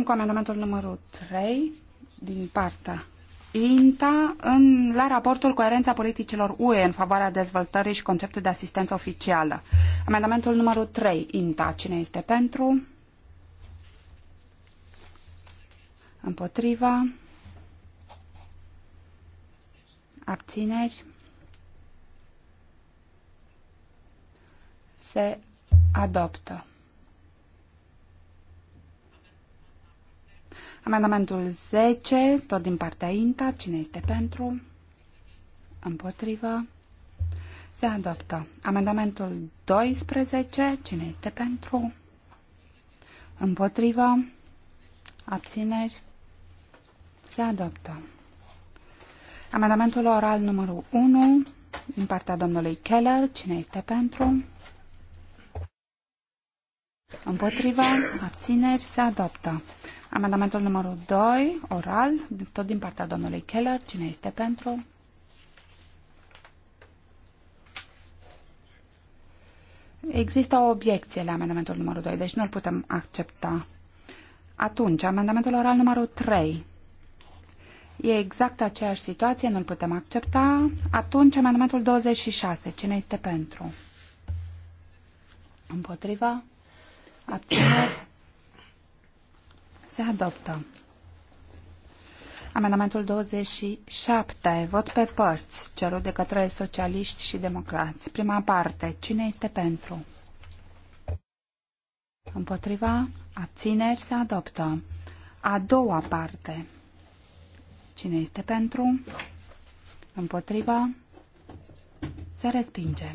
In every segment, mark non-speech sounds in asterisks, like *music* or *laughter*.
acum cu amendamentul numărul 3 din partea INTA în, la raportul Coerența politicilor UE în favoarea dezvoltării și conceptul de asistență oficială. Amendamentul numărul 3, INTA. Cine este pentru? Împotriva? Abțineri? Se adoptă. Amendamentul 10, tot din partea INTA. Cine este pentru? Împotrivă. Se adoptă. Amendamentul 12. Cine este pentru? Împotrivă. Abțineri. Se adoptă. Amendamentul oral numărul 1 din partea domnului Keller. Cine este pentru? Împotrivă? abțineri, se adoptă. Amendamentul numărul 2, oral, tot din partea domnului Keller. Cine este pentru? Există o obiecție la amendamentul numărul 2, deci nu îl putem accepta. Atunci, amendamentul oral numărul 3. E exact aceeași situație, nu îl putem accepta. Atunci, amendamentul 26. Cine este pentru? Împotriva? Abțineri? Se adoptă. Amendamentul 27. Vot pe părți. Cerut de către socialiști și democrați. Prima parte. Cine este pentru? Împotriva? Abțineri? Se adoptă. A doua parte. Cine este pentru? Împotriva? Se respinge.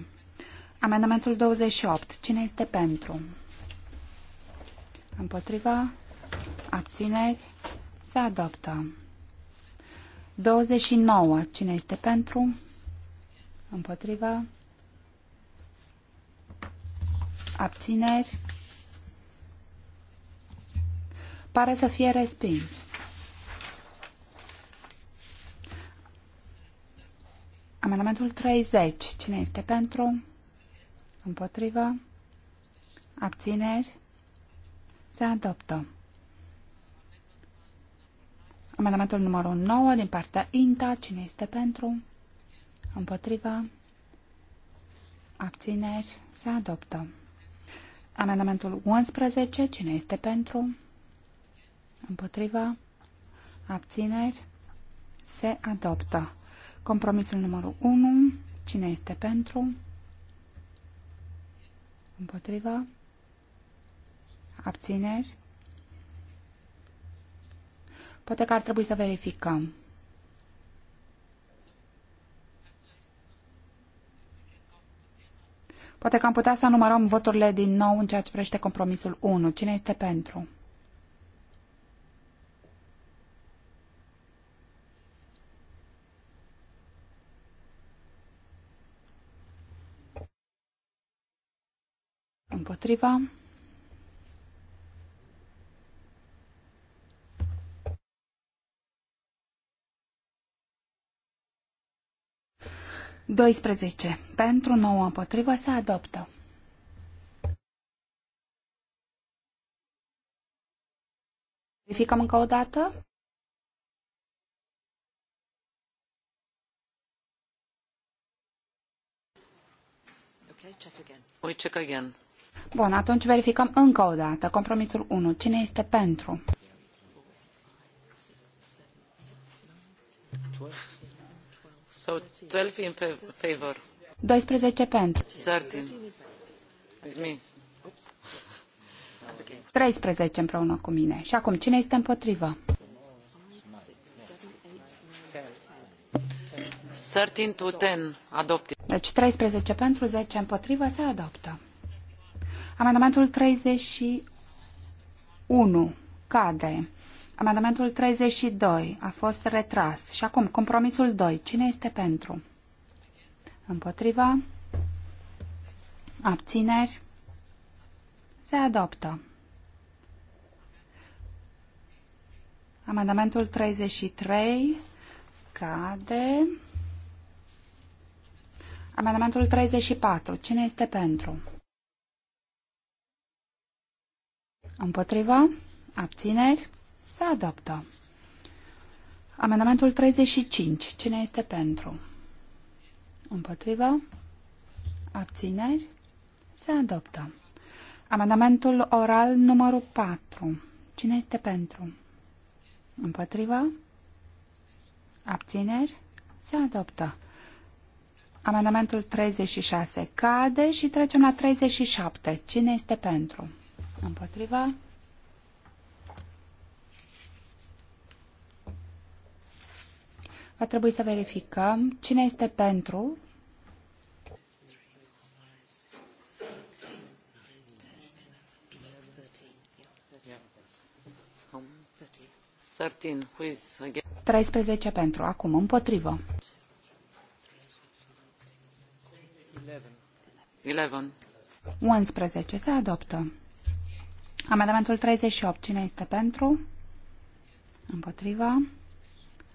Amendamentul 28. Cine este pentru? Împotriva? Abțineri. Se adoptă. 29. Cine este pentru? Împotriva. Abțineri. Pare să fie respins. Amendamentul 30. Cine este pentru? Împotriva. Abțineri? Se adoptă. Amendamentul numărul 9 din partea INTA. Cine este pentru? Împotriva? Abțineri? Se adoptă. Amendamentul 11. Cine este pentru? Împotriva? Abțineri? Se adoptă. Compromisul numărul 1. Cine este pentru? Împotriva? Abțineri? Poate că ar trebui să verificăm. Poate că am putea să numărăm voturile din nou în ceea ce privește compromisul 1. Cine este pentru? Împotriva. 12. Pentru nouă împotrivă se adoptă. Verificăm încă o dată. Okay, check again. We check again. Bun, atunci verificăm încă o dată. Compromisul 1. Cine este pentru? So 12 in favor. 12 pentru. 13. It's me. 13 împreună cu mine. Și acum, cine este împotrivă? 13 to 10 adopted. Deci 13 pentru, 10 împotrivă se adoptă. Amendamentul 31 cade. Amendamentul 32 a fost retras. Și acum, compromisul 2. Cine este pentru? Împotriva? Abțineri? Se adoptă. Amendamentul 33 cade. Amendamentul 34. Cine este pentru? Împotriva? Abțineri? Se adoptă. Amendamentul 35. Cine este pentru? împotriva? Abțineri? Se adoptă. Amendamentul oral numărul 4. Cine este pentru? împotriva? Abțineri? Se adoptă. Amendamentul 36 cade și trecem la 37. Cine este pentru? Împotriva? Va trebui să verificăm cine este pentru. Treisprezece pentru. Acum împotrivă. Unsprezece. Se adoptă. Amendamentul 38. Cine este pentru? Împotriva.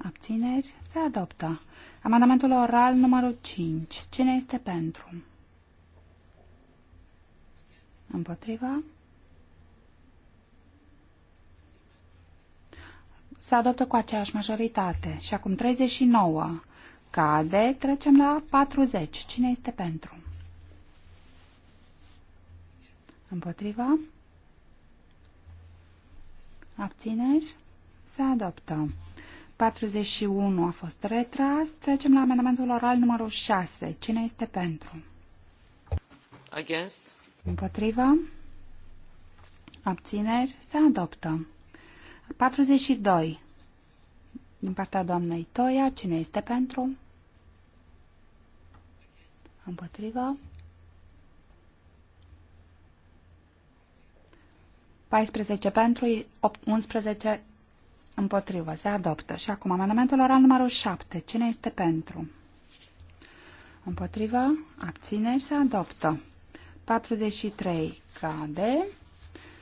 Abțineri? Se adoptă. Amendamentul oral numărul 5. Cine este pentru? Împotriva? Se adoptă cu aceeași majoritate. Și acum 39. Cade. Trecem la 40. Cine este pentru? Împotriva? Abțineri? Se adoptă. 41 a fost retras. Trecem la amendamentul oral numărul 6. Cine este pentru? Against. Împotrivă. Abțineri. Se adoptă. 42. Din partea doamnei Toia, cine este pentru? Împotrivă. 14 pentru, 11 Împotrivă. Se adoptă. Și acum amendamentul oral numărul 7. Cine este pentru? Împotrivă. Abține și se adoptă. 43 cade.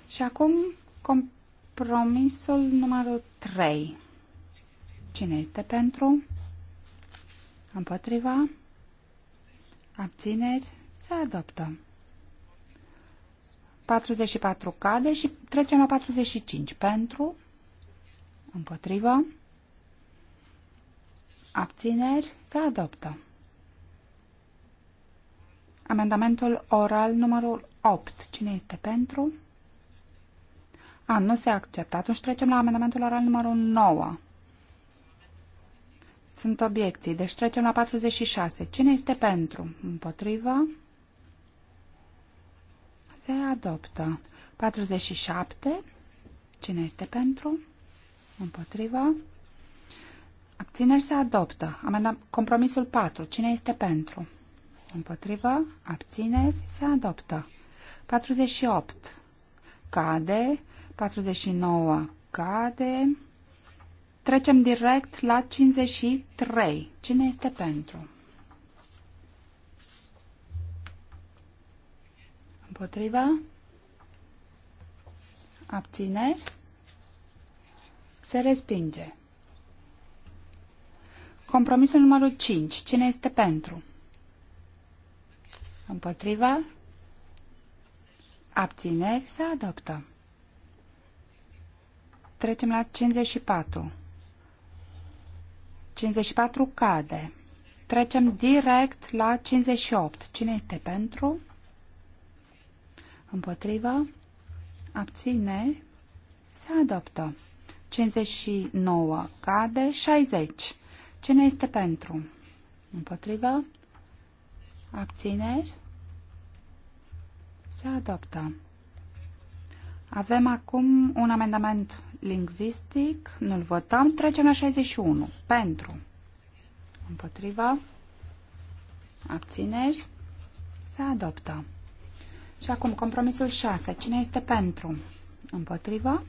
Și acum compromisul numărul 3. Cine este pentru? Împotriva? Abțineri? Se adoptă. 44 cade și trecem la 45. Pentru? Împotrivă. Abțineri. Se adoptă. Amendamentul oral numărul 8. Cine este pentru? A, nu se acceptă. Atunci trecem la amendamentul oral numărul 9. Sunt obiecții. Deci trecem la 46. Cine este pentru? Împotrivă. Se adoptă. 47. Cine este pentru? Împotriva. Abțineri se adoptă. Amendam compromisul 4. Cine este pentru? Împotriva. Abțineri se adoptă. 48. Cade. 49. Cade. Trecem direct la 53. Cine este pentru? Împotriva. Abțineri. Se respinge. Compromisul numărul 5. Cine este pentru? Împotriva? Abțineri? Se adoptă. Trecem la 54. 54 cade. Trecem direct la 58. Cine este pentru? Împotriva? Abțineri? Se adoptă. 59 cade, 60. Cine este pentru? Împotrivă? Abțineri? Se adoptă. Avem acum un amendament lingvistic, nu-l votăm, trecem la 61. Pentru. Împotriva. Abțineri. Se adoptă. Și acum compromisul 6. Cine este pentru? Împotriva.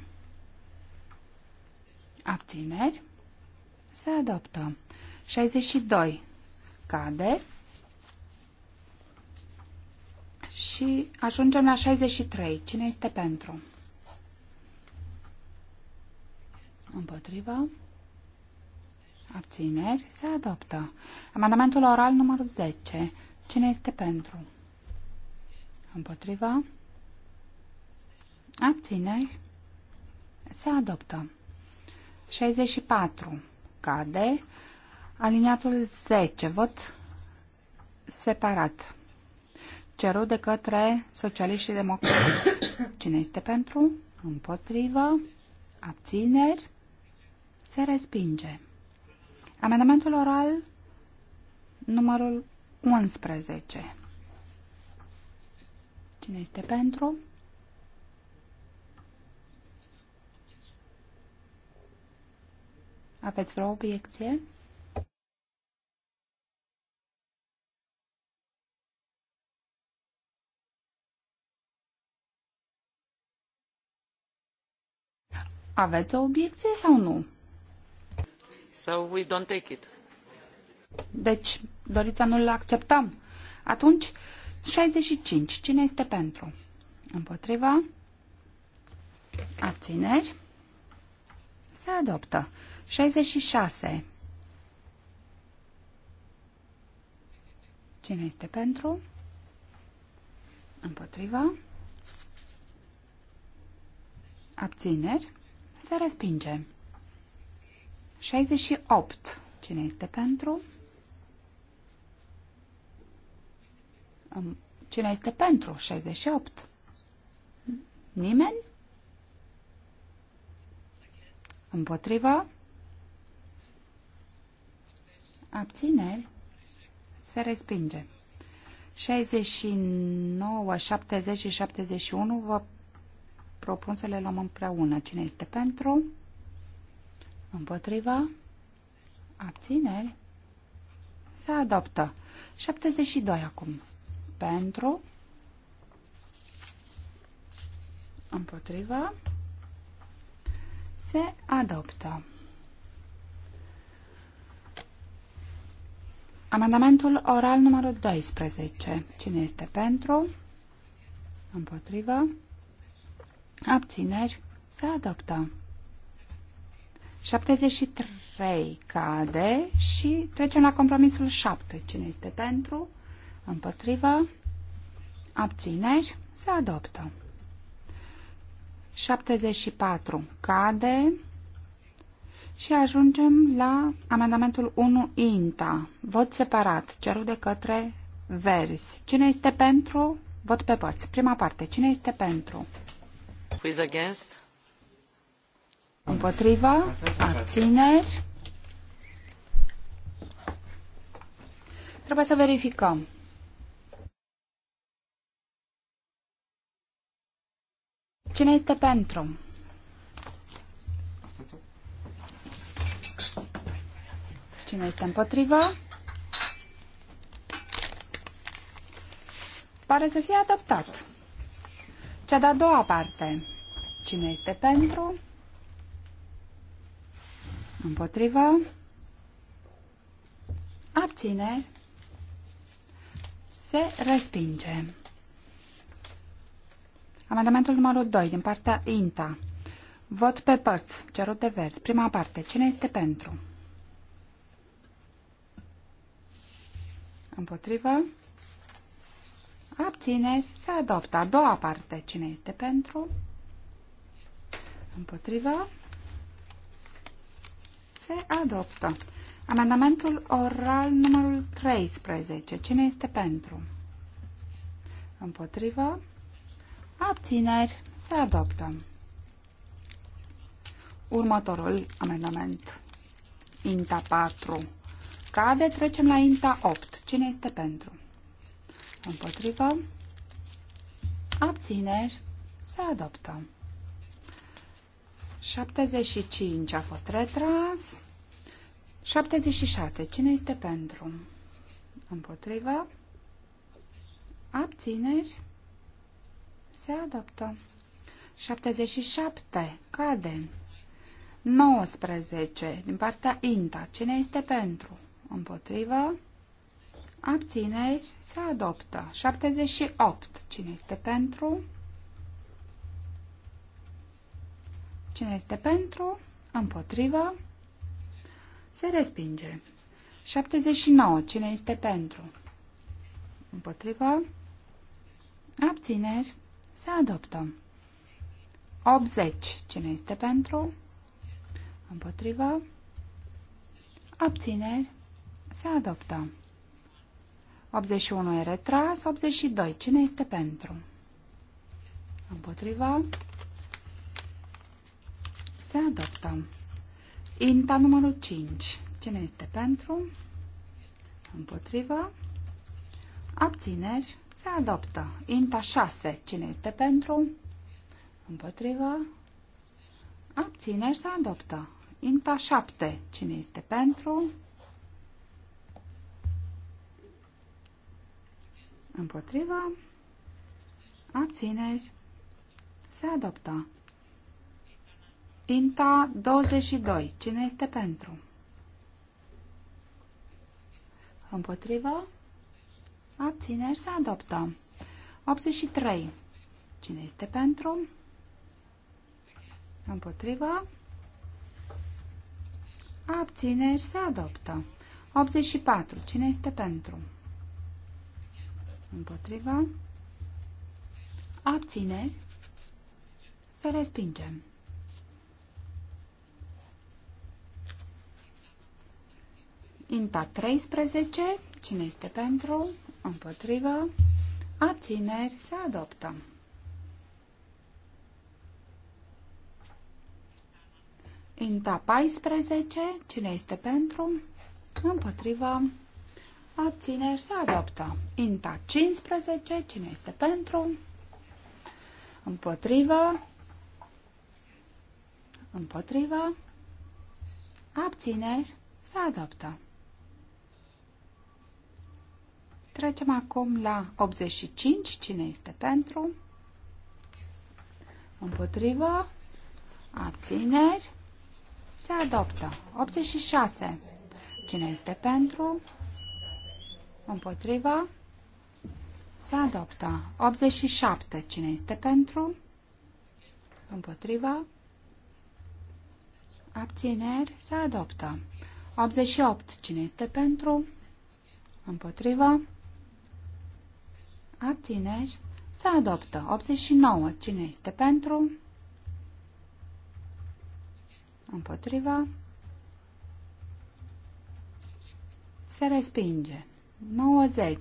Abțineri. Se adoptă. 62. Cade. Și ajungem la 63. Cine este pentru? Împotriva. Abțineri. Se adoptă. Amendamentul oral numărul 10. Cine este pentru? Împotriva. Abțineri. Se adoptă. 64 cade. Aliniatul 10, vot separat. Cerut de către socialiști și democrați. *coughs* Cine este pentru? Împotrivă? Abțineri? Se respinge. Amendamentul oral numărul 11. Cine este pentru? Aveți vreo obiecție? Aveți o obiecție sau nu? So we don't take it. Deci, doriți să nu-l acceptăm. Atunci, 65. Cine este pentru? Împotriva? Abțineri? Se adoptă. 66. Cine este pentru? Împotriva. Abțineri. Se respinge. 68. Cine este pentru? Cine este pentru? 68. Nimeni? Împotriva? Abțineri? Se respinge. 69, 70 și 71 vă propun să le luăm împreună. Cine este pentru? Împotriva? Abțineri? Se adoptă. 72 acum. Pentru? Împotriva? Se adoptă. Amendamentul oral numărul 12. Cine este pentru? Împotrivă? Abțineri? Se adoptă. 73 cade și trecem la compromisul 7. Cine este pentru? Împotrivă? Abțineri? Se adoptă. 74 cade. Și ajungem la amendamentul 1 INTA. Vot separat, cerut de către Verzi. Cine este pentru? Vot pe părți. Prima parte. Cine este pentru? Who is against? Împotriva? Abțineri? Trebuie să verificăm. Cine este pentru? Cine este împotriva? Pare să fie adoptat. Cea de-a doua parte. Cine este pentru? Împotrivă. Abține? Se respinge. Amendamentul numărul 2 din partea INTA. Vot pe părți, cerut de vers. Prima parte. Cine este pentru? împotrivă, abțineri, se adoptă. A doua parte, cine este pentru, împotrivă, se adoptă. Amendamentul oral numărul 13. Cine este pentru? Împotrivă. Abțineri. Se adoptă. Următorul amendament. INTA 4. Cade, trecem la INTA 8. Cine este pentru? Împotrivă. Abțineri. Se adoptă. 75 a fost retras. 76. Cine este pentru? Împotrivă. Abțineri. Se adoptă. 77. Cade. 19. Din partea INTA. Cine este pentru? Împotrivă. Abțineri. Se adoptă. 78. Cine este pentru? Cine este pentru? Împotrivă. Se respinge. 79. Cine este pentru? Împotrivă. Abțineri. Se adoptă. 80. Cine este pentru? Împotrivă. Abțineri. Se adoptă. 81 e retras. 82. Cine este pentru? Împotriva. Se adoptă. Inta numărul 5. Cine este pentru? Împotriva. Abțineri. Se adoptă. Inta 6. Cine este pentru? Împotriva. Abțineri. Se adoptă. Inta 7. Cine este pentru? Împotriva. Împotriva. Abțineri. Se adoptă. Inta 22. Cine este pentru? Împotriva, Abțineri se adoptă. 83. Cine este pentru? Împotriva, Abțineri se adoptă. 84. Cine este pentru? Împotriva. abține, Să respingem. Inta 13. Cine este pentru? Împotrivă. Abțineri. Se adoptă. Inta 14. Cine este pentru? Împotrivă abțineri se adoptă. Inta 15, cine este pentru? Împotrivă. Împotrivă. Abțineri se adoptă. Trecem acum la 85, cine este pentru? Împotrivă. Abțineri se adoptă. 86. Cine este pentru? Pentru. Împotriva. Se adoptă. 87. Cine este pentru? Împotriva. Abțineri. Se adoptă. 88. Cine este pentru? Împotriva. Abțineri. Se adoptă. 89. Cine este pentru? Împotriva. Se respinge. 90.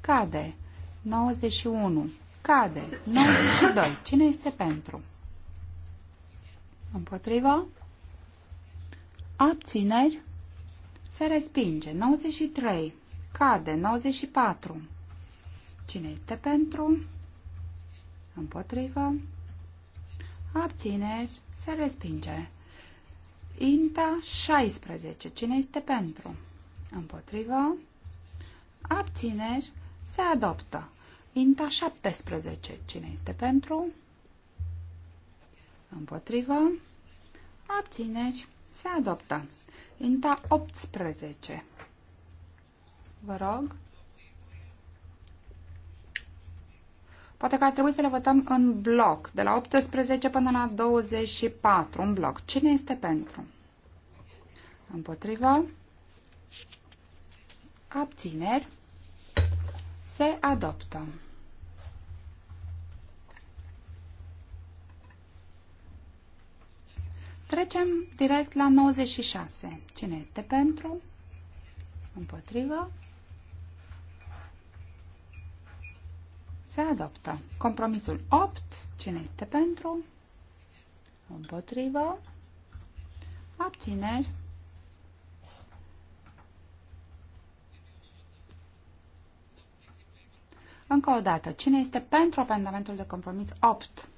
Cade. 91. Cade. 92. Cine este pentru? Împotriva. Abțineri. Se respinge. 93. Cade. 94. Cine este pentru? Împotriva? Abțineri. Se respinge. Inta 16. Cine este pentru? Împotriva? abțineri, se adoptă. Inta 17. Cine este pentru? Împotrivă. Abțineri. Se adoptă. Inta 18. Vă rog. Poate că ar trebui să le votăm în bloc, de la 18 până la 24, un bloc. Cine este pentru? Împotrivă. Abțineri. Se adoptă. Trecem direct la 96. Cine este pentru? Împotrivă. Se adoptă. Compromisul 8. Cine este pentru? Împotrivă. Abțineri. Încă o dată, cine este pentru amendamentul de compromis 8?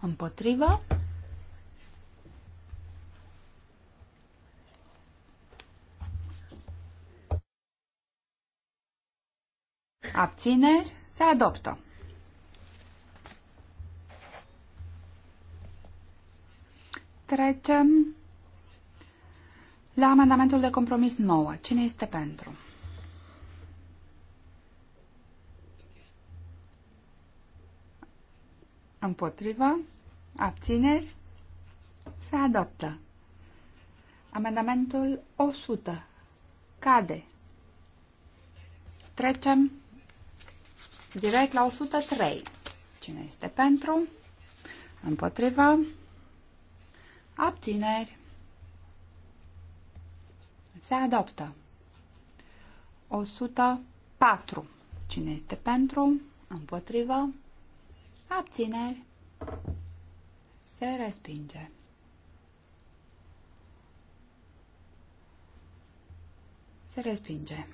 Împotrivă? Abțineri? Se adoptă. Trecem la amendamentul de compromis 9, cine este pentru? Împotrivă? Abțineri? Se adoptă. Amendamentul 100 cade. Trecem direct la 103. Cine este pentru? Împotrivă? Abțineri? Se adoptă. 104. Cine este pentru? Împotrivă. Abțineri. Se respinge. Se respinge.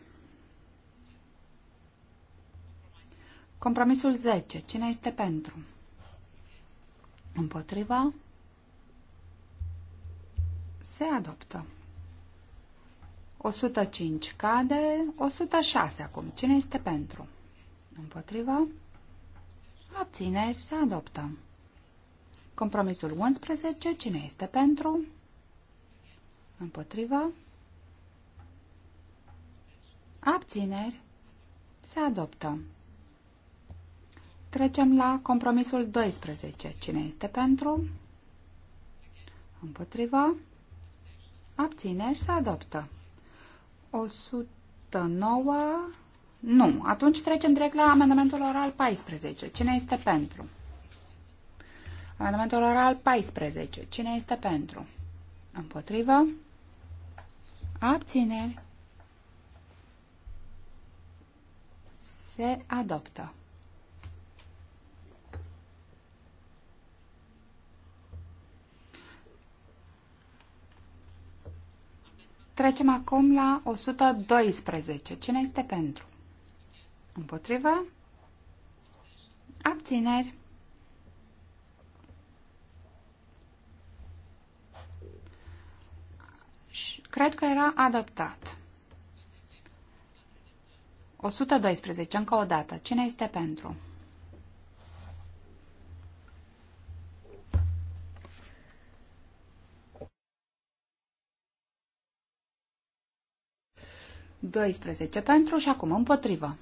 Compromisul 10. Cine este pentru? Împotriva. Se adoptă. 105 cade, 106 acum. Cine este pentru? Împotriva? Abțineri se adoptă. Compromisul 11. Cine este pentru? Împotriva? Abțineri se adoptă. Trecem la compromisul 12. Cine este pentru? Împotriva? Abțineri se adoptă. 109. Nu. Atunci trecem direct la amendamentul oral 14. Cine este pentru? Amendamentul oral 14. Cine este pentru? Împotrivă? Abțineri? Se adoptă. Trecem acum la 112. Cine este pentru? Împotrivă? Abțineri? Cred că era adoptat. 112. Încă o dată. Cine este pentru? 12 pentru și acum împotrivă.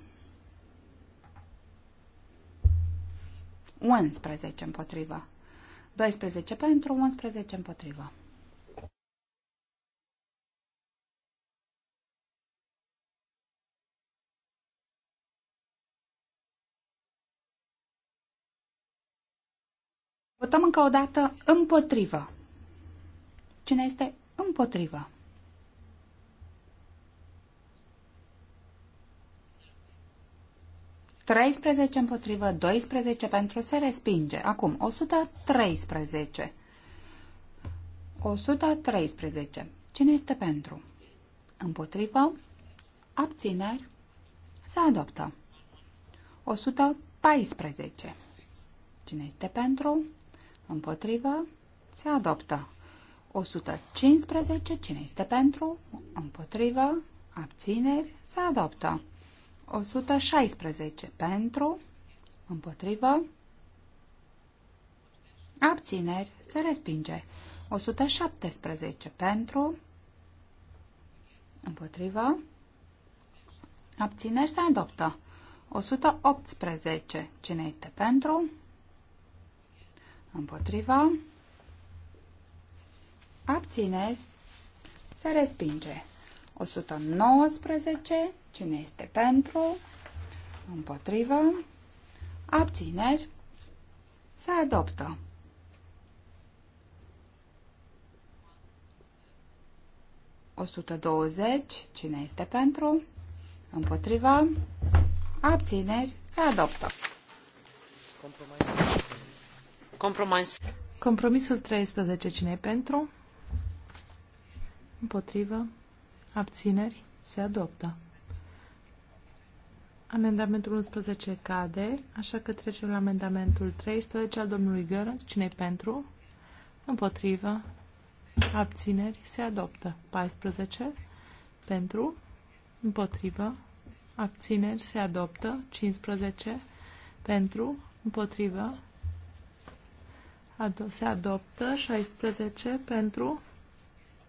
11 împotrivă. 12 pentru, 11 împotrivă. Votăm încă o dată împotrivă. Cine este împotrivă? 13 împotrivă, 12 pentru se respinge. Acum, 113. 113. Cine este pentru? Împotrivă, abțineri, se adoptă. 114. Cine este pentru? Împotrivă, se adoptă. 115. Cine este pentru? Împotrivă, abțineri, se adoptă. 116 pentru, împotrivă, abțineri, se respinge. 117 pentru, împotrivă, abțineri, se adoptă. 118, cine este pentru, împotrivă, abțineri, se respinge. 119, Cine este pentru? Împotrivă. Abțineri. Se adoptă. O 120. Cine este pentru? Împotrivă? Abțineri. Se adoptă. Compromis. Compromisul 13. Cine e pentru? Împotrivă. Abțineri. Se adoptă. Amendamentul 11 cade, așa că trecem la amendamentul 13 al domnului Görens. cine pentru? Împotrivă. Abțineri. Se adoptă. 14. Pentru. Împotrivă. Abțineri. Se adoptă. 15. Pentru. Împotrivă. Ado se adoptă. 16. Pentru.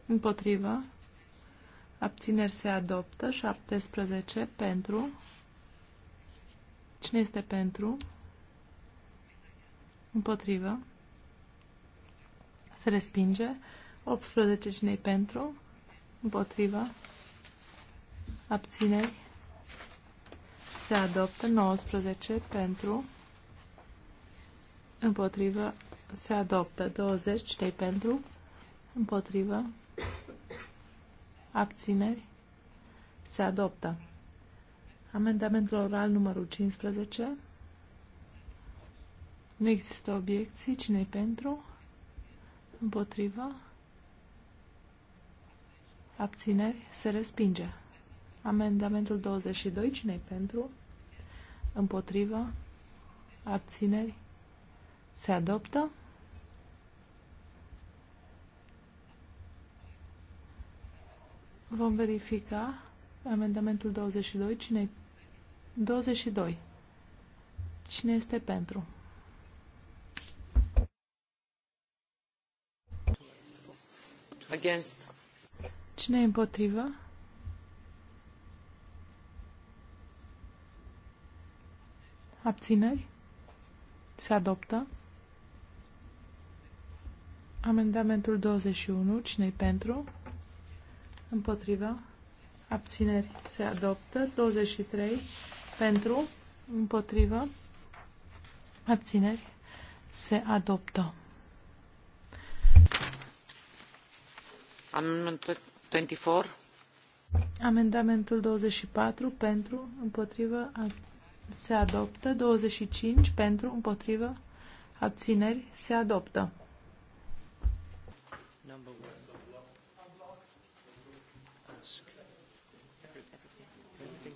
Împotrivă. Abțineri. Se adoptă. 17. Pentru. Cine este pentru? Împotrivă. Se respinge. 18. Cine pentru? Împotrivă. Abțineri. Se adoptă. 19. Pentru. Împotrivă. Se adoptă. 20. Cine pentru? Împotrivă. Abțineri. Se adoptă. Amendamentul oral numărul 15. Nu există obiecții. Cine-i pentru? Împotrivă? Abțineri? Se respinge. Amendamentul 22. Cine-i pentru? Împotrivă? Abțineri? Se adoptă? Vom verifica Amendamentul 22. Cine? 22. Cine este pentru? Against. Cine e împotrivă? Abțineri? Se adoptă. Amendamentul 21. Cine-i pentru? Împotriva? abțineri se adoptă, 23 pentru, împotrivă, abțineri se adoptă. Amendamentul 24. Amendamentul 24 pentru, împotrivă, se adoptă. 25 pentru, împotrivă, abțineri se adoptă. Number one.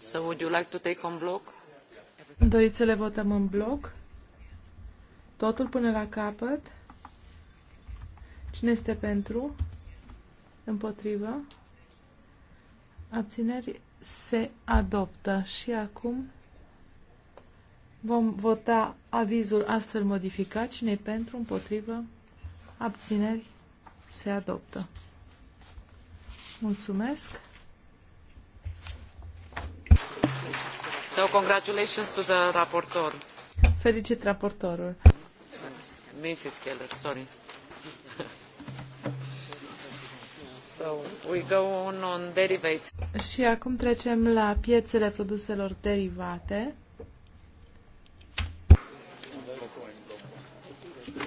So would you like to take on Doriți să le votăm în bloc? Totul până la capăt? Cine este pentru? Împotrivă? Abțineri se adoptă. Și acum vom vota avizul astfel modificat. Cine pentru? Împotrivă? Abțineri se adoptă. Mulțumesc! So, congratulations to the raportor. Felicit raportorul. Mrs. Keller, sorry. *laughs* so, we go on on derivates. Și acum trecem la piețele produselor derivate.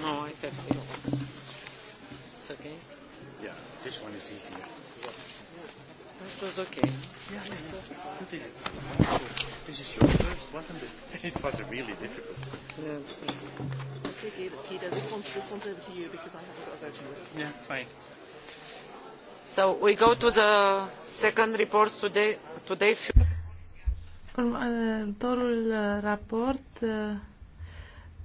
No, I think. It's okay? Yeah, this one is easier it was okay. This is your first, wasn't it? It was really difficult. Yes, yes. Peter, this one's, this one's over to you because I haven't got a voting list. Yeah, fine. So we go to the second report today. today. Următorul uh, raport, uh,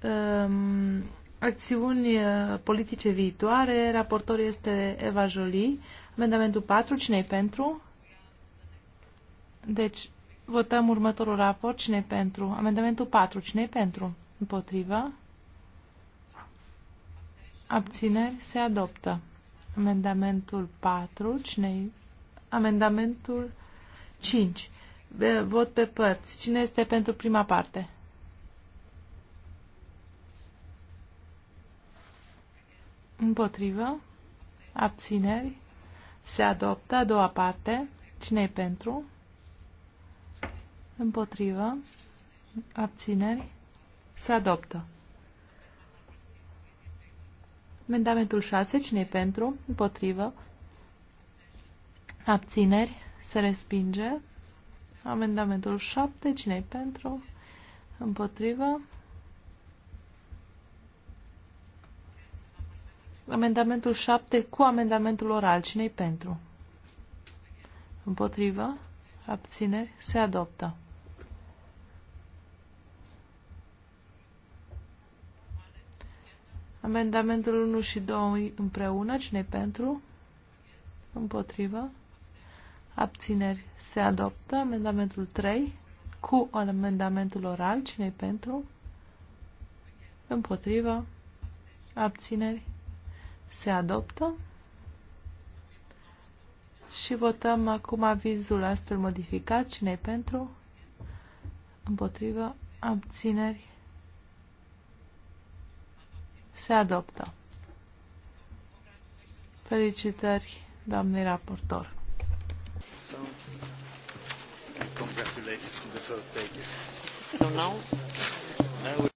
um, acțiuni uh, politice viitoare, raportor este Eva Jolie. Amendamentul 4, cine pentru? Deci, votăm următorul raport. cine pentru? Amendamentul 4. cine pentru? Împotriva? Abțineri? Se adoptă. Amendamentul 4. cine Amendamentul 5. Vot pe părți. Cine este pentru prima parte? Împotrivă? Abțineri? Se adoptă. A doua parte. Cine e pentru? Împotrivă. Abțineri. Se adoptă. Amendamentul 6. Cine pentru? Împotrivă. Abțineri. Se respinge. Amendamentul 7. cine pentru? Împotrivă. Amendamentul 7 cu amendamentul oral. cine pentru? Împotrivă abțineri, se adoptă. Amendamentul 1 și 2 împreună, cine pentru? Împotrivă. Abțineri se adoptă. Amendamentul 3 cu amendamentul oral, cine pentru? Împotrivă. Abțineri se adoptă. Și votăm acum avizul astfel modificat. Cine-i pentru? Împotrivă? Abțineri? Se adoptă. Felicitări, doamnei raportor. So, congratulations to the first So now, now we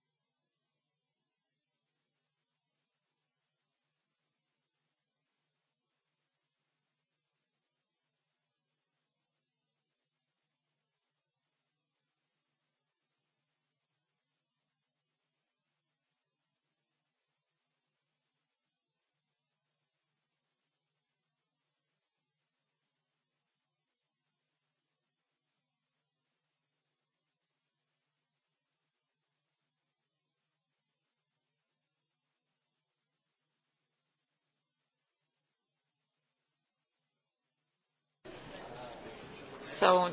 So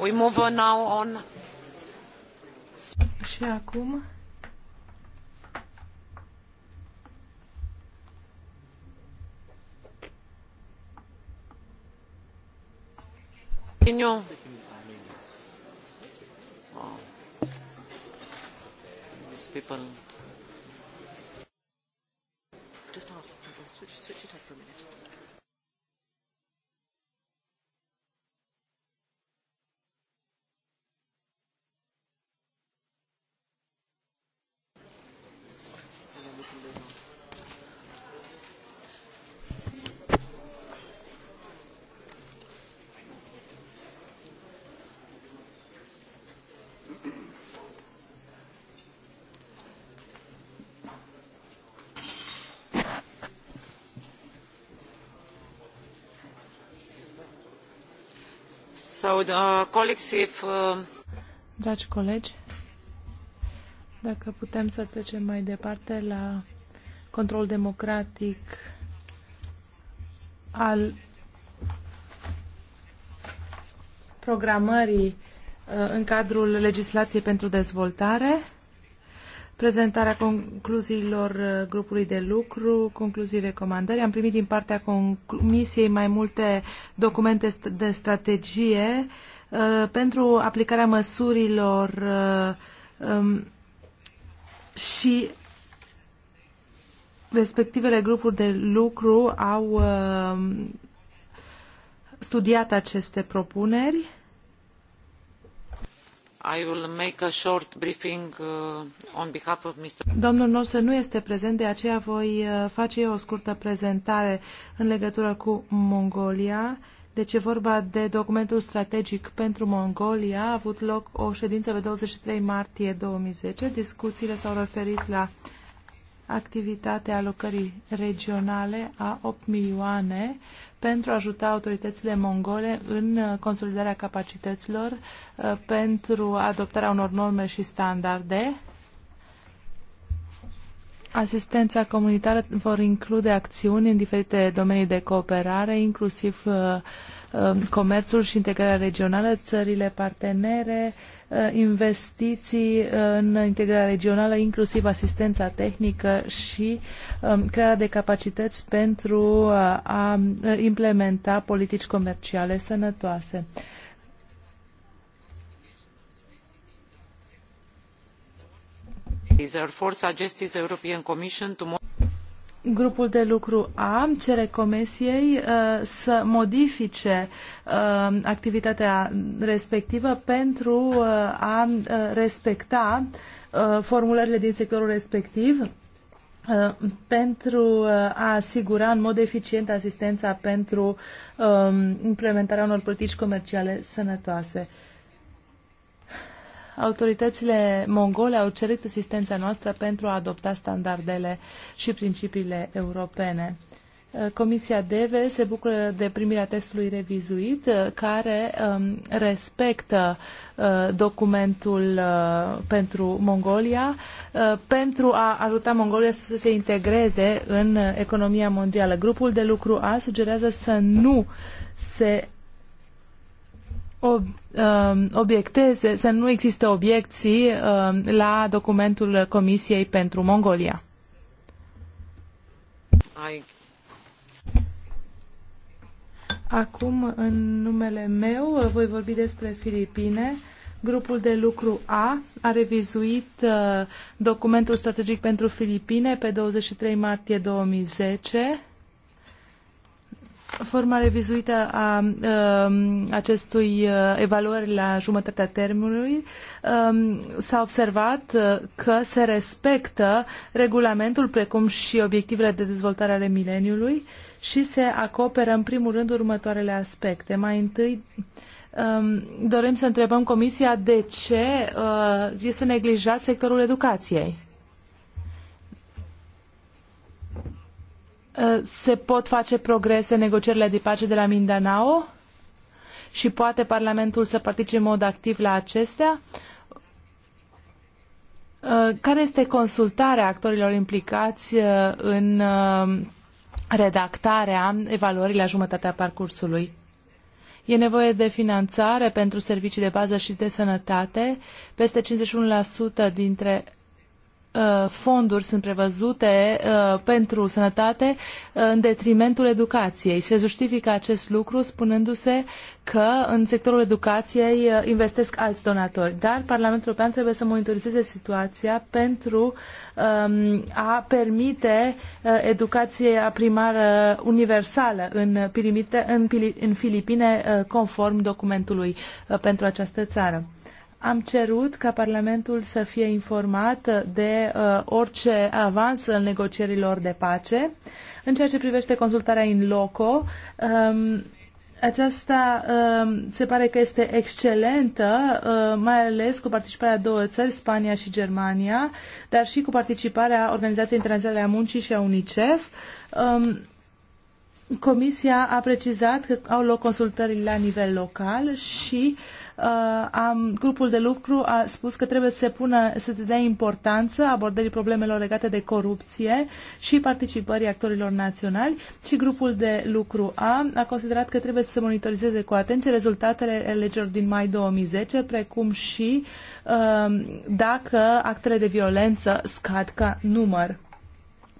we move on now on. Și acum Continuăm. Oh. These people. Just ask. Switch, switch it up for a minute. So, the uh, colleagues, if, uh... Dragi colegi, dacă putem să trecem mai departe la control democratic al programării uh, în cadrul legislației pentru dezvoltare prezentarea concluziilor uh, grupului de lucru, concluzii recomandări. Am primit din partea Comisiei mai multe documente de strategie uh, pentru aplicarea măsurilor uh, um, și respectivele grupuri de lucru au studiat aceste propuneri Domnul nostru nu este prezent, de aceea voi uh, face eu o scurtă prezentare în legătură cu Mongolia. Deci e vorba de documentul strategic pentru Mongolia. A avut loc o ședință pe 23 martie 2010. Discuțiile s-au referit la activitatea alocării regionale a 8 milioane pentru a ajuta autoritățile mongole în uh, consolidarea capacităților uh, pentru adoptarea unor norme și standarde. Asistența comunitară vor include acțiuni în diferite domenii de cooperare, inclusiv uh, comerțul și integrarea regională, țările partenere, Uh, investiții uh, în integrarea regională, inclusiv asistența tehnică și um, crearea de capacități pentru uh, a implementa politici comerciale sănătoase. european commission to Grupul de lucru A cere comisiei uh, să modifice uh, activitatea respectivă pentru uh, a uh, respecta uh, formulările din sectorul respectiv uh, pentru uh, a asigura în mod eficient asistența pentru um, implementarea unor politici comerciale sănătoase. Uh, autoritățile mongole au cerut asistența noastră pentru a adopta standardele și principiile europene. Uh, Comisia DEVE se bucură de primirea testului revizuit uh, care um, respectă uh, documentul uh, pentru Mongolia uh, pentru a ajuta Mongolia să se integreze în uh, economia mondială. Grupul de lucru A sugerează să nu se Um, obiecteze, să nu existe obiecții um, la documentul Comisiei pentru Mongolia. I... Acum, în numele meu, voi vorbi despre Filipine. Grupul de lucru A a revizuit uh, documentul strategic pentru Filipine pe 23 martie 2010 forma revizuită a uh, acestui uh, evaluări la jumătatea termenului, um, s-a observat uh, că se respectă regulamentul precum și obiectivele de dezvoltare ale mileniului și se acoperă în primul rând următoarele aspecte. Mai întâi um, dorim să întrebăm Comisia de ce uh, este neglijat sectorul educației. Uh, se pot face progrese în negocierile de pace de la Mindanao și poate Parlamentul să participe în mod activ la acestea? Uh, care este consultarea actorilor implicați uh, în redactarea evaluării la jumătatea parcursului? E nevoie de finanțare pentru servicii de bază și de sănătate. Peste 51% dintre Uh, fonduri sunt prevăzute uh, pentru sănătate uh, în detrimentul educației. Se justifică acest lucru spunându-se că în sectorul educației investesc alți donatori. Dar Parlamentul European trebuie să monitorizeze situația pentru um, a permite educația primară universală în, Filipine conform documentului pentru această țară. Am cerut ca Parlamentul să fie informat de uh, orice avans în negocierilor de pace. În ceea ce privește consultarea în loco, um, aceasta um, se pare că este excelentă, uh, mai ales cu participarea două țări, Spania și Germania, dar și cu participarea Organizației Internaționale a Muncii și a UNICEF. Um, Comisia a precizat că au loc consultări la nivel local și uh, Uh, am, grupul de lucru a spus că trebuie să se pună, să se dea importanță abordării problemelor legate de corupție și participării actorilor naționali și grupul de lucru A a considerat că trebuie să se monitorizeze cu atenție rezultatele alegerilor din mai 2010, precum și uh, dacă actele de violență scad ca număr.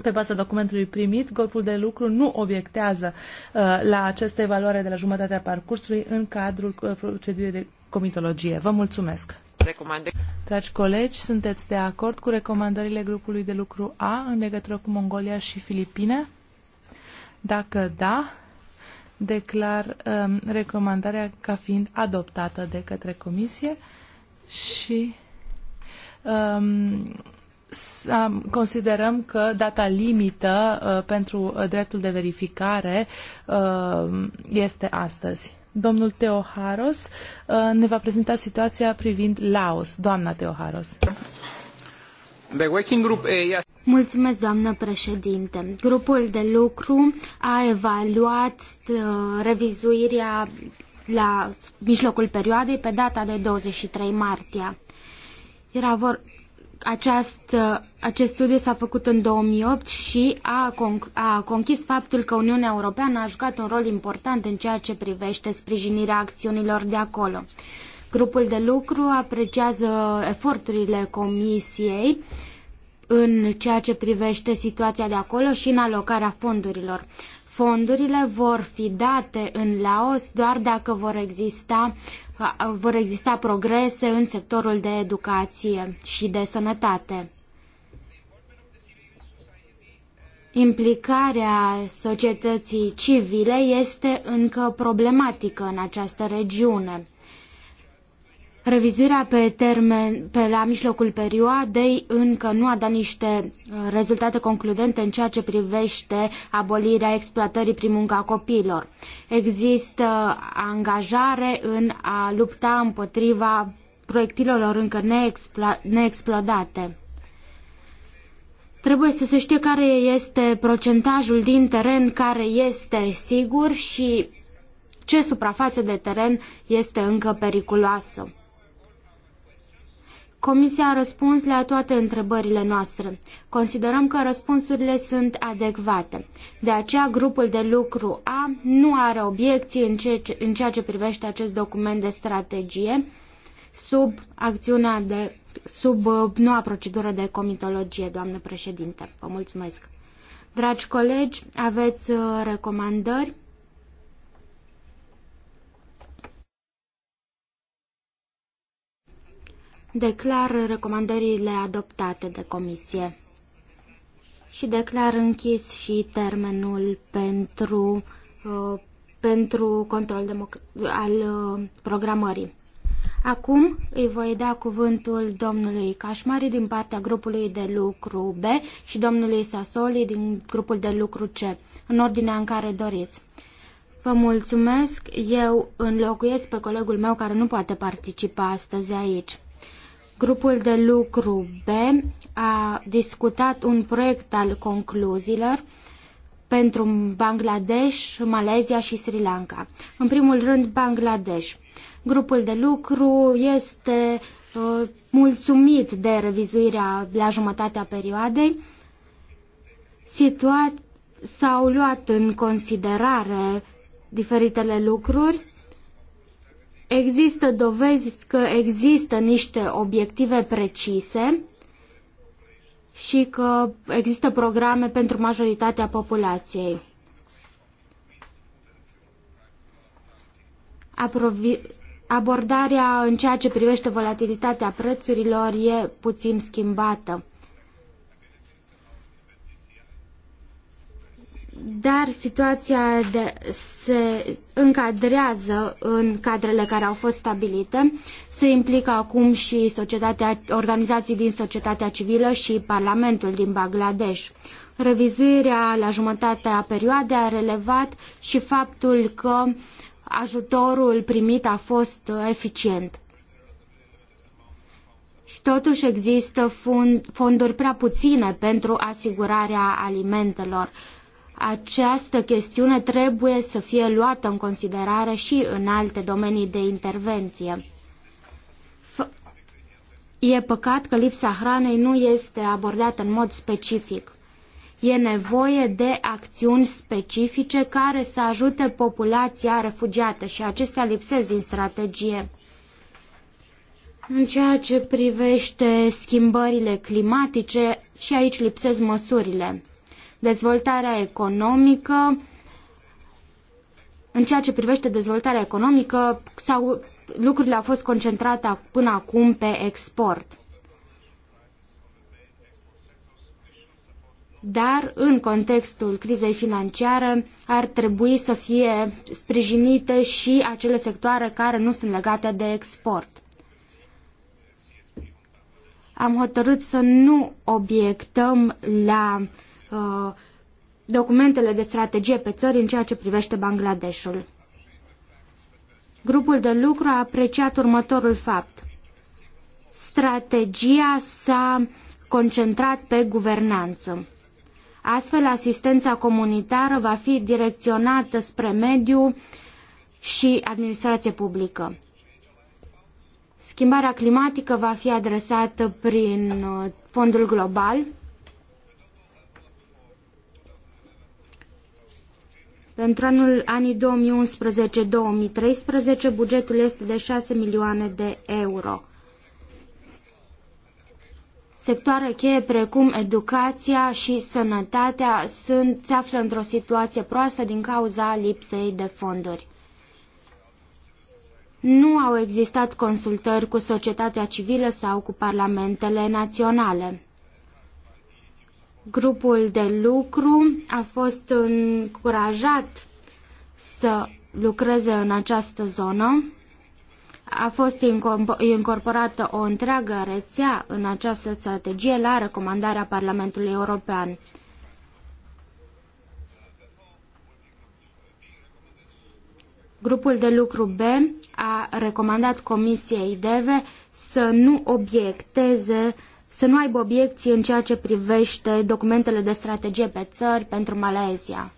Pe baza documentului primit, grupul de lucru nu obiectează uh, la această evaluare de la jumătatea parcursului în cadrul uh, procedurii de comitologie. Vă mulțumesc! Recomandă. Dragi colegi, sunteți de acord cu recomandările grupului de lucru A în legătură cu Mongolia și Filipine? Dacă da, declar um, recomandarea ca fiind adoptată de către comisie și um, considerăm că data limită uh, pentru uh, dreptul de verificare uh, este astăzi. Domnul Teoharos uh, ne va prezenta situația privind Laos. Doamna Teoharos. The working group eh, A... Mulțumesc, doamnă președinte. Grupul de lucru a evaluat uh, revizuirea la mijlocul perioadei pe data de 23 martie. Era vor, aceast uh, acest studiu s-a făcut în 2008 și a, conc- a conchis faptul că Uniunea Europeană a jucat un rol important în ceea ce privește sprijinirea acțiunilor de acolo. Grupul de lucru apreciază eforturile Comisiei în ceea ce privește situația de acolo și în alocarea fondurilor. Fondurile vor fi date în Laos doar dacă vor exista vor exista progrese în sectorul de educație și de sănătate. Implicarea societății civile este încă problematică în această regiune. Revizuirea pe termen, pe la mijlocul perioadei încă nu a dat niște uh, rezultate concludente în ceea ce privește abolirea exploatării prin munca copiilor. Există angajare în a lupta împotriva proiectilor încă neexplodate. Trebuie să se știe care este procentajul din teren care este sigur și ce suprafață de teren este încă periculoasă. Comisia a răspuns la toate întrebările noastre. Considerăm că răspunsurile sunt adecvate. De aceea, grupul de lucru A nu are obiecții în ceea ce privește acest document de strategie sub acțiunea de sub uh, noua procedură de comitologie, doamnă președinte. Vă mulțumesc. Dragi colegi, aveți uh, recomandări? declar recomandările adoptate de comisie și declar închis și termenul pentru, uh, pentru control al uh, programării. Acum îi voi da cuvântul domnului Cașmari din partea grupului de lucru B și domnului Sasoli din grupul de lucru C, în ordinea în care doriți. Vă mulțumesc, eu înlocuiesc pe colegul meu care nu poate participa astăzi aici. Grupul de lucru B a discutat un proiect al concluziilor pentru Bangladesh, Malezia și Sri Lanka. În primul rând, Bangladesh. Grupul de lucru este uh, mulțumit de revizuirea la jumătatea perioadei. s-au luat în considerare diferitele lucruri Există dovezi că există niște obiective precise și că există programe pentru majoritatea populației. Aprovi abordarea în ceea ce privește volatilitatea prețurilor e puțin schimbată. dar situația de, se încadrează în cadrele care au fost stabilite. Se implică acum și societatea, organizații din societatea civilă și Parlamentul din Bangladesh. Revizuirea la jumătatea perioadei a relevat și faptul că ajutorul primit a fost eficient. Și totuși există fonduri prea puține pentru asigurarea alimentelor această chestiune trebuie să fie luată în considerare și în alte domenii de intervenție. E păcat că lipsa hranei nu este abordată în mod specific. E nevoie de acțiuni specifice care să ajute populația refugiată și acestea lipsesc din strategie. În ceea ce privește schimbările climatice, și aici lipsesc măsurile dezvoltarea economică, în ceea ce privește dezvoltarea economică, sau lucrurile au fost concentrate până acum pe export. Dar, în contextul crizei financiare, ar trebui să fie sprijinite și acele sectoare care nu sunt legate de export am hotărât să nu obiectăm la Uh, documentele de strategie pe țări în ceea ce privește Bangladeshul. Grupul de lucru a apreciat următorul fapt. Strategia s-a concentrat pe guvernanță. Astfel, asistența comunitară va fi direcționată spre mediu și administrație publică. Schimbarea climatică va fi adresată prin uh, fondul global Într anul anii 2011-2013 bugetul este de 6 milioane de euro. Sectoare cheie precum educația și sănătatea sunt, se află într-o situație proastă din cauza lipsei de fonduri. Nu au existat consultări cu societatea civilă sau cu parlamentele naționale. Grupul de lucru a fost încurajat să lucreze în această zonă. A fost incorporată o întreagă rețea în această strategie la recomandarea Parlamentului European. Grupul de lucru B a recomandat Comisiei DEVE să nu obiecteze uh, să nu aibă obiecții în ceea ce privește documentele de strategie pe țări pentru Malezia.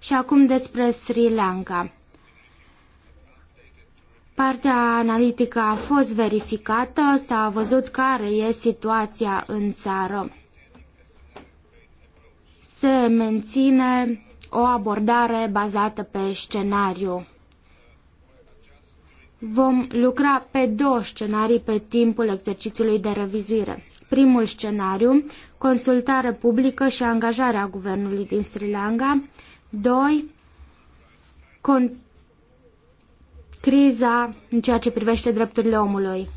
Și acum despre Sri Lanka. Partea analitică a fost verificată, s-a văzut care e situația în țară. Se menține o abordare bazată pe scenariu. Vom lucra pe două scenarii pe timpul exercițiului de revizuire. Primul scenariu, consultare publică și angajarea guvernului din Sri Lanka. Doi: Con- criza în ceea ce privește drepturile omului.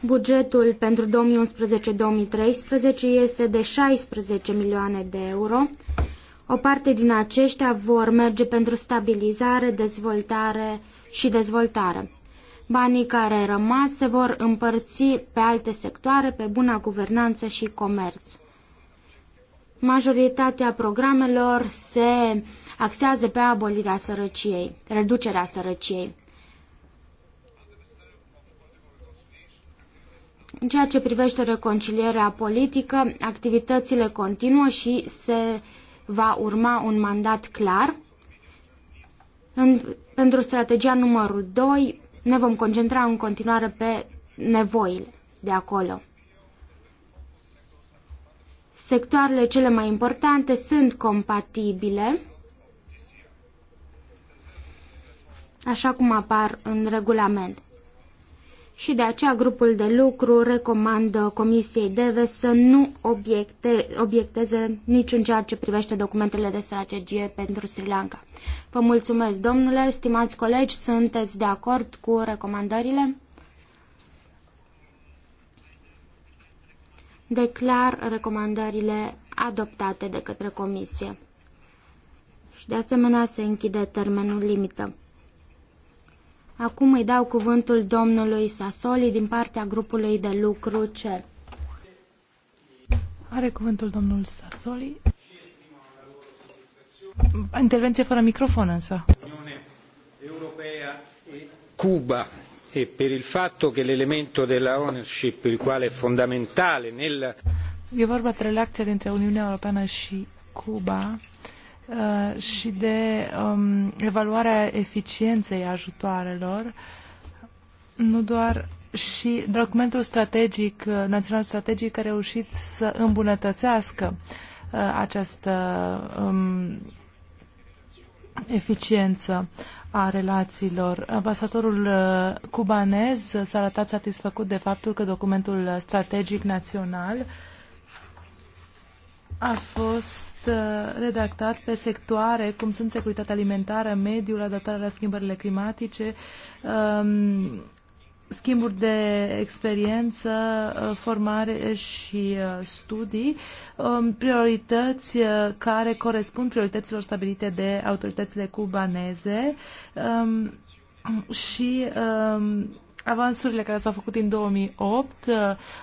Bugetul pentru 2011-2013 este de 16 milioane de euro o parte din aceștia vor merge pentru stabilizare, dezvoltare și dezvoltare. Banii care rămas se vor împărți pe alte sectoare, pe buna guvernanță și comerț. Majoritatea programelor se axează pe abolirea sărăciei, reducerea sărăciei. În ceea ce privește reconcilierea politică, activitățile continuă și se va urma un mandat clar. În, pentru strategia numărul 2 ne vom concentra în continuare pe nevoile de acolo. Sectoarele cele mai importante sunt compatibile, așa cum apar în regulament și de aceea grupul de lucru recomandă Comisiei DEVE să nu obiecte, obiecteze niciun ceea ce privește documentele de strategie pentru Sri Lanka. Vă mulțumesc, domnule, stimați colegi, sunteți de acord cu recomandările? Declar recomandările adoptate de către Comisie. Și de asemenea se închide termenul limită. Acum îi dau cuvântul domnului Sasoli din partea grupului de lucru C. Are cuvântul domnul Sasoli. Intervenție fără microfon însă. Cuba e per il fatto che l'elemento della ownership, il quale è fondamentale nel... E vorba de relația dintre Uniunea Europeană și Cuba Uh, și de um, evaluarea eficienței ajutoarelor, nu doar și documentul strategic, uh, național strategic, care a reușit să îmbunătățească uh, această um, eficiență a relațiilor. Ambasadorul uh, cubanez s-a arătat satisfăcut de faptul că documentul strategic național uh, a fost uh, redactat pe sectoare, cum sunt securitatea alimentară, mediul, adaptarea la schimbările climatice, um, schimburi de experiență, uh, formare și uh, studii, um, priorități care corespund priorităților stabilite de autoritățile cubaneze um, și avansurile care s-au făcut în 2008 uh,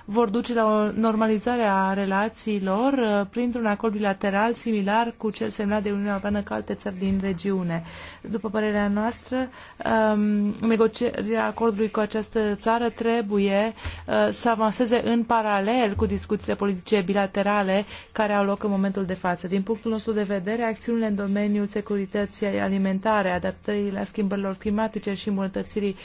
vor duce la o normalizare a relațiilor uh, printr-un acord bilateral similar cu cel semnat de Uniunea Europeană cu alte țări din regiune. După părerea noastră, um, negocierea acordului cu această țară trebuie uh, să avanseze în paralel cu discuțiile politice bilaterale care au loc în momentul de față. Din punctul nostru de vedere, acțiunile în domeniul securității alimentare, adaptării la schimbărilor climatice și îmbunătățirii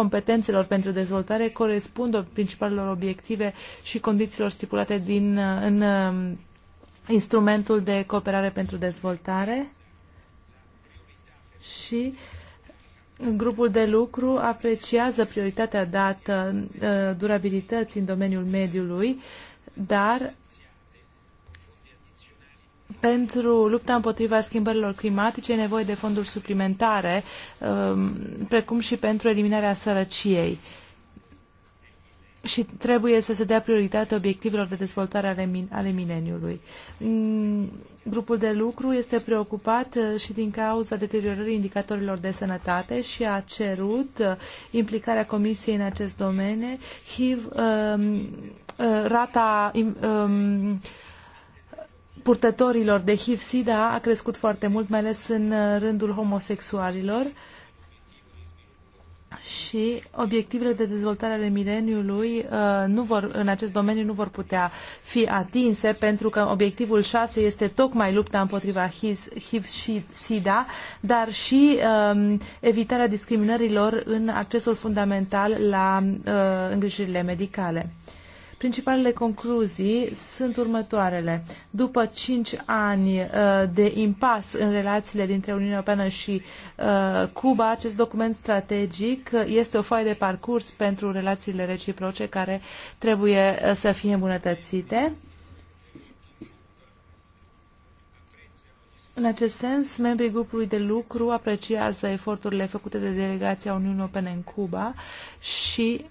competențelor pentru dezvoltare corespund principalelor obiective și condițiilor stipulate din, în um, instrumentul de cooperare pentru dezvoltare și grupul de lucru apreciază prioritatea dată uh, durabilității în domeniul mediului, dar pentru lupta împotriva schimbărilor climatice e nevoie de fonduri suplimentare, um, precum și pentru eliminarea sărăciei. Și trebuie să se dea prioritate obiectivelor de dezvoltare ale, min- ale mileniului. Mm, grupul de lucru este preocupat uh, și din cauza deteriorării indicatorilor de sănătate și a cerut uh, implicarea Comisiei în acest domeniu. HIV, um, uh, rata um, purtătorilor de HIV-SIDA a crescut foarte mult, mai ales în uh, rândul homosexualilor și obiectivele de dezvoltare ale mileniului uh, nu vor, în acest domeniu nu vor putea fi atinse pentru că obiectivul 6 este tocmai lupta împotriva HIV și SIDA, dar și um, evitarea discriminărilor în accesul fundamental la uh, îngrijirile medicale. Principalele concluzii sunt următoarele. După cinci ani uh, de impas în relațiile dintre Uniunea Europeană și uh, Cuba, acest document strategic este o foaie de parcurs pentru relațiile reciproce care trebuie uh, să fie îmbunătățite. În acest sens, membrii grupului de lucru apreciază eforturile făcute de delegația Uniunii Europene în Cuba și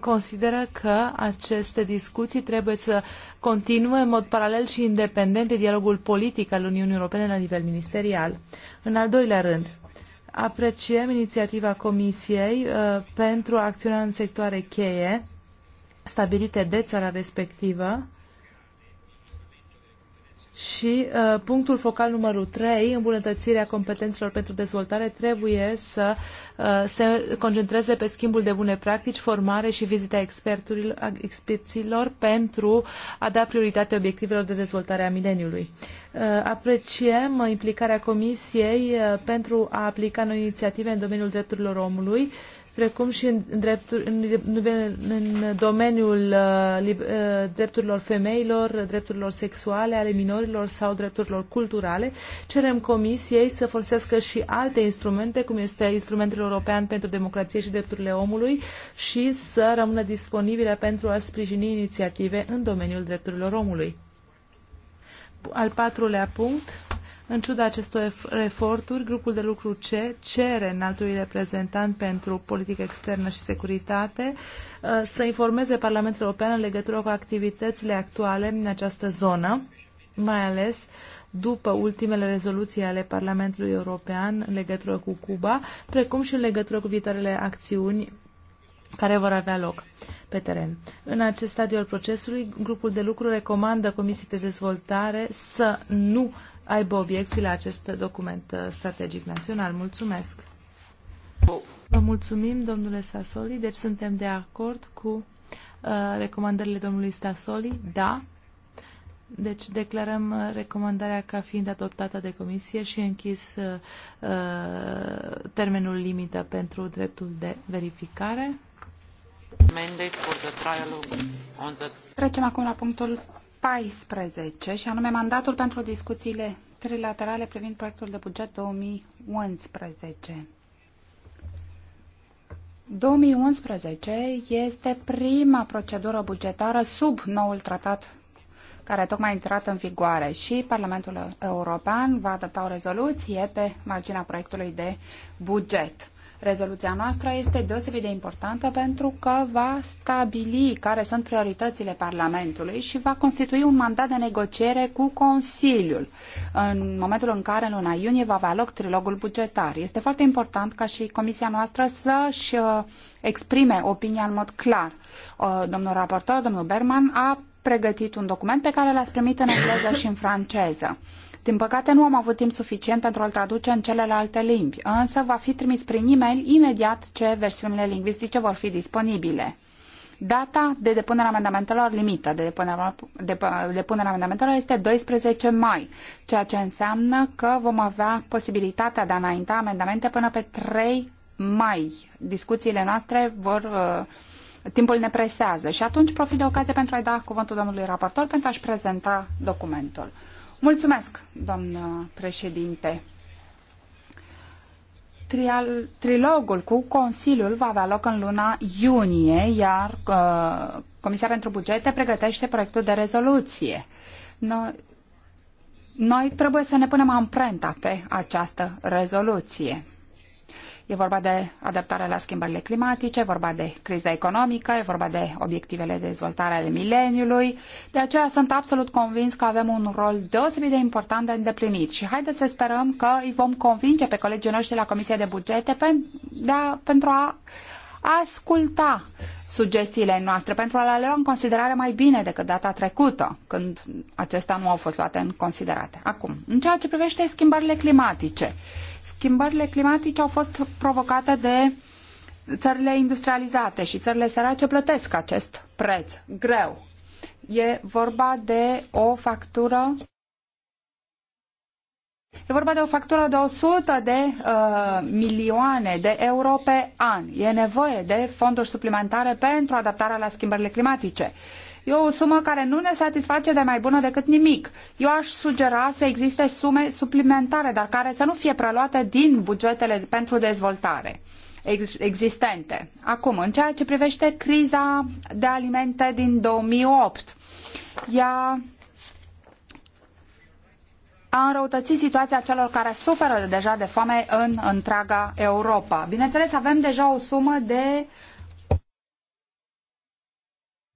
consideră că aceste discuții trebuie să continue în mod paralel și independent de dialogul politic al Uniunii Europene la nivel ministerial. În al doilea rând, apreciem inițiativa Comisiei uh, pentru acțiunea în sectoare cheie stabilite de țara respectivă și uh, punctul focal numărul 3, îmbunătățirea competențelor pentru dezvoltare, trebuie să uh, se concentreze pe schimbul de bune practici, formare și vizita experților pentru a da prioritate obiectivelor de dezvoltare a mileniului. Uh, apreciem implicarea Comisiei uh, pentru a aplica noi inițiative în domeniul drepturilor omului uh, precum și în, drepturi, în, în domeniul uh, uh, drepturilor femeilor, drepturilor sexuale ale minorilor sau drepturilor culturale. Cerem Comisiei să folosească și alte instrumente, cum este instrumentul european pentru democrație și drepturile omului, și să rămână disponibile pentru a sprijini inițiative în domeniul drepturilor omului. Al patrulea punct în ciuda acestor eforturi, grupul de lucru C cere înaltului reprezentant pentru politică externă și securitate uh, să informeze Parlamentul European în legătură cu activitățile actuale în această zonă, mai ales după ultimele rezoluții ale Parlamentului European în legătură cu Cuba, precum și în legătură cu viitoarele acțiuni care vor avea loc pe teren. În acest stadiu al procesului, grupul de lucru recomandă Comisiei de Dezvoltare să nu aibă obiecții la acest document uh, strategic național. Mulțumesc! Vă mulțumim, domnule Sasoli. Deci suntem de acord cu uh, recomandările domnului Sasoli? Da. Deci declarăm uh, recomandarea ca fiind adoptată de comisie și închis uh, termenul limită pentru dreptul de verificare. Trecem acum la punctul 14, și anume mandatul pentru discuțiile trilaterale privind proiectul de buget 2011. 2011 este prima procedură bugetară sub noul tratat care a tocmai intrat în vigoare și Parlamentul European va adopta o rezoluție pe marginea proiectului de buget. Rezoluția noastră este deosebit de importantă pentru că va stabili care sunt prioritățile Parlamentului și va constitui un mandat de negociere cu Consiliul în momentul în care în luna iunie va avea loc trilogul bugetar. Este foarte important ca și Comisia noastră să-și uh, exprime opinia în mod clar. Uh, domnul raportor, domnul Berman, a pregătit un document pe care l-ați primit în engleză și în franceză. Din păcate nu am avut timp suficient pentru a-l traduce în celelalte limbi, însă va fi trimis prin e-mail imediat ce versiunile lingvistice vor fi disponibile. Data de depunere a amendamentelor limită de depunere, de, depunere a amendamentelor este 12 mai, ceea ce înseamnă că vom avea posibilitatea de a înainta amendamente până pe 3 mai. Discuțiile noastre vor uh, timpul ne presează și atunci profit de ocazie pentru a-i da cuvântul domnului raportor pentru a-și prezenta documentul. Mulțumesc, doamnă președinte. Trial, trilogul cu Consiliul va avea loc în luna iunie, iar uh, Comisia pentru Bugete pregătește proiectul de rezoluție. Noi, noi trebuie să ne punem amprenta pe această rezoluție. E vorba de adaptarea la schimbările climatice, e vorba de criza economică, e vorba de obiectivele de dezvoltare ale mileniului. De aceea sunt absolut convins că avem un rol deosebit de important de îndeplinit și haideți să sperăm că îi vom convinge pe colegii noștri la Comisia de Bugete pen, de a, pentru a asculta sugestiile noastre, pentru a le lua în considerare mai bine decât data trecută, când acestea nu au fost luate în considerate. Acum, în ceea ce privește schimbările climatice, schimbările climatice au fost provocate de țările industrializate și țările sărace plătesc acest preț greu. E vorba de o factură E vorba de o factură de 100 de uh, milioane de euro pe an. E nevoie de fonduri suplimentare pentru adaptarea la schimbările climatice. E o sumă care nu ne satisface de mai bună decât nimic. Eu aș sugera să existe sume suplimentare, dar care să nu fie preluate din bugetele pentru dezvoltare existente. Acum, în ceea ce privește criza de alimente din 2008, ea a înrăutăți situația celor care suferă deja de foame în întreaga Europa. Bineînțeles, avem deja o sumă de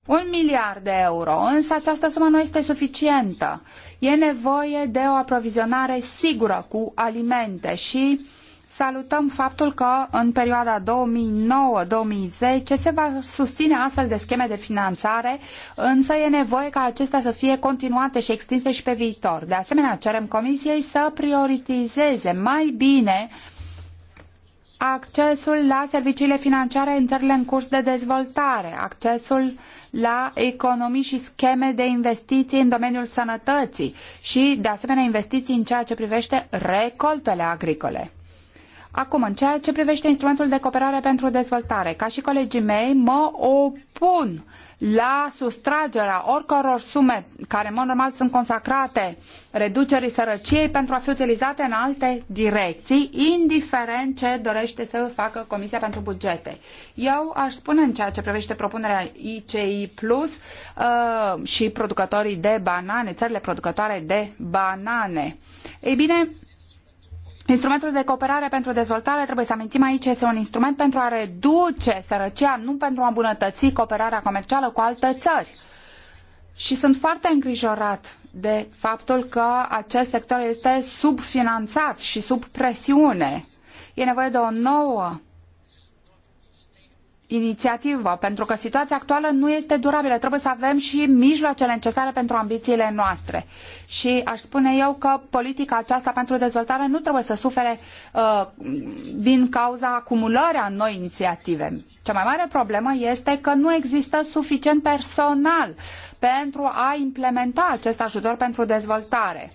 un miliard de euro, însă această sumă nu este suficientă. E nevoie de o aprovizionare sigură cu alimente și salutăm faptul că în perioada 2009-2010 se va susține astfel de scheme de finanțare, însă e nevoie ca acestea să fie continuate și extinse și pe viitor. De asemenea, cerem Comisiei să prioritizeze mai bine accesul la serviciile financiare în țările în curs de dezvoltare, accesul la economii și scheme de investiții în domeniul sănătății și, de asemenea, investiții în ceea ce privește recoltele agricole. Acum, în ceea ce privește instrumentul de cooperare pentru dezvoltare, ca și colegii mei, mă opun la sustragerea oricăror sume care, în mod normal, sunt consacrate reducerii sărăciei pentru a fi utilizate în alte direcții, indiferent ce dorește să facă Comisia pentru Bugete. Eu aș spune în ceea ce privește propunerea ICI Plus uh, și producătorii de banane, țările producătoare de banane. Ei bine, Instrumentul de cooperare pentru dezvoltare, trebuie să amintim aici, este un instrument pentru a reduce sărăcia, nu pentru a îmbunătăți cooperarea comercială cu alte țări. Și sunt foarte îngrijorat de faptul că acest sector este subfinanțat și sub presiune. E nevoie de o nouă inițiativă, pentru că situația actuală nu este durabilă. Trebuie să avem și mijloacele necesare pentru ambițiile noastre. Și aș spune eu că politica aceasta pentru dezvoltare nu trebuie să sufere uh, din cauza acumulării a noi inițiative. Cea mai mare problemă este că nu există suficient personal pentru a implementa acest ajutor pentru dezvoltare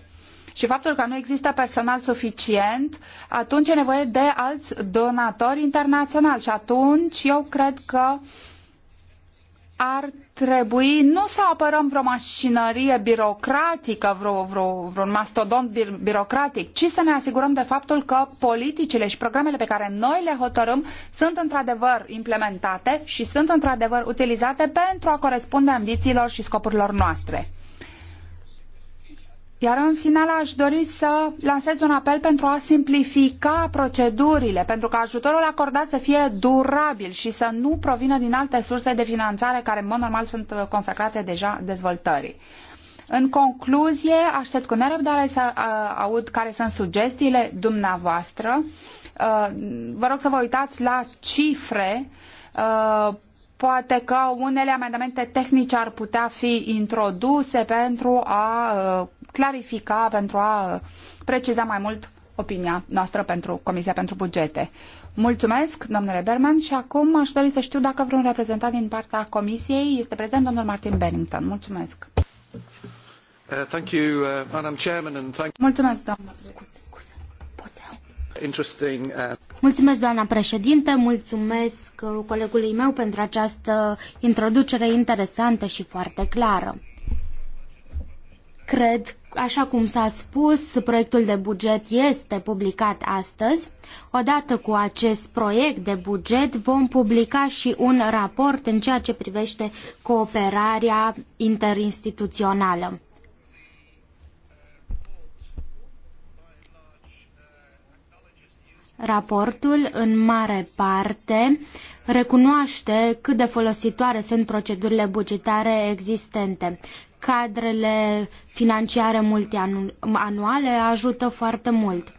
și faptul că nu există personal suficient, atunci e nevoie de alți donatori internaționali și atunci eu cred că ar trebui nu să apărăm vreo mașinărie birocratică, vreo, vreo, vreun mastodont bir birocratic, ci să ne asigurăm de faptul că politicile și programele pe care noi le hotărâm sunt într-adevăr implementate și sunt într-adevăr utilizate pentru a corespunde ambițiilor și scopurilor noastre. Iar în final aș dori să lansez un apel pentru a simplifica procedurile, pentru ca ajutorul acordat să fie durabil și să nu provină din alte surse de finanțare care, în mod normal, sunt consacrate deja dezvoltării. În concluzie, aștept cu nerăbdare să aud care sunt sugestiile dumneavoastră. Vă rog să vă uitați la cifre. Poate că unele amendamente tehnice ar putea fi introduse pentru a clarifica, pentru a preciza mai mult opinia noastră pentru Comisia pentru Bugete. Mulțumesc, domnule Berman, și acum aș dori să știu dacă vreun reprezentant din partea Comisiei este prezent, domnul Martin Bennington. Mulțumesc. Uh, thank you, uh, Madam Chairman, and thank Mulțumesc, doamnă. Interesting. Uh... Mulțumesc, doamna președinte, mulțumesc uh, colegului meu pentru această introducere interesantă și foarte clară. Cred, așa cum s-a spus, proiectul de buget este publicat astăzi. Odată cu acest proiect de buget vom publica și un raport în ceea ce privește cooperarea interinstituțională. Raportul, în mare parte, recunoaște cât de folositoare sunt procedurile bugetare existente cadrele financiare multianuale ajută foarte mult.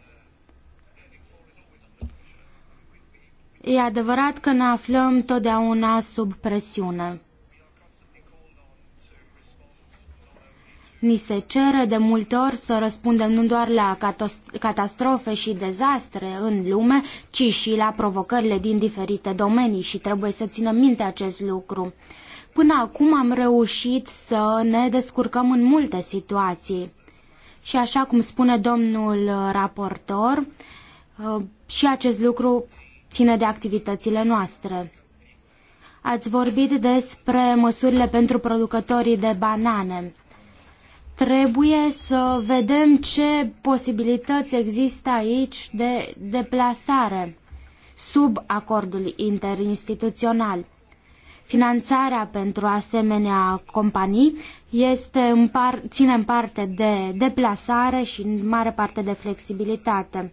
E adevărat că ne aflăm totdeauna sub presiune. Ni se cere de multe ori să răspundem nu doar la catastrofe și dezastre în lume, ci și la provocările din diferite domenii și trebuie să ținem minte acest lucru. Până acum am reușit să ne descurcăm în multe situații. Și așa cum spune domnul uh, raportor, uh, și acest lucru ține de activitățile noastre. Ați vorbit despre măsurile pentru producătorii de banane. Trebuie să vedem ce posibilități există aici de deplasare sub acordul interinstituțional. Finanțarea pentru asemenea companii este în par, ține în parte de deplasare și în mare parte de flexibilitate.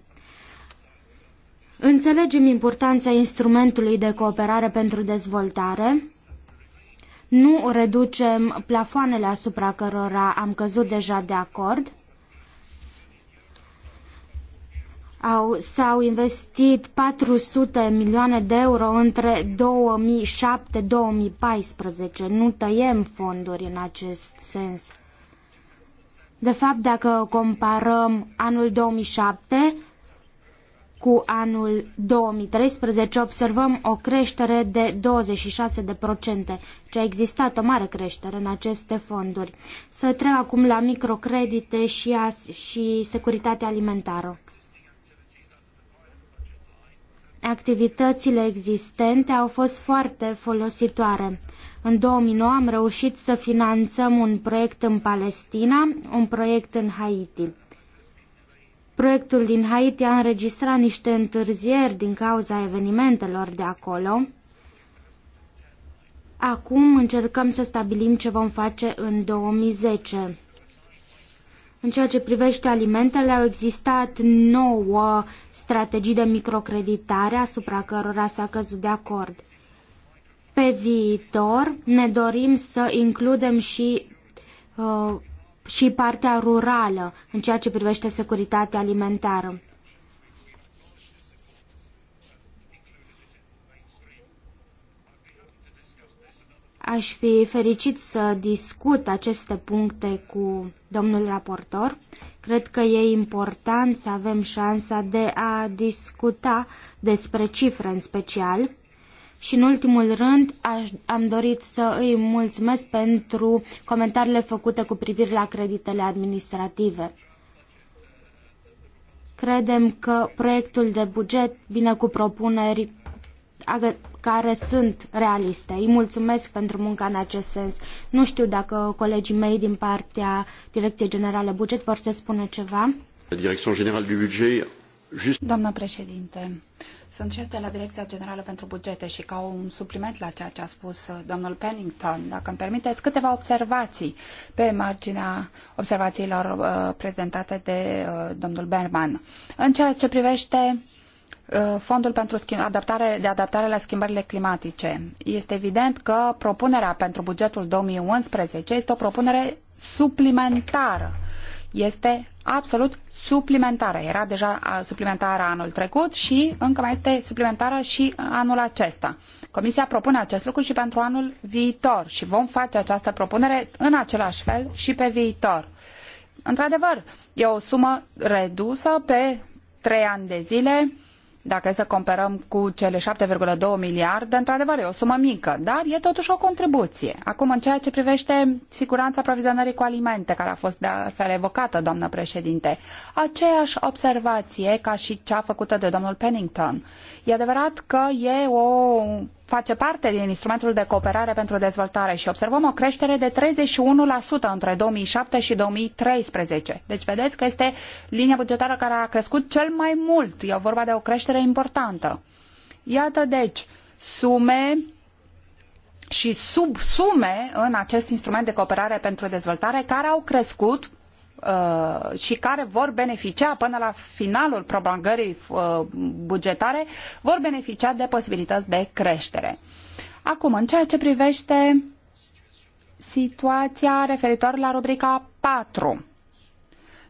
Înțelegem importanța instrumentului de cooperare pentru dezvoltare. Nu reducem plafoanele asupra cărora am căzut deja de acord. au, s-au investit 400 milioane de euro între 2007-2014. Nu tăiem fonduri în acest sens. De fapt, dacă comparăm anul 2007 cu anul 2013, observăm o creștere de 26%. Deci a existat o mare creștere în aceste fonduri. Să trec acum la microcredite și, as- și securitatea alimentară activitățile existente au fost foarte folositoare. În 2009 am reușit să finanțăm un proiect în Palestina, un proiect în Haiti. Proiectul din Haiti a înregistrat niște întârzieri din cauza evenimentelor de acolo. Acum încercăm să stabilim ce vom face în 2010. În ceea ce privește alimentele, au existat nouă strategii de microcreditare asupra cărora s-a căzut de acord. Pe viitor ne dorim să includem și, uh, și partea rurală în ceea ce privește securitatea alimentară. Aș fi fericit să discut aceste puncte cu domnul raportor. Cred că e important să avem șansa de a discuta despre cifre în special. Și în ultimul rând aș, am dorit să îi mulțumesc pentru comentariile făcute cu privire la creditele administrative. Credem că proiectul de buget vine cu propuneri care sunt realiste. Îi mulțumesc pentru munca în acest sens. Nu știu dacă colegii mei din partea Direcției Generale Buget vor să spună ceva. Direcția Generală du Budget Just... Doamnă președinte, sunt și de la Direcția Generală pentru Bugete și ca un supliment la ceea ce a spus uh, domnul Pennington, dacă îmi permiteți, câteva observații pe marginea observațiilor uh, prezentate de uh, domnul Berman. În ceea ce privește uh, Uh, fondul pentru adaptare, de adaptare la schimbările climatice. Este evident că propunerea pentru bugetul 2011 este o propunere suplimentară. Este absolut suplimentară. Era deja suplimentară anul trecut și încă mai este suplimentară și anul acesta. Comisia propune acest lucru și pentru anul viitor și vom face această propunere în același fel și pe viitor. Într-adevăr, e o sumă redusă pe trei ani de zile dacă e să comparăm cu cele 7,2 miliarde, într-adevăr e o sumă mică, dar e totuși o contribuție. Acum, în ceea ce privește siguranța aprovizionării cu alimente, care a fost de altfel evocată, doamnă președinte, aceeași observație ca și cea făcută de domnul Pennington. E adevărat că e o face parte din instrumentul de cooperare pentru dezvoltare și observăm o creștere de 31% între 2007 și 2013. Deci vedeți că este linia bugetară care a crescut cel mai mult. E vorba de o creștere importantă. Iată deci sume și subsume în acest instrument de cooperare pentru dezvoltare care au crescut Uh, și care vor beneficia până la finalul prolongării uh, bugetare, vor beneficia de posibilități de creștere. Acum, în ceea ce privește situația referitor la rubrica 4,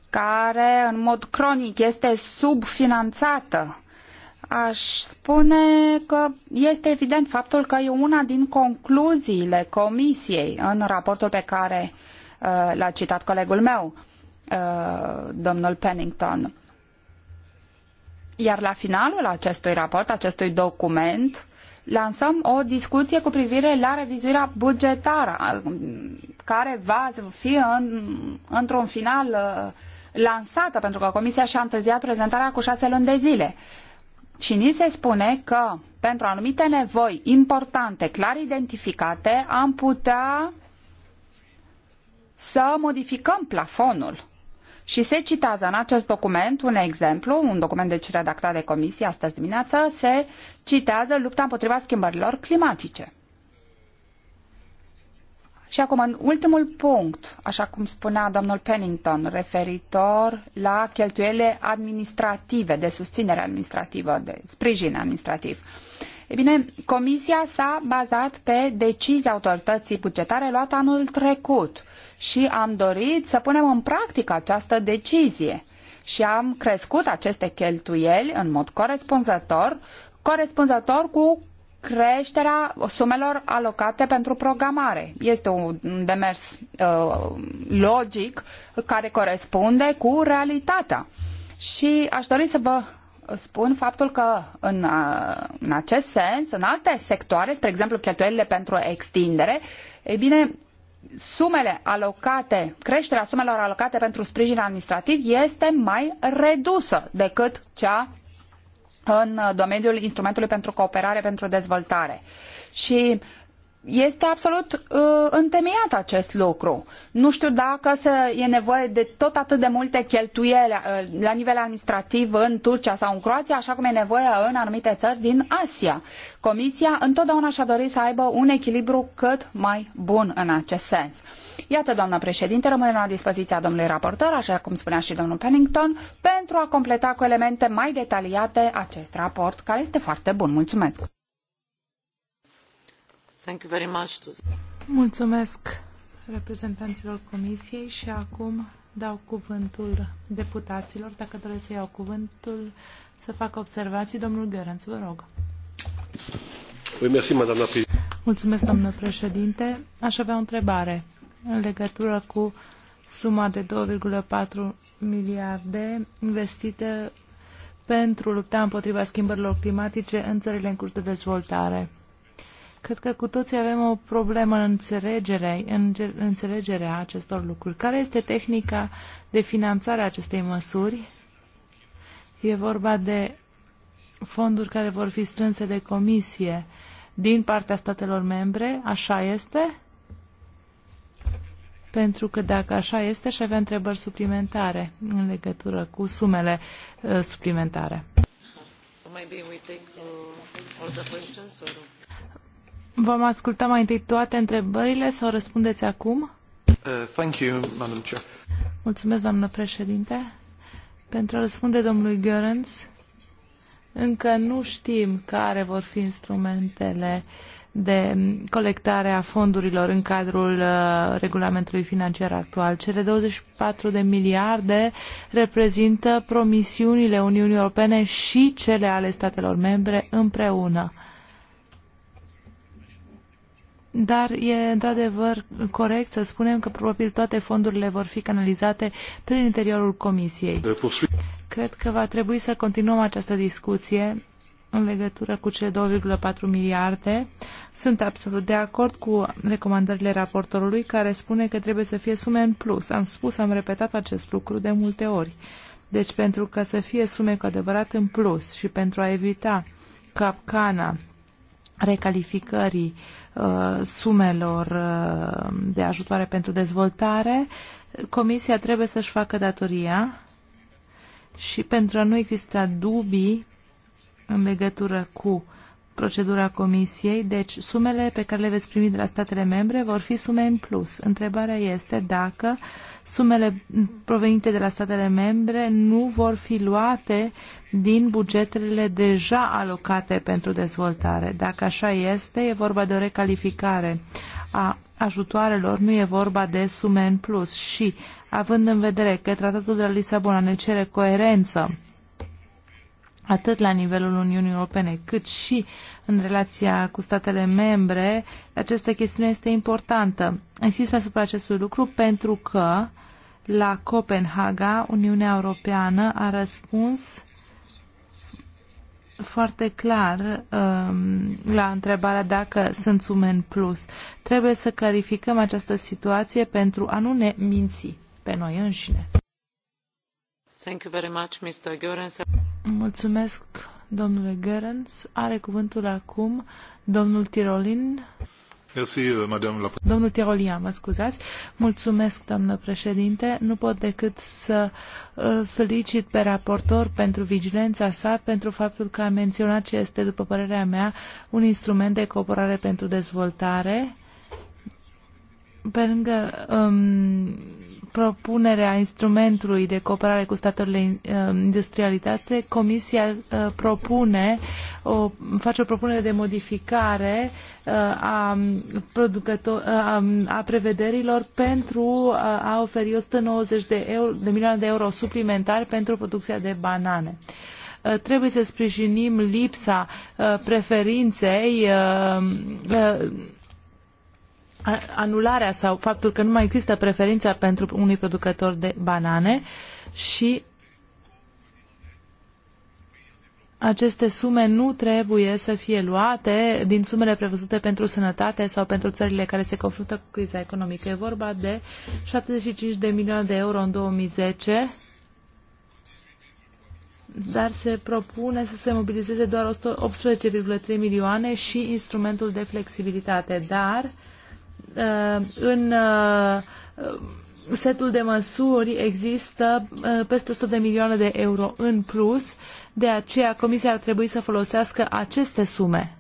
care în mod cronic este subfinanțată, aș spune că este evident faptul că e una din concluziile comisiei în raportul pe care uh, l-a citat colegul meu. Uh, domnul Pennington. Iar la finalul acestui raport, acestui document, lansăm o discuție cu privire la revizuirea bugetară, care va fi în, într-un final uh, lansată, pentru că Comisia și-a întârziat prezentarea cu șase luni de zile. Și ni se spune că pentru anumite nevoi importante, clar identificate, am putea să modificăm plafonul și se citează în acest document un exemplu, un document deci redactat de comisie astăzi dimineață, se citează lupta împotriva schimbărilor climatice. Și acum, în ultimul punct, așa cum spunea domnul Pennington, referitor la cheltuielile administrative, de susținere administrativă, de sprijin administrativ. E bine, comisia s-a bazat pe decizia autorității bugetare luată anul trecut și am dorit să punem în practică această decizie și am crescut aceste cheltuieli în mod corespunzător, corespunzător cu creșterea sumelor alocate pentru programare. Este un demers uh, logic care corespunde cu realitatea. Și aș dori să vă spun faptul că în, uh, în acest sens, în alte sectoare, spre exemplu cheltuielile pentru extindere, e bine, sumele alocate, creșterea sumelor alocate pentru sprijin administrativ este mai redusă decât cea în domeniul instrumentului pentru cooperare pentru dezvoltare. Și este absolut uh, întemeiat acest lucru. Nu știu dacă se, e nevoie de tot atât de multe cheltuieli uh, la nivel administrativ în Turcia sau în Croația, așa cum e nevoie în anumite țări din Asia. Comisia întotdeauna și-a dorit să aibă un echilibru cât mai bun în acest sens. Iată, doamna președinte, rămâne la dispoziția domnului raportor, așa cum spunea și domnul Pennington, pentru a completa cu elemente mai detaliate acest raport, care este foarte bun. Mulțumesc! Mulțumesc reprezentanților Comisiei și acum dau cuvântul deputaților. Dacă doresc să iau cuvântul, să facă observații. Domnul Gheorenț, vă rog. Oui, merci, madame la Mulțumesc, doamnă președinte. Aș avea o întrebare în legătură cu suma de 2,4 miliarde investite pentru lupta împotriva schimbărilor climatice în țările în curs de dezvoltare. Cred că cu toții avem o problemă în, înțelegerea, în înțelegerea acestor lucruri. Care este tehnica de finanțare a acestei măsuri? E vorba de fonduri care vor fi strânse de comisie din partea statelor membre, așa este? Pentru că dacă așa este, și avea întrebări suplimentare în legătură cu sumele uh, suplimentare. So uh, Vom asculta mai întâi toate întrebările sau răspundeți acum? Uh, thank you, Madam Chair. Mulțumesc, doamnă președinte. Pentru a răspunde domnului Görens, încă nu știm care vor fi instrumentele de colectare a fondurilor în cadrul uh, regulamentului financiar actual. Cele 24 de miliarde reprezintă promisiunile Uniunii Europene și cele ale statelor membre împreună. Dar e într-adevăr corect să spunem că probabil toate fondurile vor fi canalizate prin interiorul Comisiei. Cred că va trebui să continuăm această discuție în legătură cu cele 2,4 miliarde. Sunt absolut de acord cu recomandările raportorului care spune că trebuie să fie sume în plus. Am spus, am repetat acest lucru de multe ori. Deci pentru ca să fie sume cu adevărat în plus și pentru a evita capcana recalificării uh, Uh, sumelor uh, de ajutoare pentru dezvoltare, Comisia trebuie să-și facă datoria și pentru a nu exista dubii în legătură cu procedura Comisiei, deci sumele pe care le veți primi de la statele membre vor fi sume în plus. Întrebarea este dacă sumele provenite de la statele membre nu vor fi luate din bugetele deja alocate pentru dezvoltare. Dacă așa este, e vorba de o recalificare a ajutoarelor, nu e vorba de sume în plus și, având în vedere că tratatul de la Lisabona ne cere coerență atât la nivelul Uniunii Europene, cât și în relația cu statele membre, această chestiune este importantă. Insist asupra acestui lucru pentru că la Copenhaga Uniunea Europeană a răspuns foarte clar um, la întrebarea dacă sunt sume în plus. Trebuie să clarificăm această situație pentru a nu ne minți pe noi înșine. Thank you very much, Mr. Görens. Mulțumesc, domnule Görens. Are cuvântul acum domnul Tirolin. Euh, domnul Tirolin mă scuzați. Mulțumesc, doamnă președinte. Nu pot decât să felicit pe raportor pentru vigilența sa, pentru faptul că a menționat ce este, după părerea mea, un instrument de cooperare pentru dezvoltare pe lângă um, propunerea instrumentului de cooperare cu statele uh, industrializate, Comisia uh, propune o, face o propunere de modificare uh, a, a, a prevederilor pentru a oferi 190 de, euro, de milioane de euro suplimentari pentru producția de banane trebuie să sprijinim lipsa preferinței anularea sau faptul că nu mai există preferința pentru unii producători de banane și aceste sume nu trebuie să fie luate din sumele prevăzute pentru sănătate sau pentru țările care se confruntă cu criza economică. E vorba de 75 de milioane de euro în 2010 dar se propune să se mobilizeze doar 18,3 milioane și instrumentul de flexibilitate, dar Uh, în uh, setul de măsuri există uh, peste 100 de milioane de euro în plus, de aceea Comisia ar trebui să folosească aceste sume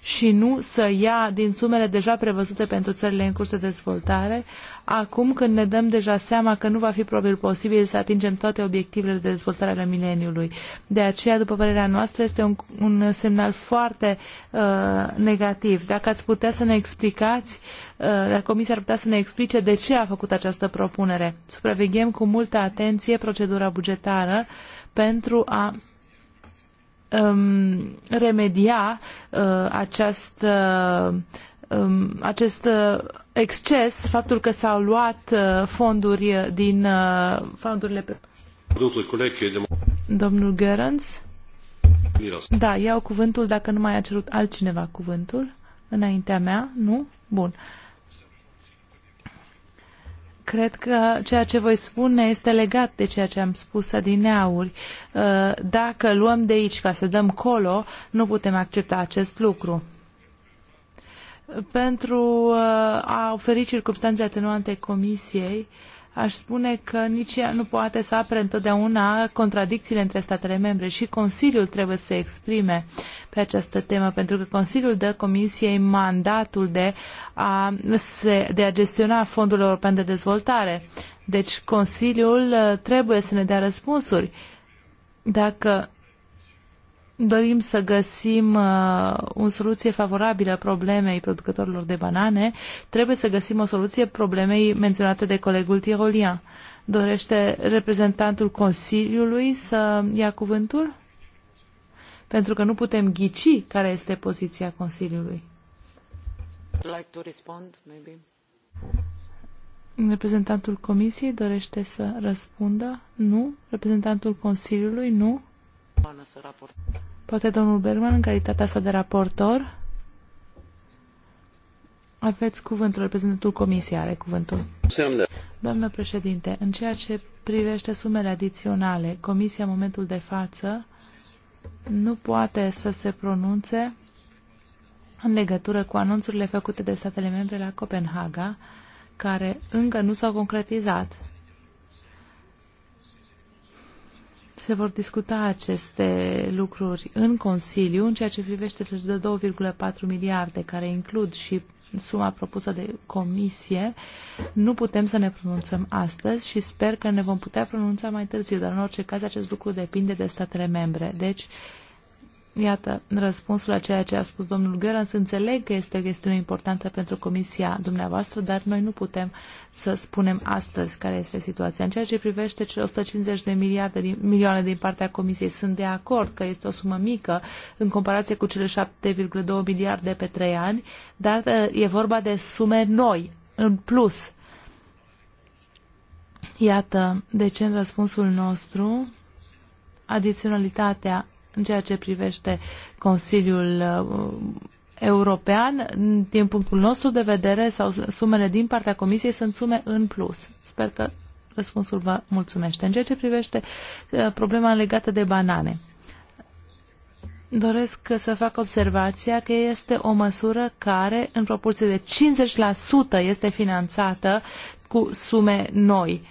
și nu să ia din sumele deja prevăzute pentru țările în curs de dezvoltare Acum, când ne dăm deja seama că nu va fi probabil posibil să atingem toate obiectivele de dezvoltare ale mileniului. De aceea, după părerea noastră, este un, un semnal foarte uh, negativ. Dacă ați putea să ne explicați, uh, dacă Comisia ar putea să ne explice de ce a făcut această propunere. Supraveghem cu multă atenție procedura bugetară pentru a um, remedia uh, această uh, Um, acest uh, exces, faptul că s-au luat uh, fonduri din uh, fondurile pe... Domnul Gerens? Da, iau cuvântul dacă nu mai a cerut altcineva cuvântul înaintea mea, nu? Bun. Cred că ceea ce voi spune este legat de ceea ce am spus adineauri. Dacă luăm de aici ca să dăm colo, nu putem accepta acest lucru. Pentru uh, a oferi circunstanțe atenuante comisiei, aș spune că nici ea nu poate să apere întotdeauna contradicțiile între statele membre și Consiliul trebuie să se exprime pe această temă, pentru că Consiliul dă Comisiei mandatul de a, se, de a gestiona Fondul European de Dezvoltare. Deci Consiliul uh, trebuie să ne dea răspunsuri. Dacă dorim să găsim uh, o soluție favorabilă problemei producătorilor de banane, trebuie să găsim o soluție problemei menționate de colegul tirolian. Dorește reprezentantul Consiliului să ia cuvântul? Pentru că nu putem ghici care este poziția Consiliului. Like to respond, maybe. Reprezentantul Comisiei dorește să răspundă? Nu. Reprezentantul Consiliului? Nu. Poate domnul Berman, în calitatea sa de raportor, aveți cuvântul, reprezentantul Comisiei are cuvântul. Doamnă președinte, în ceea ce privește sumele adiționale, Comisia în momentul de față nu poate să se pronunțe în legătură cu anunțurile făcute de statele membre la Copenhaga, care încă nu s-au concretizat. se vor discuta aceste lucruri în Consiliu, în ceea ce privește cele de 2,4 miliarde, care includ și suma propusă de comisie, nu putem să ne pronunțăm astăzi și sper că ne vom putea pronunța mai târziu, dar în orice caz acest lucru depinde de statele membre. Deci Iată răspunsul la ceea ce a spus domnul Görans. Înțeleg că este o chestiune importantă pentru comisia dumneavoastră, dar noi nu putem să spunem astăzi care este situația. În ceea ce privește cele 150 de miliarde din, milioane din partea comisiei, sunt de acord că este o sumă mică în comparație cu cele 7,2 miliarde pe trei ani, dar e vorba de sume noi, în plus. Iată de ce în răspunsul nostru adiționalitatea în ceea ce privește Consiliul uh, european, din punctul nostru de vedere, sau sumele din partea Comisiei sunt sume în plus. Sper că răspunsul vă mulțumește. În ceea ce privește uh, problema legată de banane, doresc să fac observația că este o măsură care, în proporție de 50%, este finanțată cu sume noi.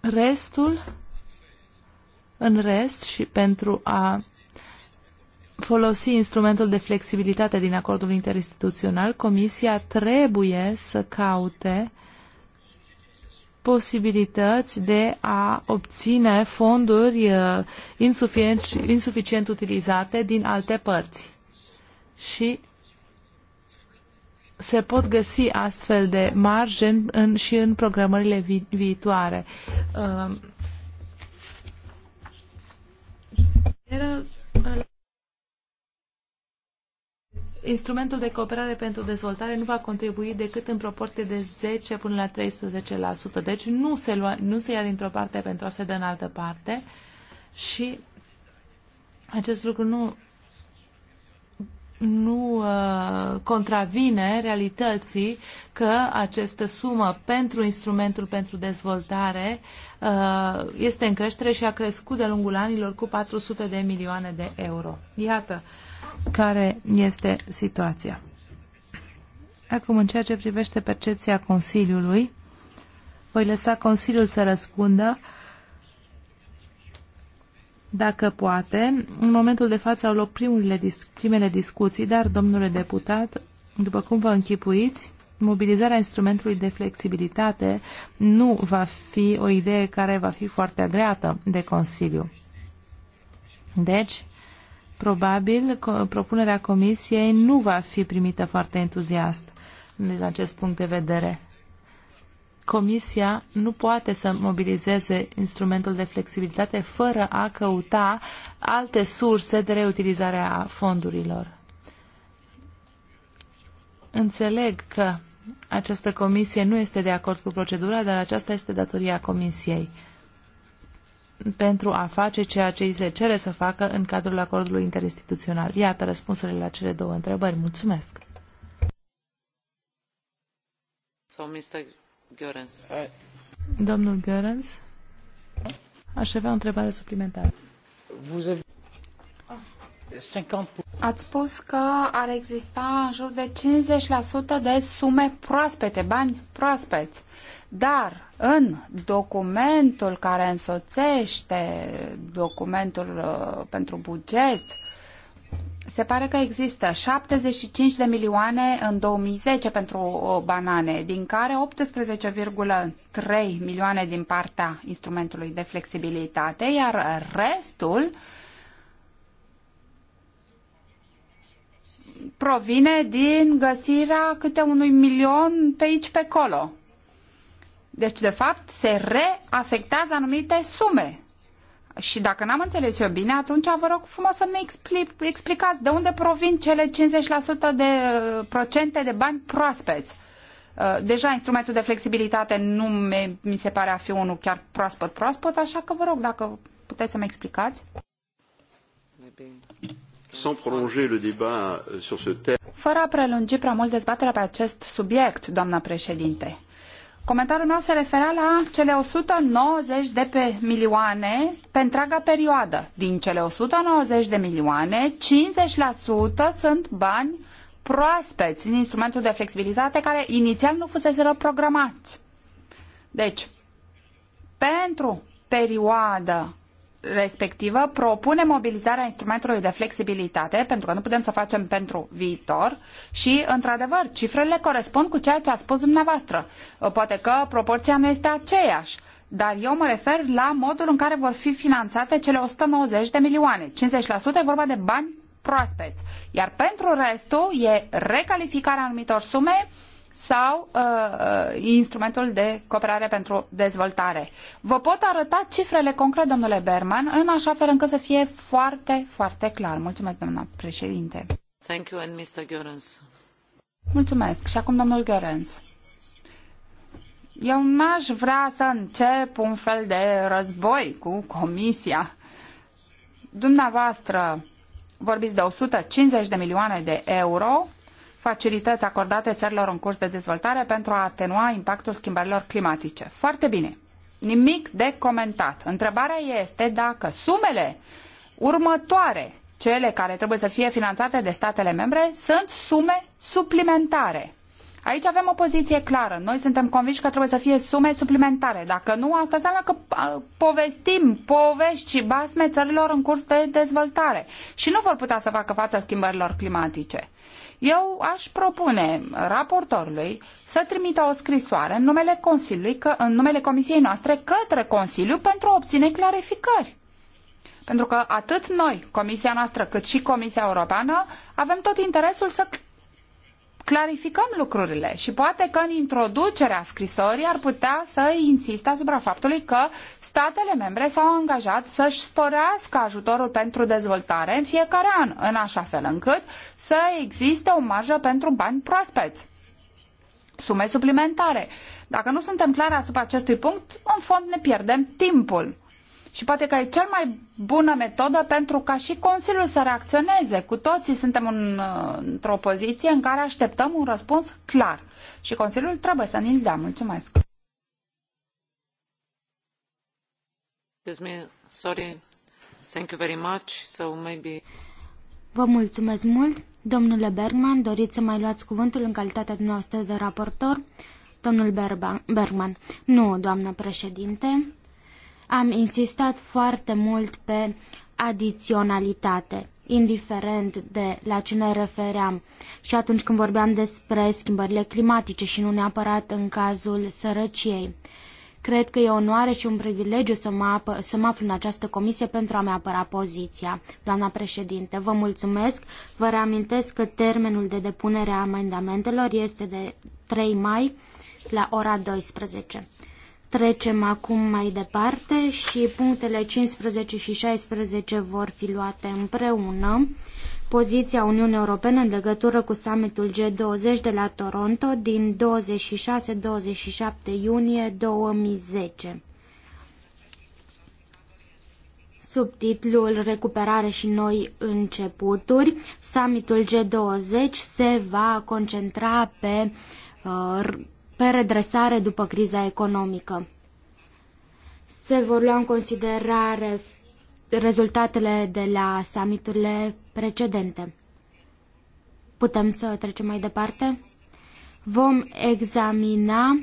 Restul în rest, și pentru a folosi instrumentul de flexibilitate din acordul interinstituțional, Comisia trebuie să caute posibilități de a obține fonduri uh, insuficient, insuficient utilizate din alte părți. Și se pot găsi astfel de margini în, și în programările vi, viitoare. Uh, Uh, instrumentul de cooperare pentru dezvoltare nu va contribui decât în proporție de 10 până la 13%. Deci nu se, lua, nu se ia dintr-o parte pentru a se dă în altă parte și acest lucru nu, nu uh, contravine realității că această sumă pentru instrumentul pentru dezvoltare Uh, este în creștere și a crescut de lungul anilor cu 400 de milioane de euro. Iată care este situația. Acum, în ceea ce privește percepția Consiliului, voi lăsa Consiliul să răspundă dacă poate. În momentul de față au loc primurile, primele discuții, dar, domnule deputat, după cum vă închipuiți, mobilizarea instrumentului de flexibilitate nu va fi o idee care va fi foarte agreată de Consiliu. Deci, probabil, propunerea Comisiei nu va fi primită foarte entuziast din acest punct de vedere. Comisia nu poate să mobilizeze instrumentul de flexibilitate fără a căuta alte surse de reutilizare a fondurilor. Înțeleg că această comisie nu este de acord cu procedura, dar aceasta este datoria comisiei pentru a face ceea ce îi se cere să facă în cadrul acordului interinstituțional. Iată răspunsurile la cele două întrebări. Mulțumesc! Sau Mr. Domnul Görens, aș avea o întrebare suplimentară. 50... Ați spus că ar exista în jur de 50% de sume proaspete, bani proaspeți. Dar în documentul care însoțește documentul uh, pentru buget, se pare că există 75 de milioane în 2010 pentru uh, banane, din care 18,3 milioane din partea instrumentului de flexibilitate, iar restul uh, provine din găsirea câte unui milion pe aici, pe acolo. Deci, de fapt, se reafectează anumite sume. Și dacă n-am înțeles eu bine, atunci vă rog frumos să-mi expli- explicați de unde provin cele 50% de uh, procente de bani proaspeți. Uh, deja instrumentul de flexibilitate nu mi se pare a fi unul chiar proaspăt-proaspăt, așa că vă rog dacă puteți să-mi explicați. Maybe. Euh, Fără a prelungi prea mult dezbaterea pe acest subiect, doamnă președinte, comentariul meu se referea la cele 190 de pe milioane pe întreaga perioadă. Din cele 190 de milioane, 50% sunt bani proaspeți din instrumentul de flexibilitate care inițial nu fusese programați. Deci, pentru perioadă respectivă propune mobilizarea instrumentului de flexibilitate, pentru că nu putem să facem pentru viitor și, într-adevăr, cifrele corespund cu ceea ce a spus dumneavoastră. Poate că proporția nu este aceeași, dar eu mă refer la modul în care vor fi finanțate cele 190 de milioane. 50% e vorba de bani proaspeți, iar pentru restul e recalificarea anumitor sume uh, sau uh, uh, instrumentul de cooperare pentru dezvoltare. Vă pot arăta cifrele concrete, domnule Berman, în așa fel încât să fie foarte, foarte clar. Mulțumesc, doamna președinte. Thank you and Mr. Görens. Mulțumesc. Și acum domnul Görens. Eu n-aș vrea să încep un fel de război cu comisia. Dumneavoastră vorbiți de 150 de milioane de euro facilități acordate țărilor în curs de dezvoltare pentru a atenua impactul schimbărilor climatice. Foarte bine. Nimic de comentat. Întrebarea este dacă sumele următoare, cele care trebuie să fie finanțate de statele membre, sunt sume suplimentare. Aici avem o poziție clară. Noi suntem convinși că trebuie să fie sume suplimentare. Dacă nu, asta înseamnă că povestim povești și basme țărilor în curs de dezvoltare. Și nu vor putea să facă față schimbărilor climatice. Eu aș propune raportorului să trimită o scrisoare în numele Consiliului, că, în numele Comisiei noastre către Consiliu pentru a obține clarificări. Pentru că atât noi, Comisia noastră, cât și Comisia Europeană, avem tot interesul să clarificăm lucrurile și poate că în introducerea scrisorii ar putea să insiste asupra faptului că statele membre s-au angajat să-și sporească ajutorul pentru dezvoltare în fiecare an, în așa fel încât să existe o marjă pentru bani proaspeți sume suplimentare. Dacă nu suntem clari asupra acestui punct, în fond ne pierdem timpul. Și poate că e cea mai bună metodă pentru ca și Consiliul să reacționeze. Cu toții suntem în, într-o poziție în care așteptăm un răspuns clar. Și Consiliul trebuie să ne-l dea. Mulțumesc. Sorry. Thank you very much. So maybe... Vă mulțumesc mult. Domnule Bergman, doriți să mai luați cuvântul în calitatea noastră de raportor? Domnul Bergman. Nu, doamnă președinte. Am insistat foarte mult pe adiționalitate, indiferent de la ce ne refeream. Și atunci când vorbeam despre schimbările climatice și nu neapărat în cazul sărăciei. Cred că e onoare și un privilegiu să mă, apă, să mă aflu în această comisie pentru a-mi apăra poziția. Doamna președinte, vă mulțumesc. Vă reamintesc că termenul de depunere a amendamentelor este de 3 mai la ora 12. Trecem acum mai departe și punctele 15 și 16 vor fi luate împreună. Poziția Uniunii Europene în legătură cu summitul G20 de la Toronto din 26-27 iunie 2010. Subtitlul Recuperare și noi începuturi. Summitul G20 se va concentra pe uh, pe redresare după criza economică. Se vor lua în considerare rezultatele de la summiturile precedente. Putem să trecem mai departe? Vom examina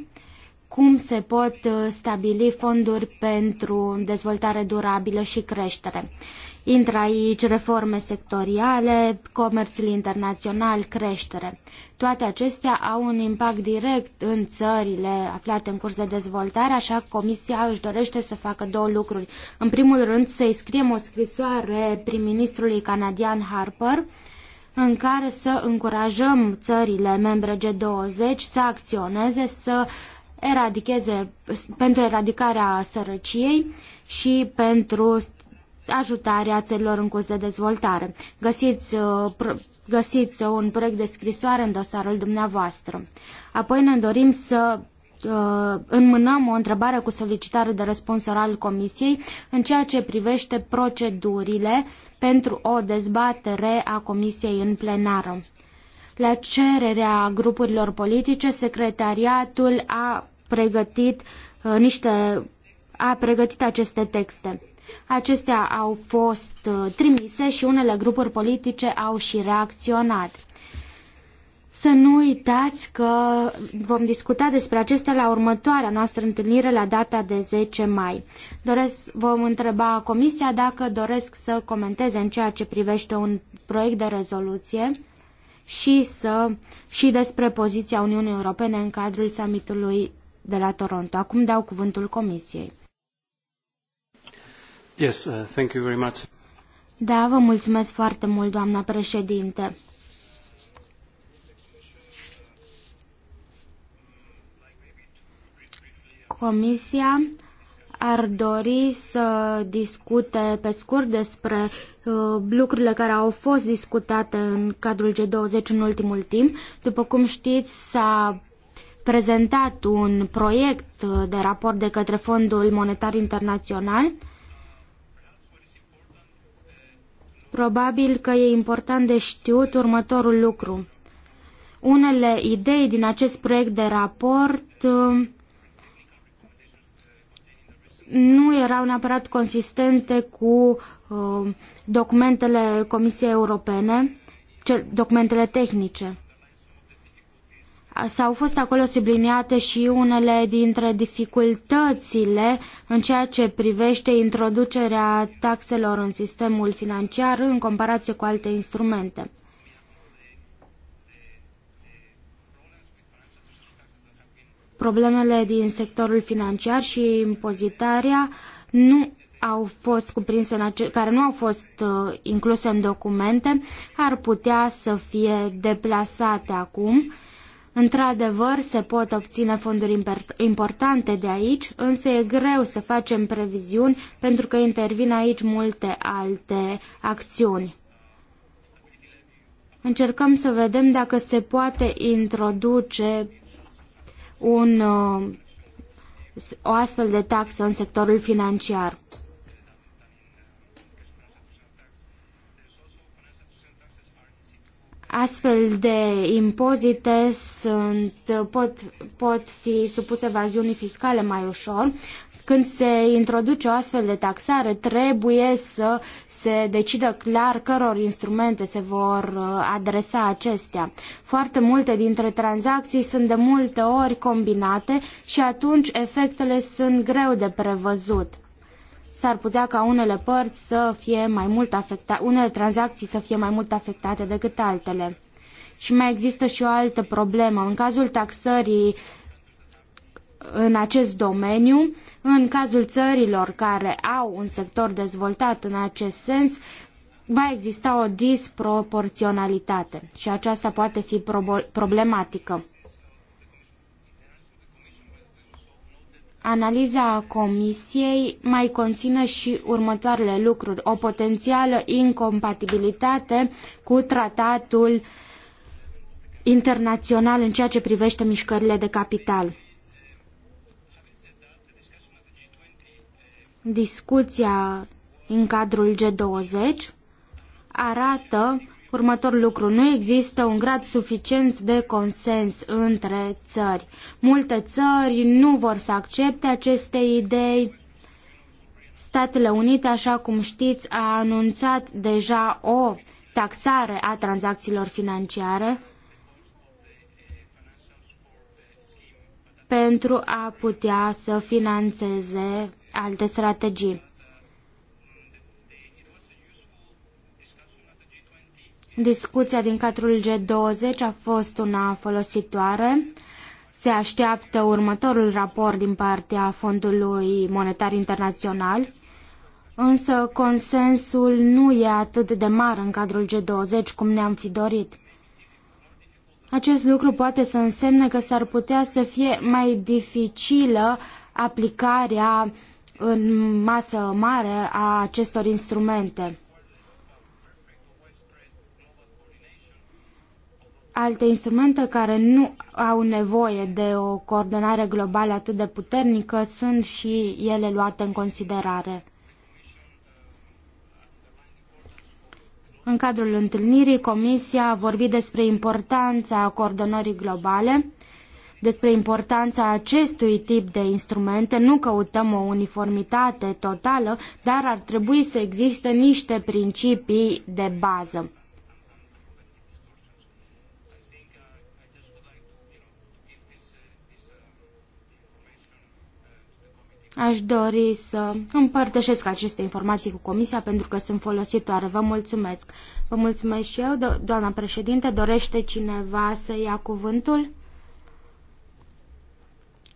cum se pot stabili fonduri pentru dezvoltare durabilă și creștere. Intră aici reforme sectoriale, comerțul internațional, creștere. Toate acestea au un impact direct în țările aflate în curs de dezvoltare, așa că Comisia își dorește să facă două lucruri. În primul rând, să-i scriem o scrisoare prim-ministrului canadian Harper, în care să încurajăm țările membre G20 să acționeze, să eradicheze pentru eradicarea sărăciei și pentru ajutarea țărilor în curs de dezvoltare. Găsiți, uh, găsiți un proiect de scrisoare în dosarul dumneavoastră. Apoi ne dorim să uh, înmânăm o întrebare cu solicitare de răspuns oral Comisiei în ceea ce privește procedurile pentru o dezbatere a Comisiei în plenară. La cererea grupurilor politice, secretariatul a pregătit uh, niște a pregătit aceste texte. Acestea au fost uh, trimise și unele grupuri politice au și reacționat. Să nu uitați că vom discuta despre acestea la următoarea noastră întâlnire la data de 10 mai. Doresc, vom întreba Comisia dacă doresc să comenteze în ceea ce privește un proiect de rezoluție și, să, și despre poziția Uniunii Europene în cadrul summitului de la Toronto. Acum dau cuvântul Comisiei. Yes, uh, thank you very much. Da, vă mulțumesc foarte mult, doamna președinte. Comisia ar dori să discute pe scurt despre uh, lucrurile care au fost discutate în cadrul G20 în ultimul timp. După cum știți, s-a prezentat un proiect uh, de raport de către Fondul Monetar Internațional uh, Probabil că e important de știut următorul lucru. Unele idei din acest proiect de raport uh, nu erau neapărat consistente cu uh, documentele Comisiei Europene, documentele tehnice. S-au fost acolo subliniate și unele dintre dificultățile în ceea ce privește introducerea taxelor în sistemul financiar în comparație cu alte instrumente. Problemele din sectorul financiar și impozitarea nu au fost cuprinse în ace- care nu au fost uh, incluse în documente ar putea să fie deplasate acum Într-adevăr, se pot obține fonduri importante de aici, însă e greu să facem previziuni pentru că intervin aici multe alte acțiuni. Încercăm să vedem dacă se poate introduce un, uh, o astfel de taxă în sectorul financiar. Astfel de impozite sunt, pot, pot fi supuse evaziunii fiscale mai ușor. Când se introduce o astfel de taxare, trebuie să se decidă clar căror instrumente se vor uh, adresa acestea. Foarte multe dintre tranzacții sunt de multe ori combinate și atunci efectele sunt greu de prevăzut s-ar putea ca unele părți să fie mai mult afectate, unele tranzacții să fie mai mult afectate decât altele. Și mai există și o altă problemă. În cazul taxării în acest domeniu, în cazul țărilor care au un sector dezvoltat în acest sens, va exista o disproporționalitate și aceasta poate fi problematică. Analiza comisiei mai conține și următoarele lucruri. O potențială incompatibilitate cu tratatul internațional în ceea ce privește mișcările de capital. Discuția în cadrul G20 arată Următorul lucru, nu există un grad suficient de consens între țări. Multe țări nu vor să accepte aceste idei. Statele Unite, așa cum știți, a anunțat deja o taxare a tranzacțiilor financiare pentru a putea să financeze alte strategii. Discuția din cadrul G20 a fost una folositoare. Se așteaptă următorul raport din partea Fondului Monetar Internațional, însă consensul nu e atât de mare în cadrul G20 cum ne-am fi dorit. Acest lucru poate să însemne că s-ar putea să fie mai dificilă aplicarea în masă mare a acestor instrumente. alte instrumente care nu au nevoie de o coordonare globală atât de puternică sunt și ele luate în considerare. În cadrul întâlnirii, Comisia a vorbit despre importanța coordonării globale, despre importanța acestui tip de instrumente. Nu căutăm o uniformitate totală, dar ar trebui să existe niște principii de bază. Aș dori să împărtășesc aceste informații cu Comisia pentru că sunt folositoare. Vă mulțumesc. Vă mulțumesc și eu, do doamna președinte. Dorește cineva să ia cuvântul?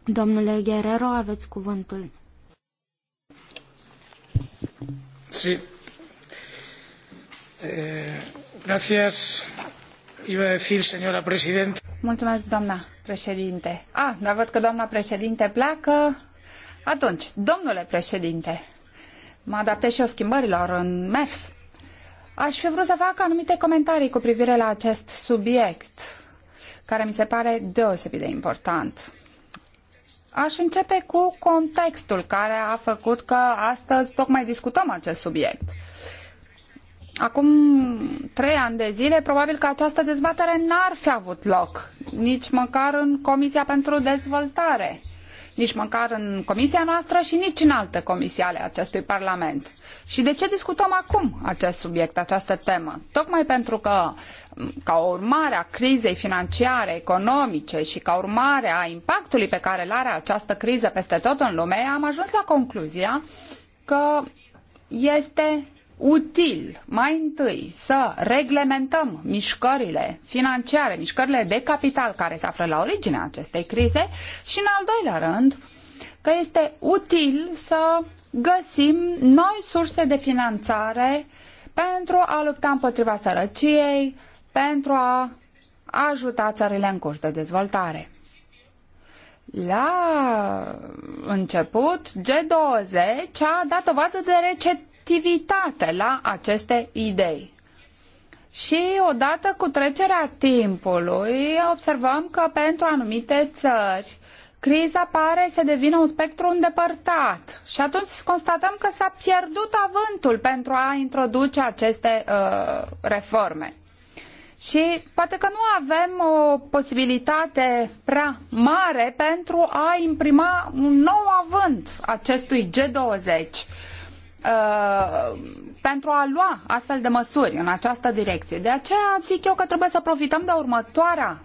Domnule Guerrero, aveți cuvântul. Sí. Eh, gracias. Iba a decir, señora presidenta. Mulțumesc, doamna președinte. Ah, dar văd că doamna președinte pleacă. Atunci, domnule președinte, mă adaptez și eu schimbărilor în mers. Aș fi vrut să fac anumite comentarii cu privire la acest subiect, care mi se pare deosebit de important. Aș începe cu contextul care a făcut că astăzi tocmai discutăm acest subiect. Acum trei ani de zile, probabil că această dezbatere n-ar fi avut loc, nici măcar în Comisia pentru Dezvoltare. Uh, nici măcar în comisia noastră și nici în alte comisii ale acestui Parlament. Și de ce discutăm acum acest subiect, această temă? Tocmai pentru că, ca urmare a crizei financiare, economice și ca urmare a impactului pe care îl are această criză peste tot în lume, am ajuns la concluzia că este util mai întâi să reglementăm mișcările financiare, mișcările de capital care se află la originea acestei crize și în al doilea rând că este util să găsim noi surse de finanțare pentru a lupta împotriva sărăciei, pentru a ajuta țările în curs de dezvoltare. La început, G20 a dat vadă de receptivitate la aceste idei. Și odată cu trecerea timpului, observăm că pentru anumite țări, criza pare să devină un spectru îndepărtat și atunci constatăm că s-a pierdut avântul pentru a introduce aceste uh, reforme. Și poate că nu avem o posibilitate prea mare pentru a imprima un nou avânt acestui G20 Uh, pentru a lua astfel de măsuri în această direcție. De aceea zic eu că trebuie să profităm de următoarea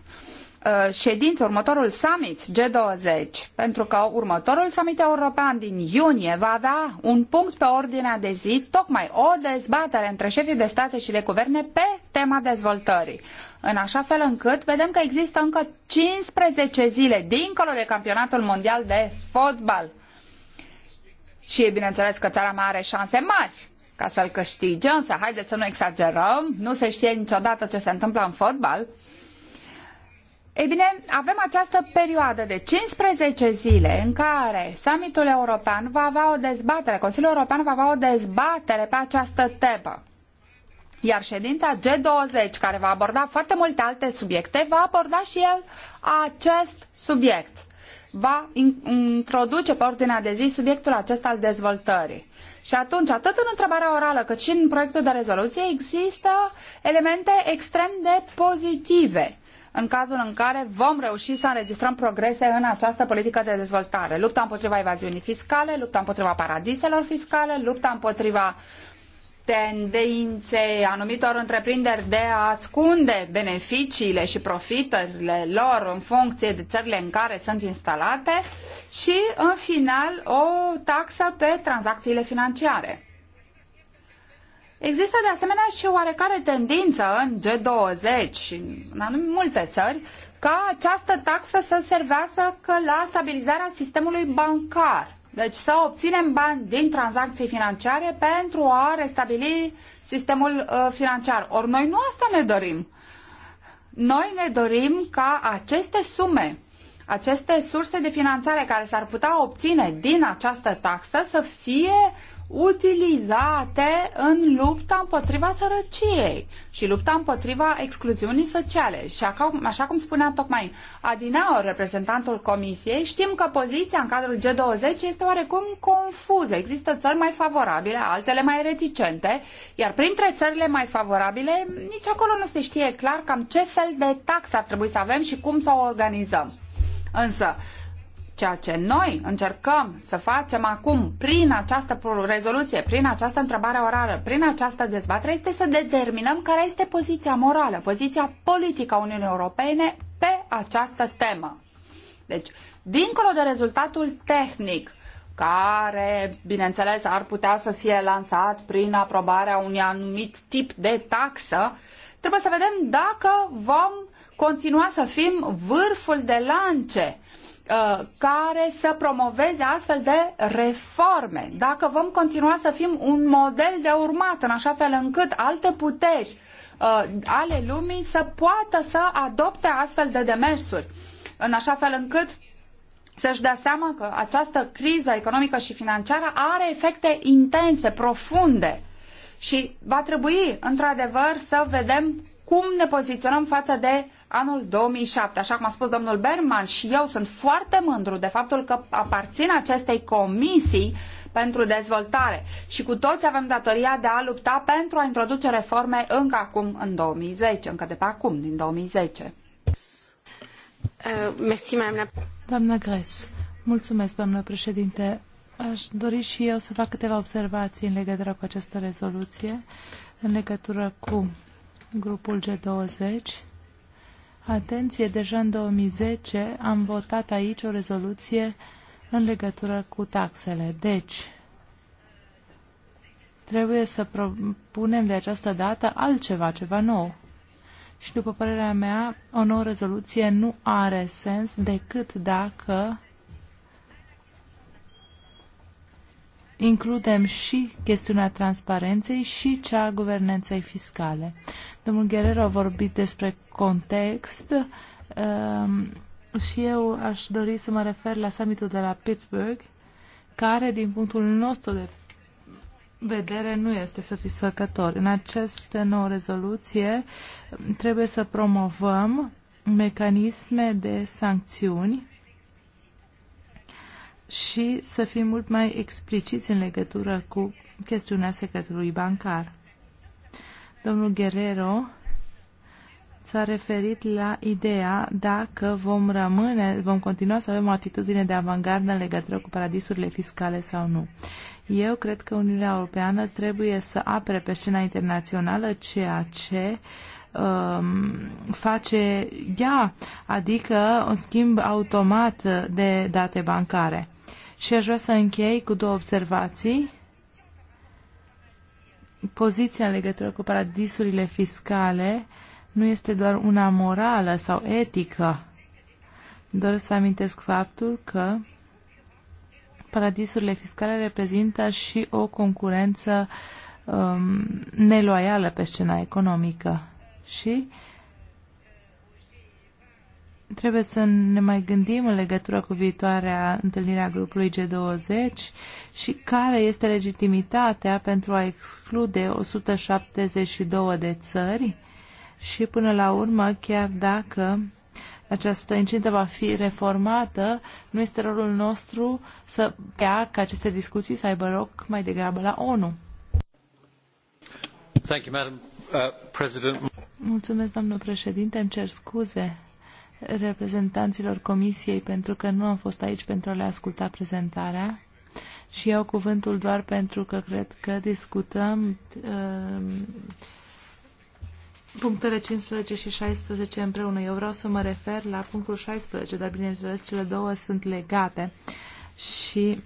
uh, ședință, următorul summit G20, pentru că următorul summit european din iunie va avea un punct pe ordinea de zi, tocmai o dezbatere între șefii de state și de guverne pe tema dezvoltării. În așa fel încât vedem că există încă 15 zile dincolo de campionatul mondial de fotbal și e bineînțeles că țara mai are șanse mari ca să-l câștige, însă haideți să nu exagerăm, nu se știe niciodată ce se întâmplă în fotbal. Ei bine, avem această perioadă de 15 zile în care summitul european va avea o dezbatere, Consiliul European va avea o dezbatere pe această temă. Iar ședința G20, care va aborda foarte multe alte subiecte, va aborda și el acest subiect va introduce pe ordinea de zi subiectul acesta al dezvoltării. Și atunci, atât în întrebarea orală cât și în proiectul de rezoluție, există elemente extrem de pozitive în cazul în care vom reuși să înregistrăm progrese în această politică de dezvoltare. Lupta împotriva evaziunii fiscale, lupta împotriva paradiselor fiscale, lupta împotriva tendinței anumitor întreprinderi de a ascunde beneficiile și profitările lor în funcție de țările în care sunt instalate și, în final, o taxă pe tranzacțiile financiare. Există de asemenea și oarecare tendință în G20 și în anumite multe țări ca această taxă să servească la stabilizarea sistemului bancar. Deci să obținem bani din tranzacții financiare pentru a restabili sistemul uh, financiar. Ori noi nu asta ne dorim. Noi ne dorim ca aceste sume, aceste surse de finanțare care s-ar putea obține din această taxă să fie utilizate în lupta împotriva sărăciei și lupta împotriva excluziunii sociale. Și acum, așa cum spunea tocmai Adinaur, reprezentantul Comisiei, știm că poziția în cadrul G20 este oarecum confuză. Există țări mai favorabile, altele mai reticente, iar printre țările mai favorabile, nici acolo nu se știe clar cam ce fel de tax ar trebui să avem și cum să o organizăm. Însă, Ceea ce noi încercăm să facem acum prin această rezoluție, prin această întrebare orală, prin această dezbatere, este să determinăm care este poziția morală, poziția politică a Uniunii Europene pe această temă. Deci, dincolo de rezultatul tehnic, care, bineînțeles, ar putea să fie lansat prin aprobarea unui anumit tip de taxă, trebuie să vedem dacă vom continua să fim vârful de lance Uh, care să promoveze astfel de reforme. Dacă vom continua să fim un model de urmat, în așa fel încât alte puteri uh, ale lumii să poată să adopte astfel de demersuri, în așa fel încât să-și dea seama că această criză economică și financiară are efecte intense, profunde. Și va trebui, într-adevăr, să vedem cum ne poziționăm față de anul 2007. Așa cum a spus domnul Berman și eu sunt foarte mândru de faptul că aparțin acestei comisii pentru dezvoltare și cu toți avem datoria de a lupta pentru a introduce reforme încă acum în 2010, încă de pe acum, din 2010. Uh, merci, doamna Gres, mulțumesc, doamnă președinte. Aș dori și eu să fac câteva observații în legătură cu această rezoluție, în legătură cu grupul G20. Atenție, deja în 2010 am votat aici o rezoluție în legătură cu taxele. Deci, trebuie să propunem de această dată altceva, ceva nou. Și după părerea mea, o nouă rezoluție nu are sens decât dacă includem și chestiunea transparenței și cea a guvernanței fiscale. Domnul Guerrero a vorbit despre context um, și eu aș dori să mă refer la summitul de la Pittsburgh, care, din punctul nostru de vedere, nu este satisfăcător. În această nouă rezoluție trebuie să promovăm mecanisme de sancțiuni și să fim mult mai expliciți în legătură cu chestiunea secretului bancar. Domnul Guerrero s-a referit la ideea dacă vom rămâne, vom continua să avem o atitudine de avangardă în legătură cu paradisurile fiscale sau nu. Eu cred că Uniunea Europeană trebuie să apere pe scena internațională ceea ce um, face ea, adică un schimb automat de date bancare. Și aș vrea să închei cu două observații poziția în legătură cu paradisurile fiscale nu este doar una morală sau etică. Doresc să amintesc faptul că paradisurile fiscale reprezintă și o concurență um, neloială pe scena economică și uh, trebuie să ne mai gândim în legătură cu viitoarea întâlnire a grupului G20 și care este legitimitatea pentru a exclude 172 de țări și până la urmă, chiar dacă această incintă va fi reformată, nu este rolul nostru să ia ca aceste discuții să aibă loc mai degrabă la ONU. Thank you, Madam, uh, President. Mulțumesc, doamnă președinte, îmi cer scuze reprezentanților Comisiei pentru că nu am fost aici pentru a le asculta prezentarea și iau cuvântul doar pentru că cred că discutăm uh, punctele 15 și 16 împreună. Eu vreau să mă refer la punctul 16, dar bineînțeles cele două sunt legate și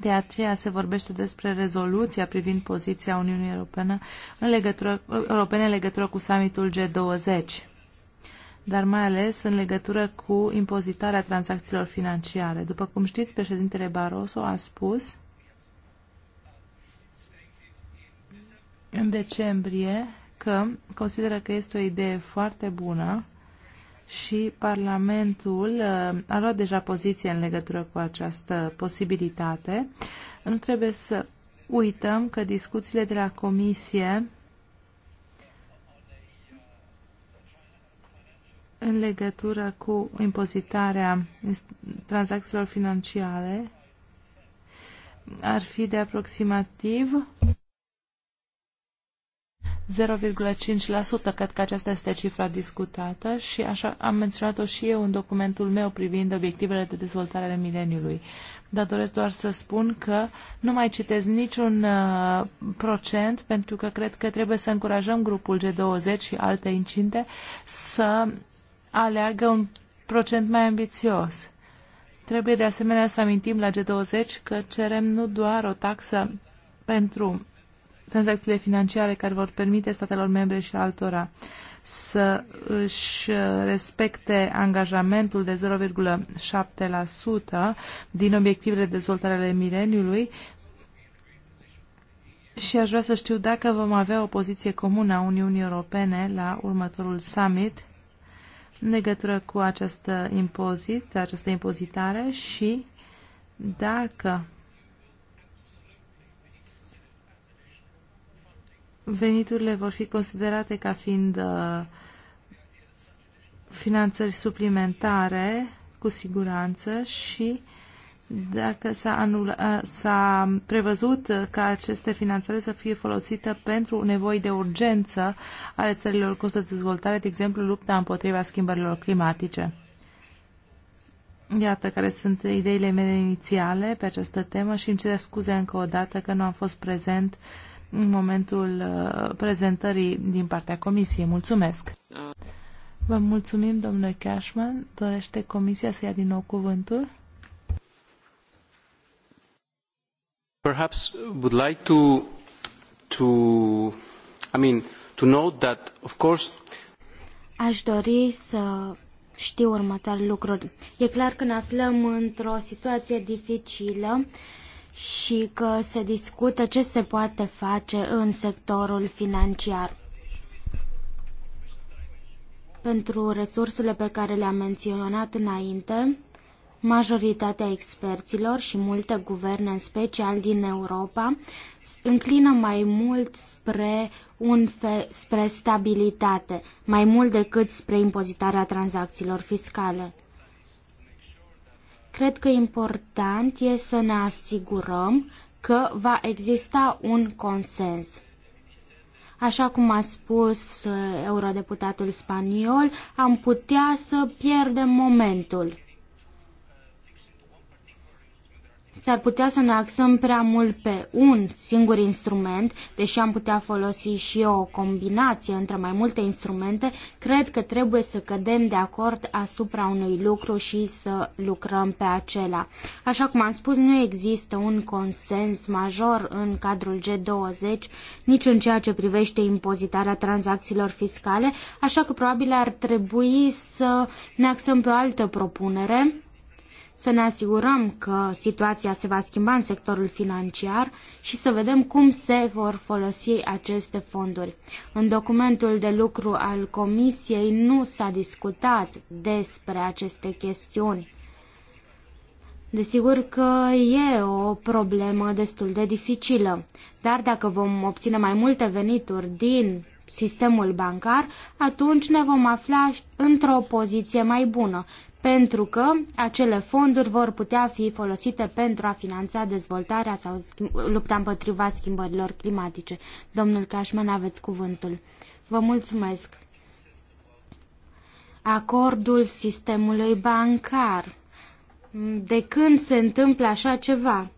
de aceea se vorbește despre rezoluția privind poziția Uniunii Europene în legătură, europene în legătură cu summitul G20 dar mai ales în legătură cu impozitarea tranzacțiilor financiare. După cum știți, președintele Barroso a spus în decembrie că consideră că este o idee foarte bună și Parlamentul uh, a luat deja poziție în legătură cu această posibilitate. Nu trebuie să uităm că discuțiile de la Comisie în legătură cu impozitarea tranzacțiilor financiare ar fi de aproximativ 0,5%, cred că aceasta este cifra discutată și așa am menționat-o și eu în documentul meu privind obiectivele de dezvoltare ale mileniului. Dar doresc doar să spun că nu mai citez niciun uh, procent pentru că cred că trebuie să încurajăm grupul G20 și alte incinte să aleagă un procent mai ambițios. Trebuie de asemenea să amintim la G20 că cerem nu doar o taxă pentru tranzacțiile financiare care vor permite statelor membre și altora să își respecte angajamentul de 0,7% din obiectivele de dezvoltare ale mileniului și aș vrea să știu dacă vom avea o poziție comună a Uniunii Europene la următorul summit în legătură cu acest impozit, această impozitare și dacă veniturile vor fi considerate ca fiind uh, finanțări suplimentare, cu siguranță, și uh, dacă s-a, prevăzut ca aceste finanțări să fie folosite pentru nevoi de urgență ale țărilor cu de dezvoltare, de exemplu lupta împotriva schimbărilor climatice. Iată care sunt ideile mele inițiale pe această temă și îmi cer scuze încă o dată că nu am fost prezent în momentul prezentării din partea Comisiei. Mulțumesc! Da. Vă mulțumim, domnule Cashman. Dorește Comisia să ia din nou cuvântul? perhaps would like to, to, I mean, to note that, of course, Aș dori să știu următoarele lucruri. E clar că ne aflăm într-o situație dificilă și că se discută ce se poate face în sectorul financiar. Pentru resursele pe care le-am menționat înainte, Majoritatea experților și multe guverne, în special din Europa, înclină mai mult spre, un fe, spre stabilitate, mai mult decât spre impozitarea tranzacțiilor fiscale. Cred că important e să ne asigurăm că va exista un consens. Așa cum a spus uh, eurodeputatul spaniol, am putea să pierdem momentul. S-ar putea să ne axăm prea mult pe un singur instrument, deși am putea folosi și o combinație între mai multe instrumente, cred că trebuie să cădem de acord asupra unui lucru și să lucrăm pe acela. Așa cum am spus, nu există un consens major în cadrul G20, nici în ceea ce privește impozitarea tranzacțiilor fiscale, așa că probabil ar trebui să ne axăm pe o altă propunere să ne asigurăm că situația se va schimba în sectorul financiar și să vedem cum se vor folosi aceste fonduri. În documentul de lucru al Comisiei nu s-a discutat despre aceste chestiuni. Desigur că e o problemă destul de dificilă, dar dacă vom obține mai multe venituri din sistemul bancar, atunci ne vom afla într-o poziție mai bună, pentru că acele fonduri vor putea fi folosite pentru a finanța dezvoltarea sau lupta împotriva schimbărilor climatice. Domnul Cashman, aveți cuvântul. Vă mulțumesc. Acordul sistemului bancar. De când se întâmplă așa ceva?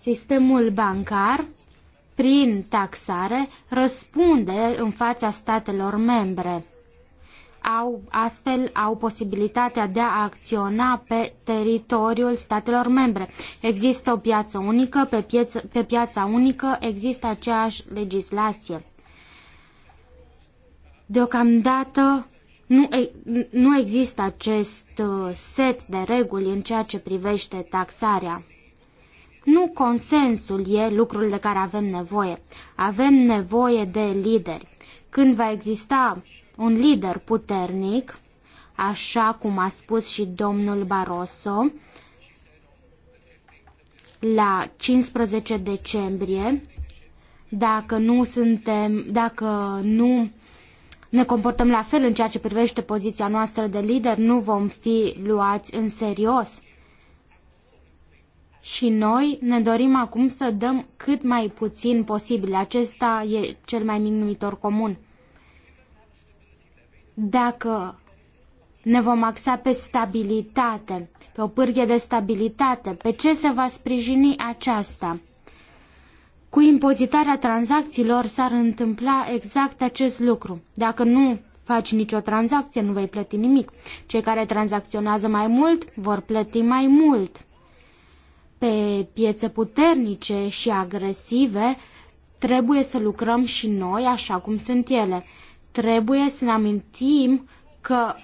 Sistemul bancar, prin taxare, răspunde în fața statelor membre au, astfel au posibilitatea de a acționa pe teritoriul statelor membre. Există o piață unică, pe, pieță, pe piața unică există aceeași legislație. Deocamdată nu, nu există acest uh, set de reguli în ceea ce privește taxarea. Nu consensul e lucrul de care avem nevoie. Avem nevoie de lideri. Când va exista un lider puternic, așa cum a spus și domnul Barroso, la 15 decembrie, dacă nu suntem, dacă nu ne comportăm la fel în ceea ce privește poziția noastră de lider, nu vom fi luați în serios. Și noi ne dorim acum să dăm cât mai puțin posibil. Acesta e cel mai mic numitor comun. Dacă ne vom axa pe stabilitate, pe o pârghie de stabilitate, pe ce se va sprijini aceasta? Cu impozitarea tranzacțiilor s-ar întâmpla exact acest lucru. Dacă nu faci nicio tranzacție, nu vei plăti nimic. Cei care tranzacționează mai mult vor plăti mai mult. Pe piețe puternice și agresive trebuie să lucrăm și noi așa cum sunt ele. Trebuie să ne amintim că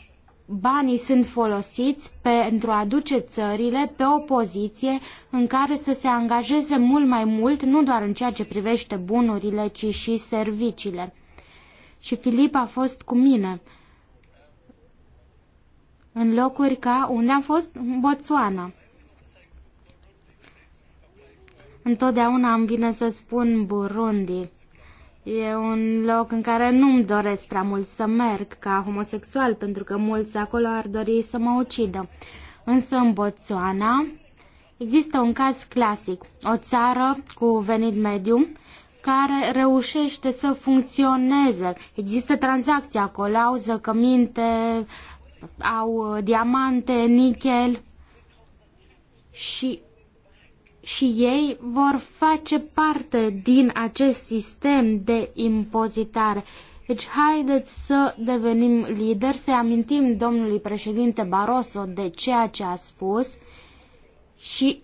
banii sunt folosiți pentru a duce țările pe o poziție în care să se angajeze mult mai mult, nu doar în ceea ce privește bunurile, ci și serviciile. Și Filip a fost cu mine în locuri ca unde am fost în Botswana. Întotdeauna am vine să spun Burundi E un loc în care nu-mi doresc prea mult să merg ca homosexual, pentru că mulți acolo ar dori să mă ucidă. Însă în Botswana există un caz clasic, o țară cu venit mediu care reușește să funcționeze. Există tranzacții acolo, au zăcăminte, au uh, diamante, nichel și și ei vor face parte din acest sistem de impozitare. Deci haideți să devenim lideri, să amintim domnului președinte Barroso de ceea ce a spus și,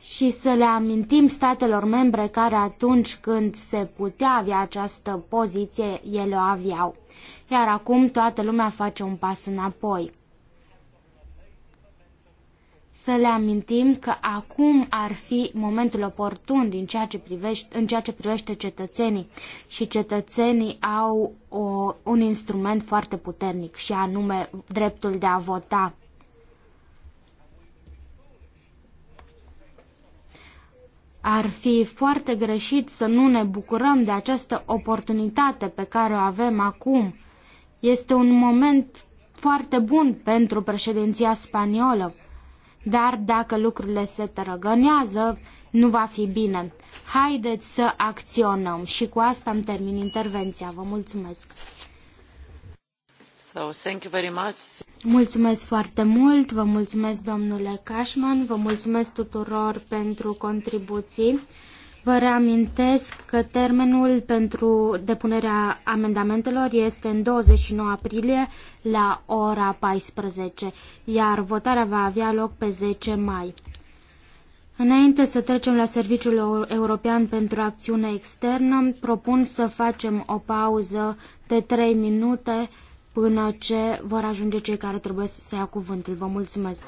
și să le amintim statelor membre care atunci când se putea avea această poziție, ele o aveau. Iar acum toată lumea face un pas înapoi să le amintim că acum ar fi momentul oportun din ceea ce privește, în ceea ce privește cetățenii și cetățenii au o, un instrument foarte puternic și anume dreptul de a vota. Ar fi foarte greșit să nu ne bucurăm de această oportunitate pe care o avem acum. Este un moment foarte bun pentru președinția spaniolă dar dacă lucrurile se tărăgănează, nu va fi bine. Haideți să acționăm și cu asta am termin intervenția. Vă mulțumesc. So, thank you very much. Mulțumesc foarte mult, vă mulțumesc domnule Cashman, vă mulțumesc tuturor pentru contribuții. Vă reamintesc că termenul pentru depunerea amendamentelor este în 29 aprilie la ora 14, iar votarea va avea loc pe 10 mai. Înainte să trecem la Serviciul European pentru Acțiune Externă, propun să facem o pauză de 3 minute până ce vor ajunge cei care trebuie să ia cuvântul. Vă mulțumesc!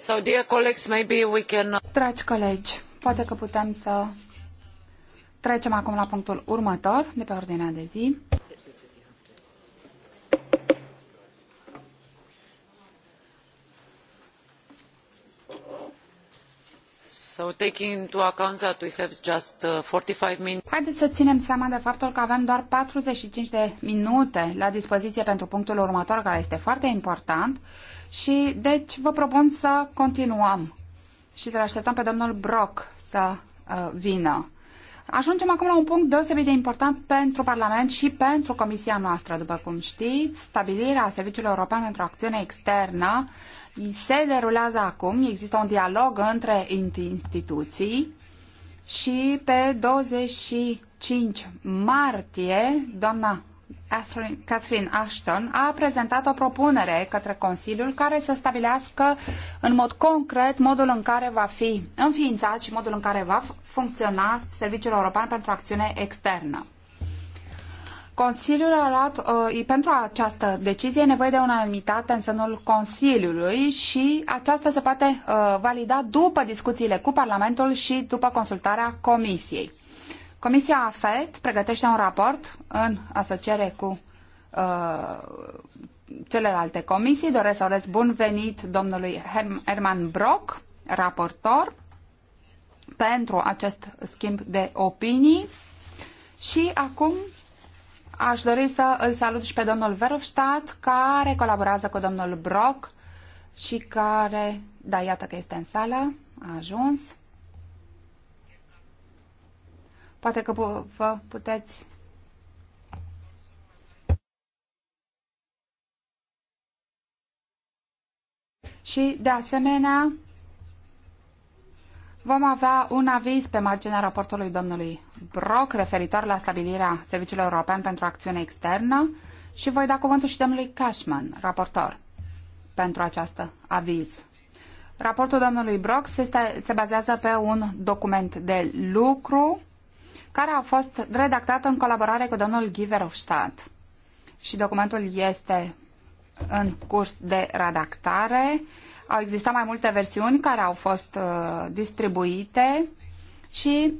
Uh, Dragi colegi, poate că putem să trecem acum la punctul următor de pe ordinea de zi. taking into account that we have just 45 uh, minutes. Haideți să ținem seama de faptul că avem doar 45 de minute la dispoziție pentru punctul următor, care este foarte important. Și deci vă propun să continuăm și să-l așteptăm pe domnul Brock să uh, vină. Ajungem acum la un punct deosebit de important pentru Parlament și pentru Comisia noastră. După cum știți, stabilirea Serviciului European pentru Acțiune Externă se derulează acum, există un dialog între instituții și pe 25 martie, doamna Catherine Ashton a prezentat o propunere către Consiliul care să stabilească în mod concret modul în care va fi înființat și modul în care va funcționa Serviciul European pentru Acțiune Externă. Consiliul a luat, uh, pentru această decizie, e nevoie de unanimitate în sânul Consiliului și aceasta se poate uh, valida după discuțiile cu Parlamentul și după consultarea Comisiei. Comisia AFET pregătește un raport în asociere cu uh, celelalte comisii. Doresc să urez bun venit domnului Herman Brock, raportor, pentru acest schimb de opinii. Și acum aș dori să îl salut și pe domnul Verhofstadt, care colaborează cu domnul Brock și care, da, iată că este în sală, a ajuns. Poate că vă puteți Și, de asemenea, vom avea un aviz pe marginea raportului domnului Brock referitor la stabilirea Serviciului European pentru Acțiune Externă și voi da cuvântul și domnului Cashman, raportor, pentru această aviz. Raportul domnului Brock se, se bazează pe un document de lucru care a fost redactată în colaborare cu domnul Guy Verhofstadt. Și documentul este în curs de redactare. Au existat mai multe versiuni care au fost uh, distribuite și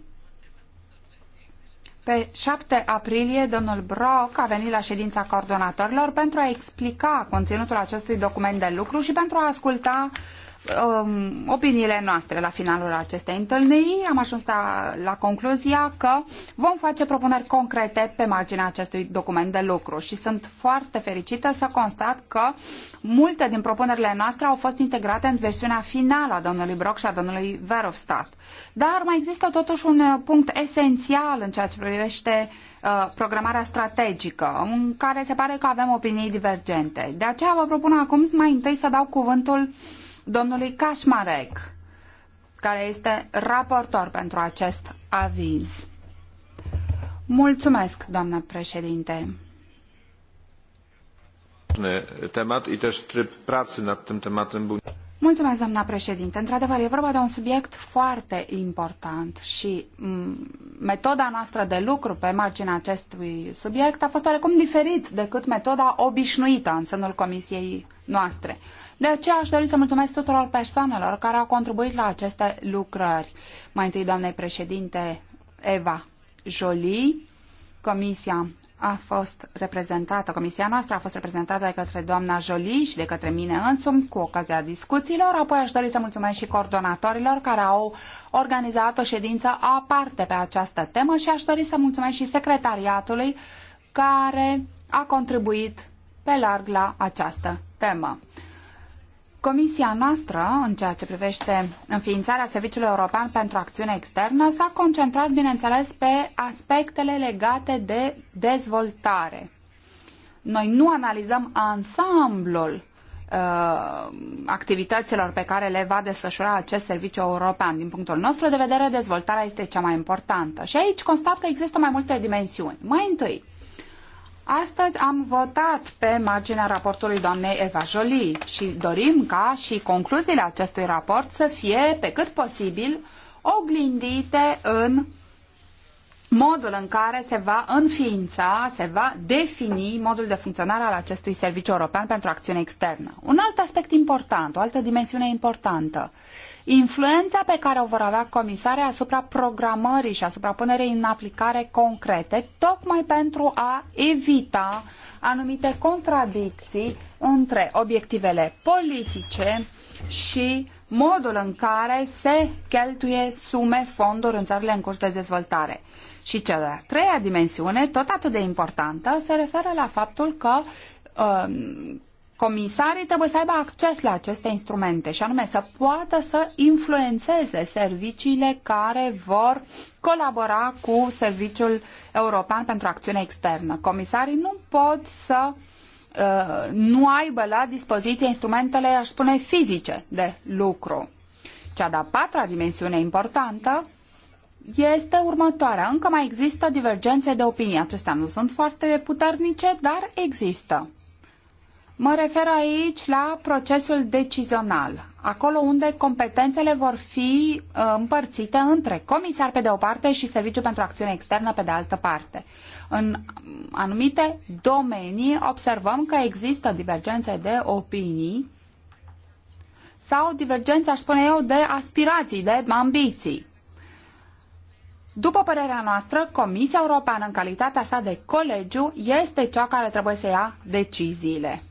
pe 7 aprilie, domnul Brock a venit la ședința coordonatorilor pentru a explica conținutul acestui document de lucru și pentru a asculta uh, um, opiniile noastre la finalul acestei întâlniri. Am ajuns la, la concluzia că vom face propuneri concrete pe marginea acestui document de lucru și sunt foarte fericită să constat că multe din propunerile noastre au fost integrate în versiunea finală a domnului Brock și a domnului Verhofstadt. Dar mai există totuși un uh, punct esențial în ceea ce privește uh, programarea strategică, în care se pare că avem opinii divergente. De aceea vă propun acum mai întâi să dau cuvântul uh, domnului Kașmarek, care este raportor pentru acest aviz. Mulțumesc, doamnă președinte. Temat i też tryb pracy nad tym tematem był... Mulțumesc, doamna președinte. Într-adevăr, e vorba de un subiect foarte important și mm, metoda noastră de lucru pe marginea acestui subiect a fost oarecum diferit decât metoda obișnuită în sânul comisiei noastre. De aceea aș dori să mulțumesc tuturor persoanelor care au contribuit la aceste lucrări. Mai întâi, doamnei președinte Eva Jolie, Comisia a fost reprezentată, comisia noastră a fost reprezentată de către doamna Jolie și de către mine însumi cu ocazia discuțiilor. Apoi aș dori să mulțumesc și coordonatorilor care au organizat o ședință aparte pe această temă și aș dori să mulțumesc și secretariatului care a contribuit pe larg la această temă. Comisia noastră, în ceea ce privește înființarea Serviciului European pentru Acțiune Externă, s-a concentrat, bineînțeles, pe aspectele legate de dezvoltare. Noi nu analizăm ansamblul uh, activităților pe care le va desfășura acest serviciu european. Din punctul nostru de vedere, dezvoltarea este cea mai importantă. Și aici constat că există mai multe dimensiuni. Mai întâi, Astăzi am votat pe marginea raportului doamnei Eva Jolie și dorim ca și concluziile acestui raport să fie, pe cât posibil, oglindite în modul în care se va înființa, se va defini modul de funcționare al acestui serviciu european pentru acțiune externă. Un alt aspect important, o altă dimensiune importantă influența pe care o vor avea comisarea asupra programării și asupra punerii în aplicare concrete, tocmai pentru a evita anumite contradicții între obiectivele politice și modul în care se cheltuie sume, fonduri în țările în curs de dezvoltare. Și cea de-a treia dimensiune, tot atât de importantă, se referă la faptul că um, comisarii trebuie să aibă acces la aceste instrumente și anume să poată să influențeze serviciile care vor colabora cu Serviciul European pentru Acțiune Externă. Comisarii nu pot să uh, nu aibă la dispoziție instrumentele, aș spune, fizice de lucru. Cea de-a patra dimensiune importantă este următoarea. Încă mai există divergențe de opinie. Acestea nu sunt foarte puternice, dar există. Mă refer aici la procesul decizional, acolo unde competențele vor fi uh, împărțite între comisar pe de o parte și serviciu pentru acțiune externă pe de altă parte. În anumite domenii observăm că există divergențe de opinii sau divergențe, aș spune eu, de aspirații, de ambiții. După părerea noastră, Comisia Europeană, în calitatea sa de colegiu, este cea care trebuie să ia deciziile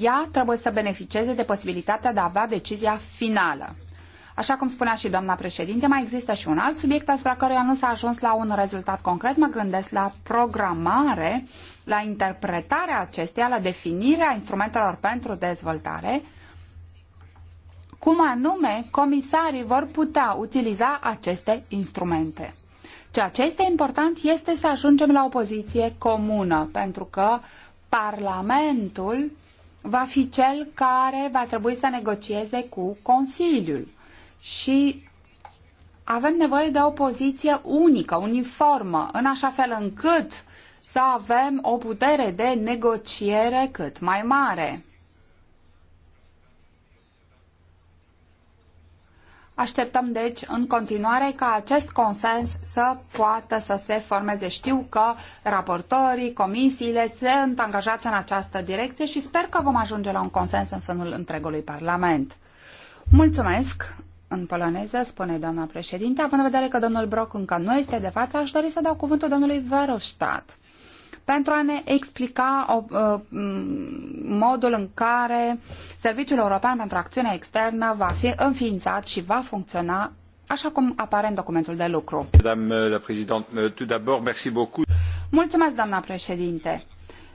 ea trebuie să beneficieze de posibilitatea de a avea decizia finală. Așa cum spunea și doamna președinte, mai există și un alt subiect asupra căruia nu s-a ajuns la un rezultat concret. Mă gândesc la programare, la interpretarea acesteia, la definirea instrumentelor pentru dezvoltare. Cum anume comisarii vor putea utiliza aceste instrumente? Ceea ce este important este să ajungem la o poziție comună, pentru că Parlamentul va fi cel care va trebui să negocieze cu Consiliul. Și avem nevoie de o poziție unică, uniformă, în așa fel încât să avem o putere de negociere cât mai mare. Așteptăm, deci, în continuare ca acest consens să poată să se formeze. Știu că raportorii, comisiile sunt angajați în această direcție și sper că vom ajunge la un consens în sânul întregului Parlament. Mulțumesc! În poloneză, spune doamna președinte, având în vedere că domnul Brock încă nu este de față, aș dori să dau cuvântul domnului Verhofstadt pentru a ne explica uh, modul în care Serviciul European pentru Acțiune Externă va fi înființat și va funcționa așa cum apare în documentul de lucru. Euh, mulțumesc, doamna președinte.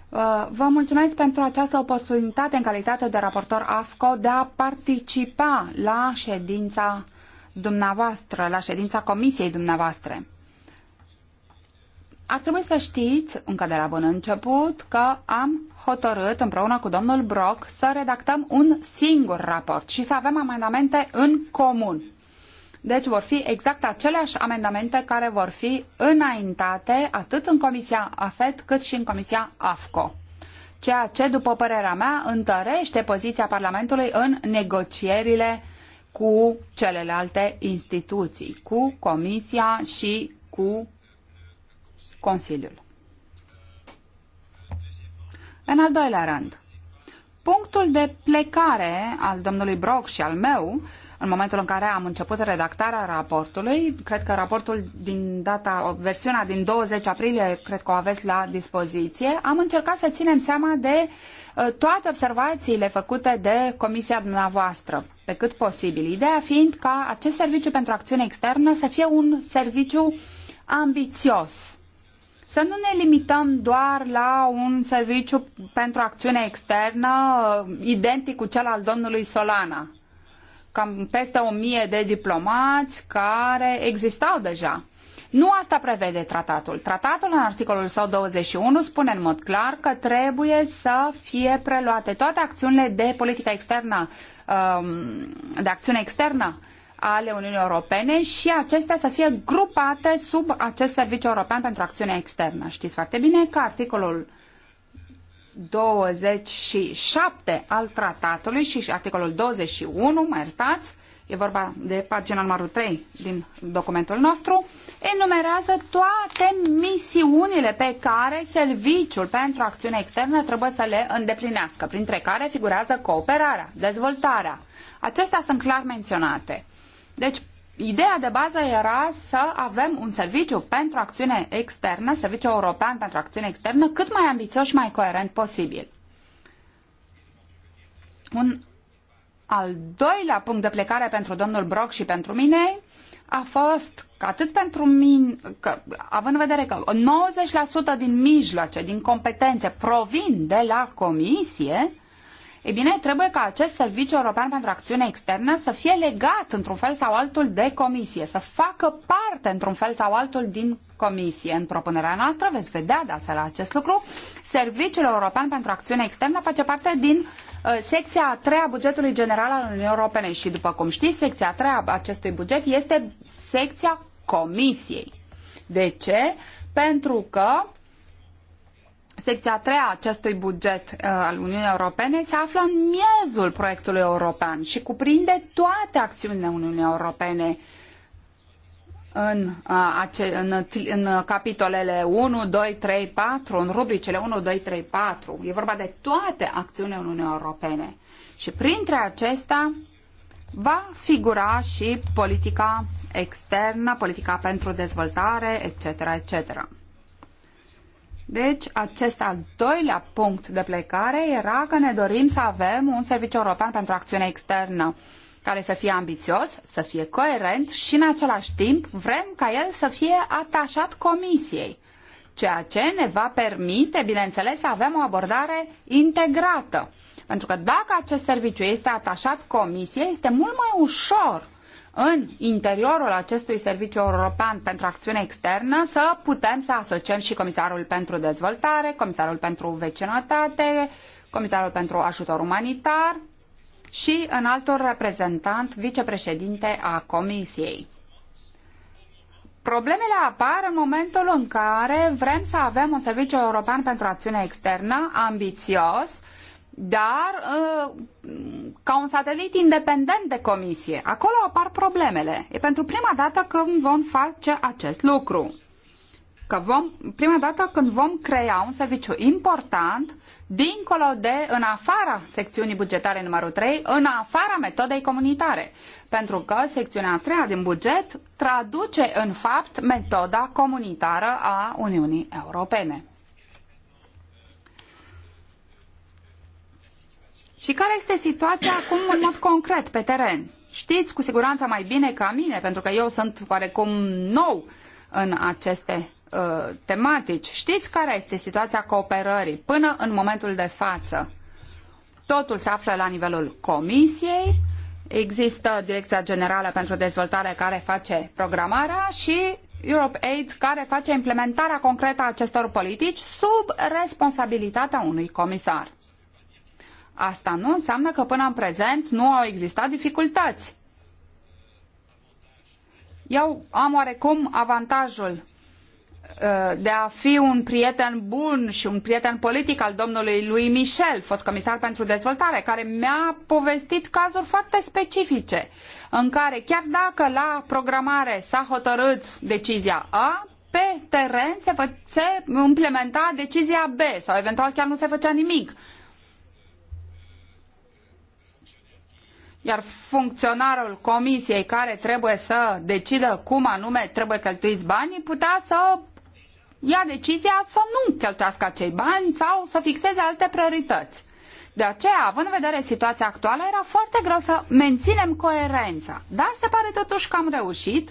Uh, vă mulțumesc pentru această oportunitate în calitate de raportor AFCO de a participa la ședința dumneavoastră, la ședința comisiei dumneavoastră ar trebui să știți, încă de la bun început, că am hotărât împreună cu domnul Brock să redactăm un singur raport și să avem amendamente în comun. Deci vor fi exact aceleași amendamente care vor fi înaintate atât în Comisia AFET cât și în Comisia AFCO. Ceea ce, după părerea mea, întărește poziția Parlamentului în negocierile cu celelalte instituții, cu Comisia și cu Consiliul. În al doilea rând, punctul de plecare al domnului Brock și al meu, în momentul în care am început redactarea raportului, cred că raportul din data, versiunea din 20 aprilie, cred că o aveți la dispoziție, am încercat să ținem seama de uh, toate observațiile făcute de comisia dumneavoastră, pe cât posibil. Ideea fiind ca acest serviciu pentru acțiune externă să fie un serviciu ambițios, să nu ne limităm doar la un serviciu pentru acțiune externă uh, identic cu cel al domnului Solana. Cam peste o mie de diplomați care existau deja. Nu asta prevede tratatul. Tratatul în articolul său 21 spune în mod clar că trebuie să fie preluate toate acțiunile de politică externă, um, de acțiune externă ale Uniunii Europene și acestea să fie grupate sub acest Serviciu European pentru Acțiune Externă. Știți foarte bine că articolul 27 al tratatului și articolul 21, mă iertați, e vorba de pagina numărul 3 din documentul nostru, enumerează toate misiunile pe care Serviciul pentru Acțiune Externă trebuie să le îndeplinească, printre care figurează cooperarea, dezvoltarea. Acestea sunt clar menționate. Deci, ideea de bază era să avem un serviciu pentru acțiune externă, serviciu european pentru acțiune externă, cât mai ambițios și mai coerent posibil. Un al doilea punct de plecare pentru domnul Brock și pentru mine a fost că atât pentru mine, că, având în vedere că 90% din mijloace, din competențe provin de la comisie, E bine, trebuie ca acest Serviciu European pentru Acțiune Externă să fie legat într-un fel sau altul de comisie, să facă parte într-un fel sau altul din comisie. În propunerea noastră veți vedea de altfel acest lucru. Serviciul European pentru Acțiune Externă face parte din uh, secția a treia bugetului general al Uniunii Europene și, după cum știți, secția a treia acestui buget este secția comisiei. De ce? Pentru că Secția 3 a acestui buget uh, al Uniunii Europene se află în miezul proiectului european și cuprinde toate acțiunile Uniunii Europene în, uh, ace- în, în capitolele 1, 2, 3, 4, în rubricele 1, 2, 3, 4. E vorba de toate acțiunile Uniunii Europene. Și printre acestea va figura și politica externă, politica pentru dezvoltare, etc., etc. Deci, acest al doilea punct de plecare era că ne dorim să avem un serviciu european pentru acțiune externă care să fie ambițios, să fie coerent și în același timp vrem ca el să fie atașat comisiei, ceea ce ne va permite, bineînțeles, să avem o abordare integrată. Pentru că dacă acest serviciu este atașat comisiei, este mult mai ușor în interiorul acestui serviciu european pentru acțiune externă să putem să asociem și comisarul pentru dezvoltare, comisarul pentru vecinătate, comisarul pentru ajutor umanitar și în altul reprezentant vicepreședinte a comisiei. Problemele apar în momentul în care vrem să avem un serviciu european pentru acțiune externă ambițios, dar uh, ca un satelit independent de comisie. Acolo apar problemele. E pentru prima dată când vom face acest lucru. Că vom, prima dată când vom crea un serviciu important dincolo de, în afara secțiunii bugetare numărul 3, în afara metodei comunitare. Pentru că secțiunea 3 din buget traduce în fapt metoda comunitară a Uniunii Europene. Și care este situația acum în mod concret pe teren? Știți cu siguranță mai bine ca mine, pentru că eu sunt oarecum nou în aceste uh, tematici. Știți care este situația cooperării până în momentul de față? Totul se află la nivelul comisiei, există Direcția Generală pentru Dezvoltare care face programarea și Europe Aid care face implementarea concretă a acestor politici sub responsabilitatea unui comisar. Asta nu înseamnă că până în prezent nu au existat dificultăți. Eu am oarecum avantajul uh, de a fi un prieten bun și un prieten politic al domnului lui Michel, fost comisar pentru dezvoltare, care mi-a povestit cazuri foarte specifice, în care chiar dacă la programare s-a hotărât decizia A, pe teren se, fă, se implementa decizia B sau eventual chiar nu se făcea nimic. iar funcționarul comisiei care trebuie să decidă cum anume trebuie cheltuiți banii putea să ia decizia să nu cheltuiască acei bani sau să fixeze alte priorități. De aceea, având în vedere situația actuală, era foarte greu să menținem coerența. Dar se pare totuși că am reușit,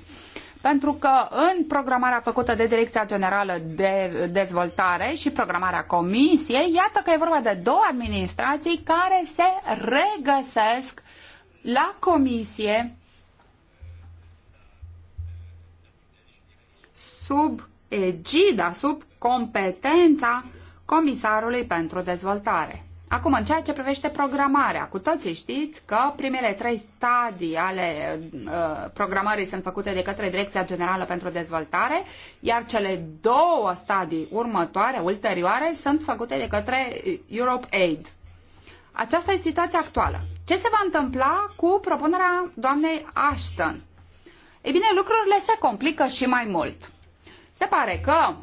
pentru că în programarea făcută de Direcția Generală de Dezvoltare și programarea Comisiei, iată că e vorba de două administrații care se regăsesc la comisie sub egida, sub competența Comisarului pentru Dezvoltare. Acum, în ceea ce privește programarea, cu toții știți că primele trei stadii ale uh, programării sunt făcute de către Direcția Generală pentru Dezvoltare, iar cele două stadii următoare, ulterioare, sunt făcute de către Europe Aid. Aceasta e situația actuală. Ce se va întâmpla cu propunerea doamnei Ashton? Ei bine, lucrurile se complică și mai mult. Se pare că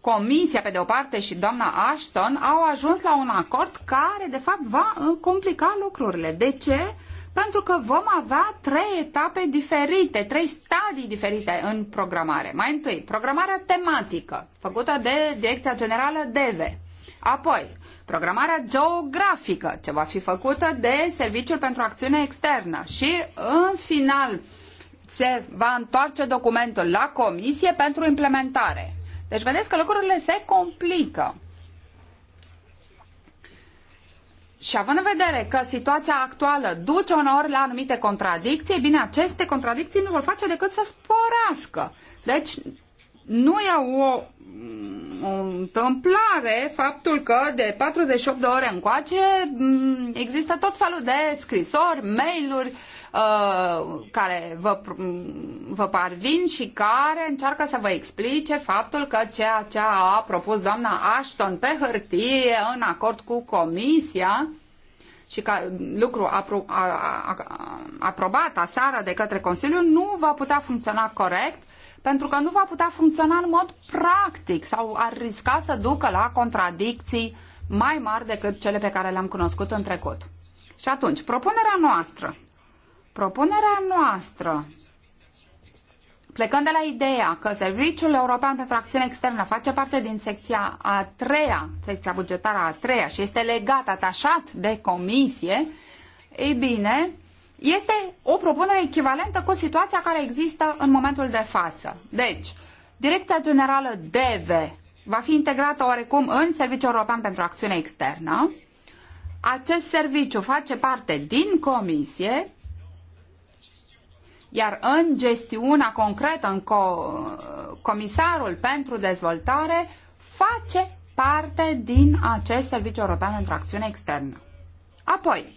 Comisia, pe de o parte, și doamna Ashton au ajuns la un acord care, de fapt, va uh, complica lucrurile. De ce? Pentru că vom avea trei etape diferite, trei stadii diferite în programare. Mai întâi, programarea tematică, făcută de Direcția Generală DEVE. Apoi, programarea geografică, ce va fi făcută de Serviciul pentru Acțiune Externă. Și, în final, se va întoarce documentul la Comisie pentru implementare. Deci, vedeți că lucrurile se complică. Și având în vedere că situația actuală duce uneori la anumite contradicții, bine, aceste contradicții nu vor face decât să sporească. Deci nu e o, o întâmplare faptul că de 48 de ore încoace mm, există tot felul de scrisori, mail-uri uh, care vă, vă parvin și care încearcă să vă explice faptul că ceea ce a propus doamna Ashton pe hârtie în acord cu comisia și ca lucru apro- a, a, a, aprobat aseară de către Consiliu nu va putea funcționa corect pentru că nu va putea funcționa în mod practic sau ar risca să ducă la contradicții mai mari decât cele pe care le-am cunoscut în trecut. Și atunci, propunerea noastră, propunerea noastră, plecând de la ideea că Serviciul European pentru Acțiune Externă face parte din secția a treia, secția bugetară a treia și este legat, atașat de comisie, ei bine, este o propunere echivalentă cu situația care există în momentul de față. Deci, Direcția Generală DV va fi integrată oarecum în Serviciul European pentru Acțiune Externă. Acest serviciu face parte din comisie, iar în gestiunea concretă, în co- comisarul pentru dezvoltare face parte din acest Serviciu European pentru Acțiune Externă. Apoi,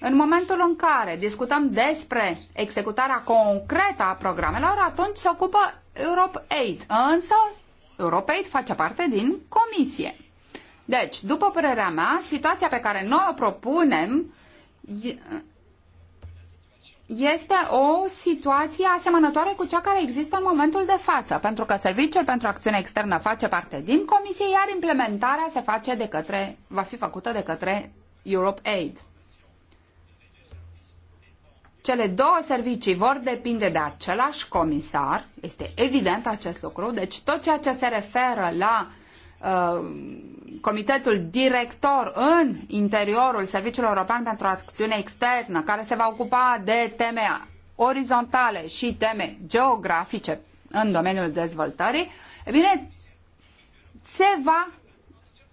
în momentul în care discutăm despre executarea concretă a programelor, atunci se ocupă Europe Aid. însă Europe Aid face parte din comisie. Deci, după părerea mea, situația pe care noi o propunem este o situație asemănătoare cu cea care există în momentul de față, pentru că Serviciul pentru Acțiune Externă face parte din comisie, iar implementarea se face de către, va fi făcută de către Europe Aid. Cele două servicii vor depinde de același comisar, este evident acest lucru, deci tot ceea ce se referă la uh, comitetul director în interiorul Serviciului European pentru Acțiune Externă, care se va ocupa de teme orizontale și teme geografice în domeniul dezvoltării, e bine, se va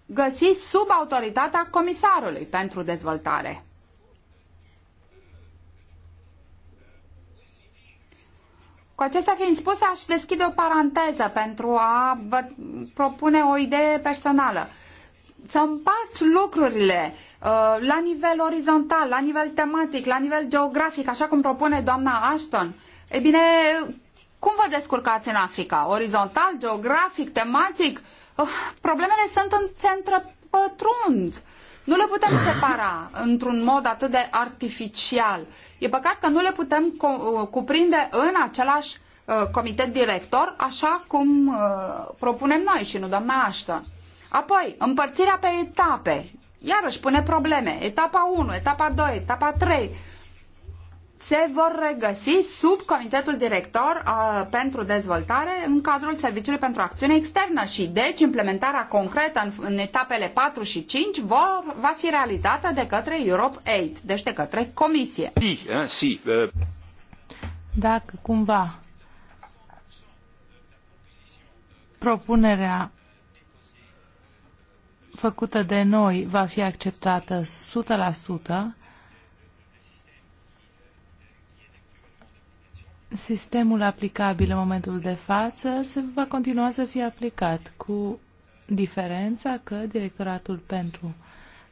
găsi sub autoritatea comisarului pentru dezvoltare. Cu acestea fiind spus, aș deschide o paranteză pentru a vă propune o idee personală. Să împarți lucrurile uh, la nivel orizontal, la nivel tematic, la nivel geografic, așa cum propune doamna Ashton. E bine, cum vă descurcați în Africa? Orizontal, geografic, tematic? Uh, problemele sunt în, pătrund. Uh, nu le putem separa într-un mod atât de artificial. E păcat că nu le putem uh, cuprinde în același uh, comitet director, așa cum uh, propunem noi și nu doamna Ashton. Apoi, împărțirea pe etape. Iarăși pune probleme. Etapa 1, etapa 2, etapa 3 se vor regăsi sub Comitetul Director uh, pentru Dezvoltare în cadrul Serviciului pentru Acțiune Externă și deci implementarea concretă în, în etapele 4 și 5 vor, va fi realizată de către Europe 8, deci de către Comisie. Uh. Dacă cumva propunerea făcută de noi va fi acceptată 100%, sistemul aplicabil în momentul de față se va continua să fie aplicat cu diferența că Directoratul pentru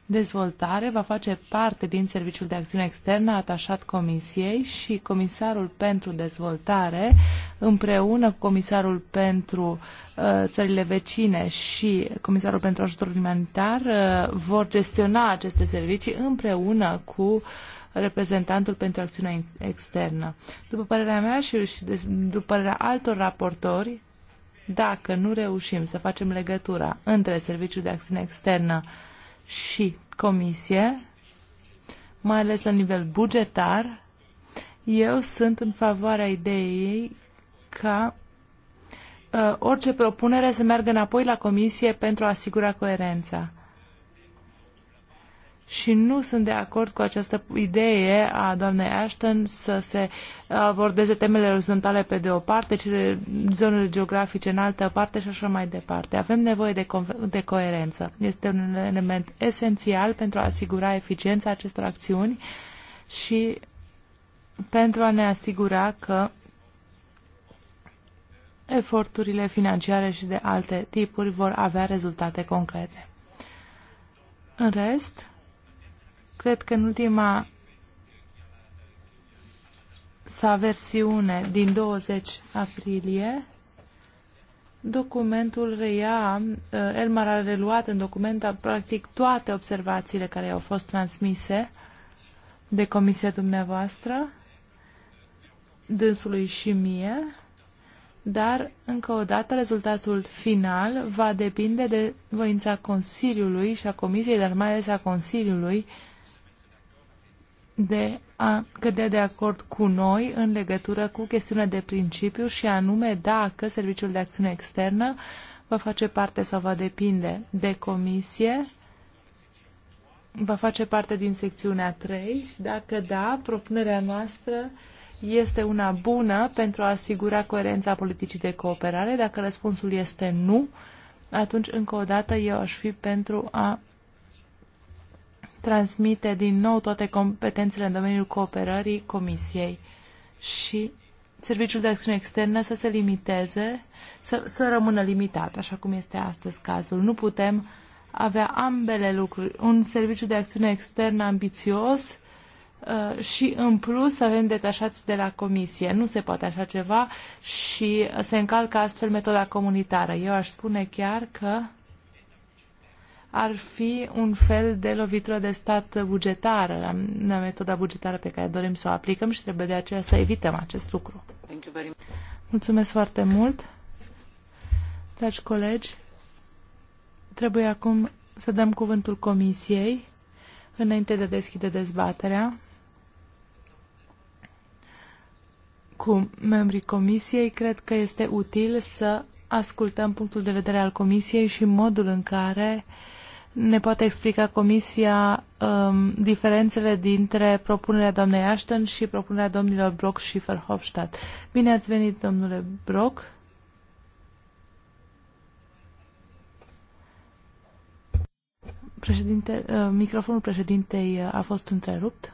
Dezvoltare va face parte din Serviciul de Acțiune Externă atașat Comisiei și Comisarul pentru Dezvoltare împreună cu Comisarul pentru uh, țările vecine și Comisarul pentru Ajutor Umanitar uh, vor gestiona aceste servicii împreună cu uh, reprezentantul pentru acțiunea externă. După părerea mea și după părerea altor raportori, dacă nu reușim să facem legătura între Serviciul de Acțiune Externă și Comisie, mai ales la nivel bugetar, eu sunt în favoarea ideii ca uh, orice propunere să meargă înapoi la Comisie pentru a asigura coerența și nu sunt de acord cu această idee a doamnei Ashton să se abordeze temele orizontale pe de o parte, cele zonele geografice în altă parte și așa mai departe. Avem nevoie de, co- de coerență. Este un element esențial pentru a asigura eficiența acestor acțiuni și pentru a ne asigura că eforturile financiare și de alte tipuri vor avea rezultate concrete. În rest, Cred că în ultima sa versiune din 20 aprilie, documentul reia, uh, Elmar a reluat în document practic toate observațiile care au fost transmise de comisia dumneavoastră, dânsului și mie, dar, încă o dată, rezultatul final va depinde de voința Consiliului și a Comisiei, dar mai ales a Consiliului, de a cădea de acord cu noi în legătură cu chestiunea de principiu și anume dacă Serviciul de Acțiune Externă va face parte sau va depinde de comisie, va face parte din secțiunea 3 dacă da, propunerea noastră este una bună pentru a asigura coerența politicii de cooperare. Dacă răspunsul este nu, atunci încă o dată eu aș fi pentru a transmite din nou toate competențele în domeniul cooperării Comisiei și Serviciul de Acțiune Externă să se limiteze, să, să rămână limitat, așa cum este astăzi cazul. Nu putem avea ambele lucruri. Un serviciu de acțiune externă ambițios uh, și în plus avem detașați de la comisie. Nu se poate așa ceva și se încalcă astfel metoda comunitară. Eu aș spune chiar că ar fi un fel de lovitură de stat bugetară, la, metoda bugetară pe care dorim să o aplicăm și trebuie de aceea să evităm acest lucru. Mulțumesc foarte mult, dragi colegi. Trebuie acum să dăm cuvântul comisiei înainte de a deschide dezbaterea cu membrii comisiei. Cred că este util să ascultăm punctul de vedere al Comisiei și modul în care uh, ne poate explica Comisia um, diferențele dintre propunerea doamnei Ashton și propunerea domnilor Brock și Verhofstadt. Bine ați venit, domnule Brock. Președinte, uh, microfonul președintei uh, a fost întrerupt.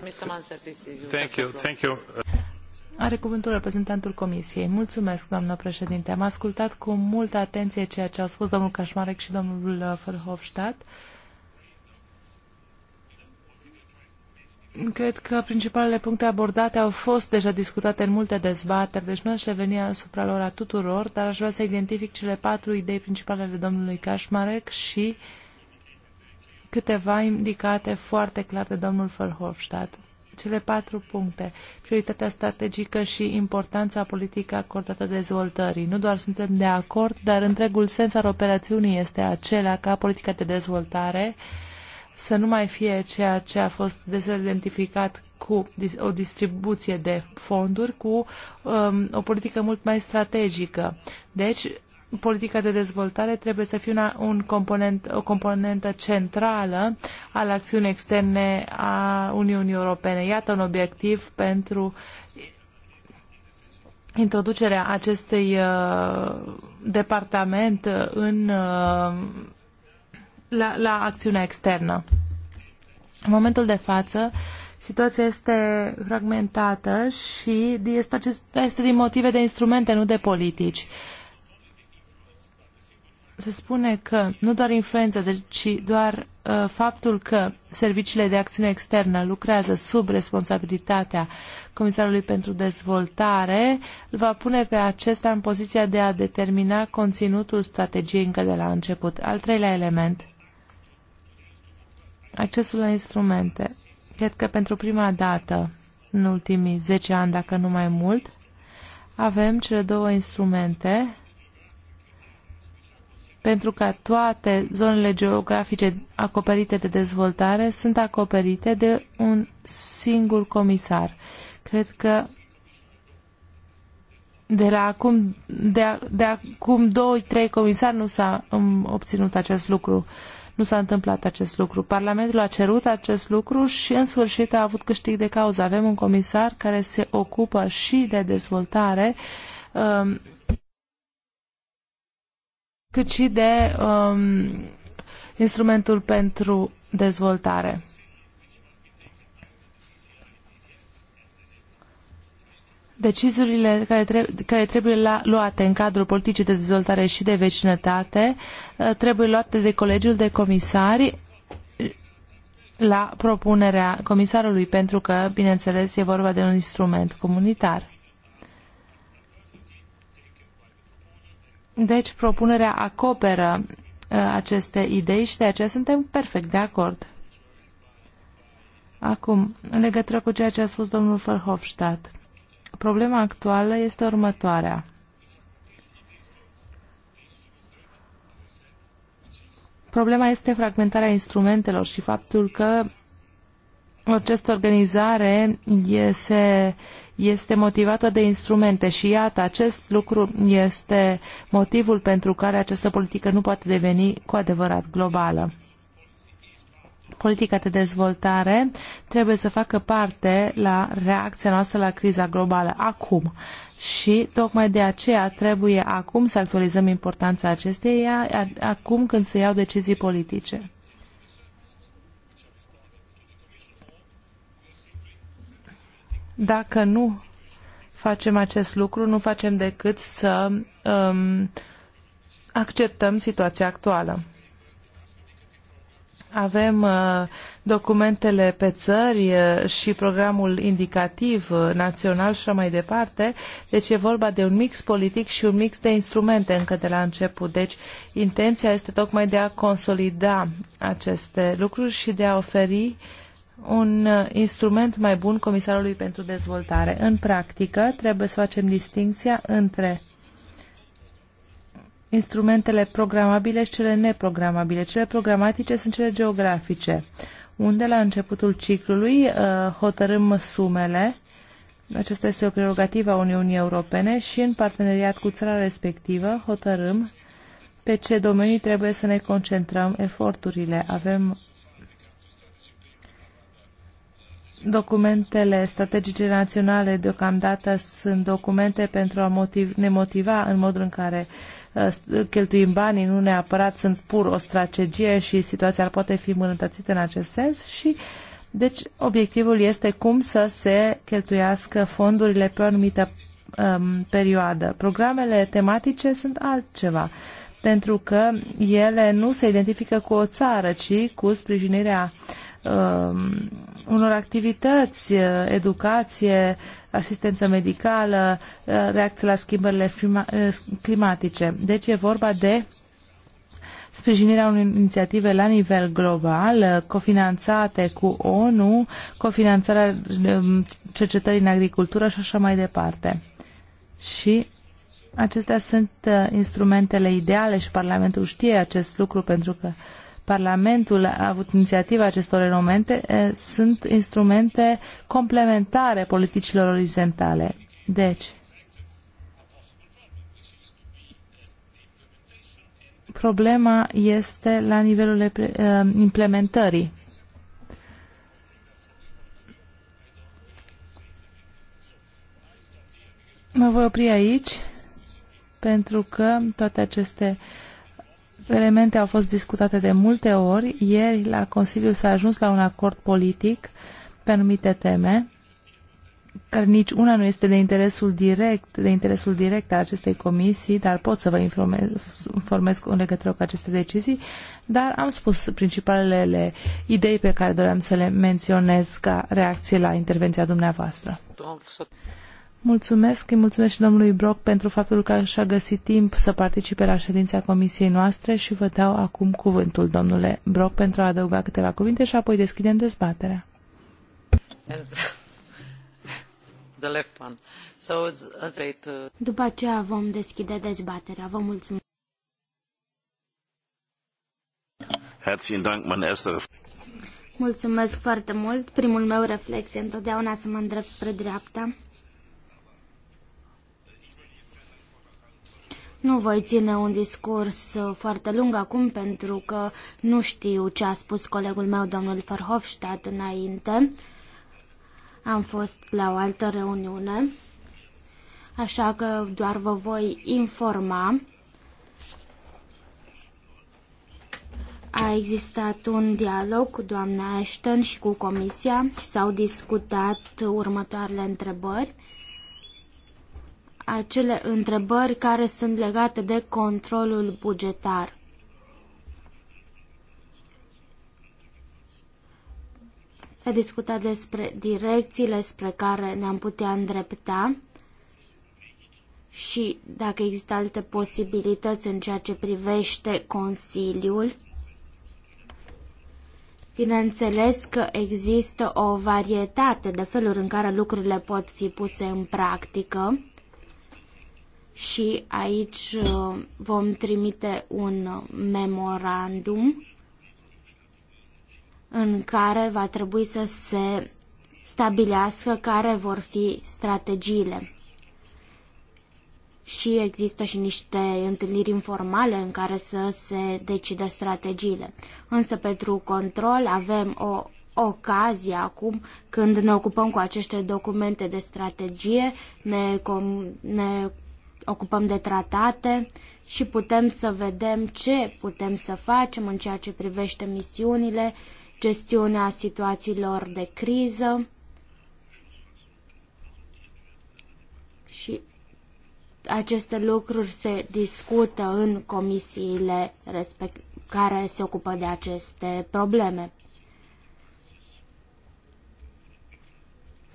Mr. Manservisi, you thank you, thank you. Are cuvântul reprezentantul Comisiei. Mulțumesc, doamnă președinte. Am ascultat cu multă atenție ceea ce au spus domnul Cașmarec și domnul uh, Verhofstadt. Cred că principalele puncte abordate au fost deja discutate în multe dezbateri, deci nu aș reveni asupra lor a tuturor, dar aș vrea să identific cele patru idei principale ale domnului Cașmarec și câteva indicate foarte clar de domnul Verhofstadt cele patru puncte, prioritatea strategică și importanța politică acordată dezvoltării. Nu doar suntem de acord, dar întregul sens al operațiunii este acela ca politica de dezvoltare să nu mai fie ceea ce a fost deseori identificat cu o distribuție de fonduri, cu um, o politică mult mai strategică. Deci, politica de dezvoltare trebuie să fie una, un component, o componentă centrală al acțiunii externe a Uniunii Europene. Iată un obiectiv pentru introducerea acestui uh, departament în, uh, la, la acțiunea externă. În momentul de față, situația este fragmentată și este, acest, este din motive de instrumente, nu de politici. Uh, se spune că nu doar influența, deci, ci doar uh, faptul că serviciile de acțiune externă lucrează sub responsabilitatea Comisarului pentru Dezvoltare, îl va pune pe acesta în poziția de a determina conținutul strategiei încă de la început. Al treilea element, accesul la instrumente. Cred că pentru prima dată în ultimii 10 ani, dacă nu mai mult, avem cele două instrumente pentru ca toate zonele geografice acoperite de dezvoltare sunt acoperite de un singur comisar. Cred că de la acum, de, de acum doi, trei comisari nu s-a um, obținut acest lucru. Nu s-a întâmplat acest lucru. Parlamentul a cerut acest lucru și în sfârșit a avut câștig de cauză. Avem un comisar care se ocupă și de dezvoltare um, cât și de um, instrumentul pentru dezvoltare. Deciziile care, trebuie, care trebuie la, luate în cadrul politicii de dezvoltare și de vecinătate uh, trebuie luate de Colegiul de Comisari la propunerea comisarului, pentru că, bineînțeles, e vorba de un instrument comunitar. Deci, propunerea acoperă uh, aceste idei și de aceea suntem perfect de acord. Acum, în legătură cu ceea ce a spus domnul Verhofstadt, problema actuală este următoarea. Problema este fragmentarea instrumentelor și faptul că această organizare este, este motivată de instrumente și iată, acest lucru este motivul pentru care această politică nu poate deveni cu adevărat globală. Politica de dezvoltare trebuie să facă parte la reacția noastră la criza globală acum și tocmai de aceea trebuie acum să actualizăm importanța acesteia, acum când se iau decizii politice. Dacă nu facem acest lucru, nu facem decât să um, acceptăm situația actuală. Avem uh, documentele pe țări uh, și programul indicativ uh, național și mai departe. Deci e vorba de un mix politic și un mix de instrumente încă de la început. Deci intenția este tocmai de a consolida aceste lucruri și de a oferi uh, un uh, instrument mai bun Comisarului pentru Dezvoltare. În practică, trebuie să facem distinția între instrumentele programabile și cele neprogramabile. Cele programatice sunt cele geografice, unde la începutul ciclului uh, hotărâm sumele. Aceasta este o prerogativă a Uniunii Europene și în parteneriat cu țara respectivă hotărâm pe ce domenii trebuie să ne concentrăm eforturile. Avem Documentele strategice naționale deocamdată sunt documente pentru a motiv, ne motiva în modul în care uh, cheltuim banii, nu neapărat sunt pur o strategie și situația ar poate fi mânătățită în acest sens și deci obiectivul este cum să se cheltuiască fondurile pe o anumită um, perioadă. Programele tematice sunt altceva pentru că ele nu se identifică cu o țară, ci cu sprijinirea uh, Um, unor activități, uh, educație, asistență medicală, uh, reacție la schimbările uh, climatice. Deci e vorba de sprijinirea unei inițiative la nivel global, cofinanțate cu ONU, cofinanțarea um, cercetării în agricultură și așa mai departe. Și acestea sunt instrumentele ideale și Parlamentul știe acest lucru pentru că uh, Parlamentul a avut inițiativa acestor elemente, sunt instrumente complementare politicilor orizontale. Deci, problema este la nivelul implementării. Mă voi opri aici pentru că toate aceste uh, elemente au fost discutate de multe ori. Ieri la Consiliu s-a ajuns la un acord politic pe anumite teme, care nici una nu este de interesul direct, de interesul direct a acestei comisii, dar pot să vă informez, informez în legătură cu aceste decizii, dar am spus principalele idei pe care doream să le menționez ca reacție la intervenția dumneavoastră. Mulțumesc, îi mulțumesc și domnului Brock pentru faptul că și-a găsit timp să participe la ședința comisiei noastre și vă dau acum cuvântul, domnule Brock, pentru a adăuga câteva cuvinte și apoi deschidem dezbaterea. *laughs* The left one. So great, uh... După aceea vom deschide dezbaterea. Vă mulțumesc. Herzlichen Dank, meine Mulțumesc foarte mult. Primul meu reflex e întotdeauna să mă îndrept spre dreapta. Nu voi ține un discurs uh, foarte lung acum pentru că nu știu ce a spus colegul meu, domnul Verhofstadt, înainte. Am fost la o altă reuniune, așa că doar vă voi informa. A existat un dialog cu doamna Ashton și cu comisia și s-au discutat următoarele întrebări acele întrebări care sunt legate de controlul bugetar. S-a discutat despre direcțiile spre care ne-am putea îndrepta și dacă există alte posibilități în ceea ce privește Consiliul. Bineînțeles că există o varietate de feluri în care lucrurile pot fi puse în practică și aici uh, vom trimite un memorandum în care va trebui să se stabilească care vor fi strategiile. Și există și niște întâlniri informale în care să se decide strategiile. Însă pentru control avem o ocazie acum când ne ocupăm cu aceste documente de strategie, ne, com, ne ocupăm de tratate și putem să vedem ce putem să facem în ceea ce privește misiunile, gestiunea situațiilor de criză și aceste lucruri se discută în comisiile respect- care se ocupă de aceste probleme.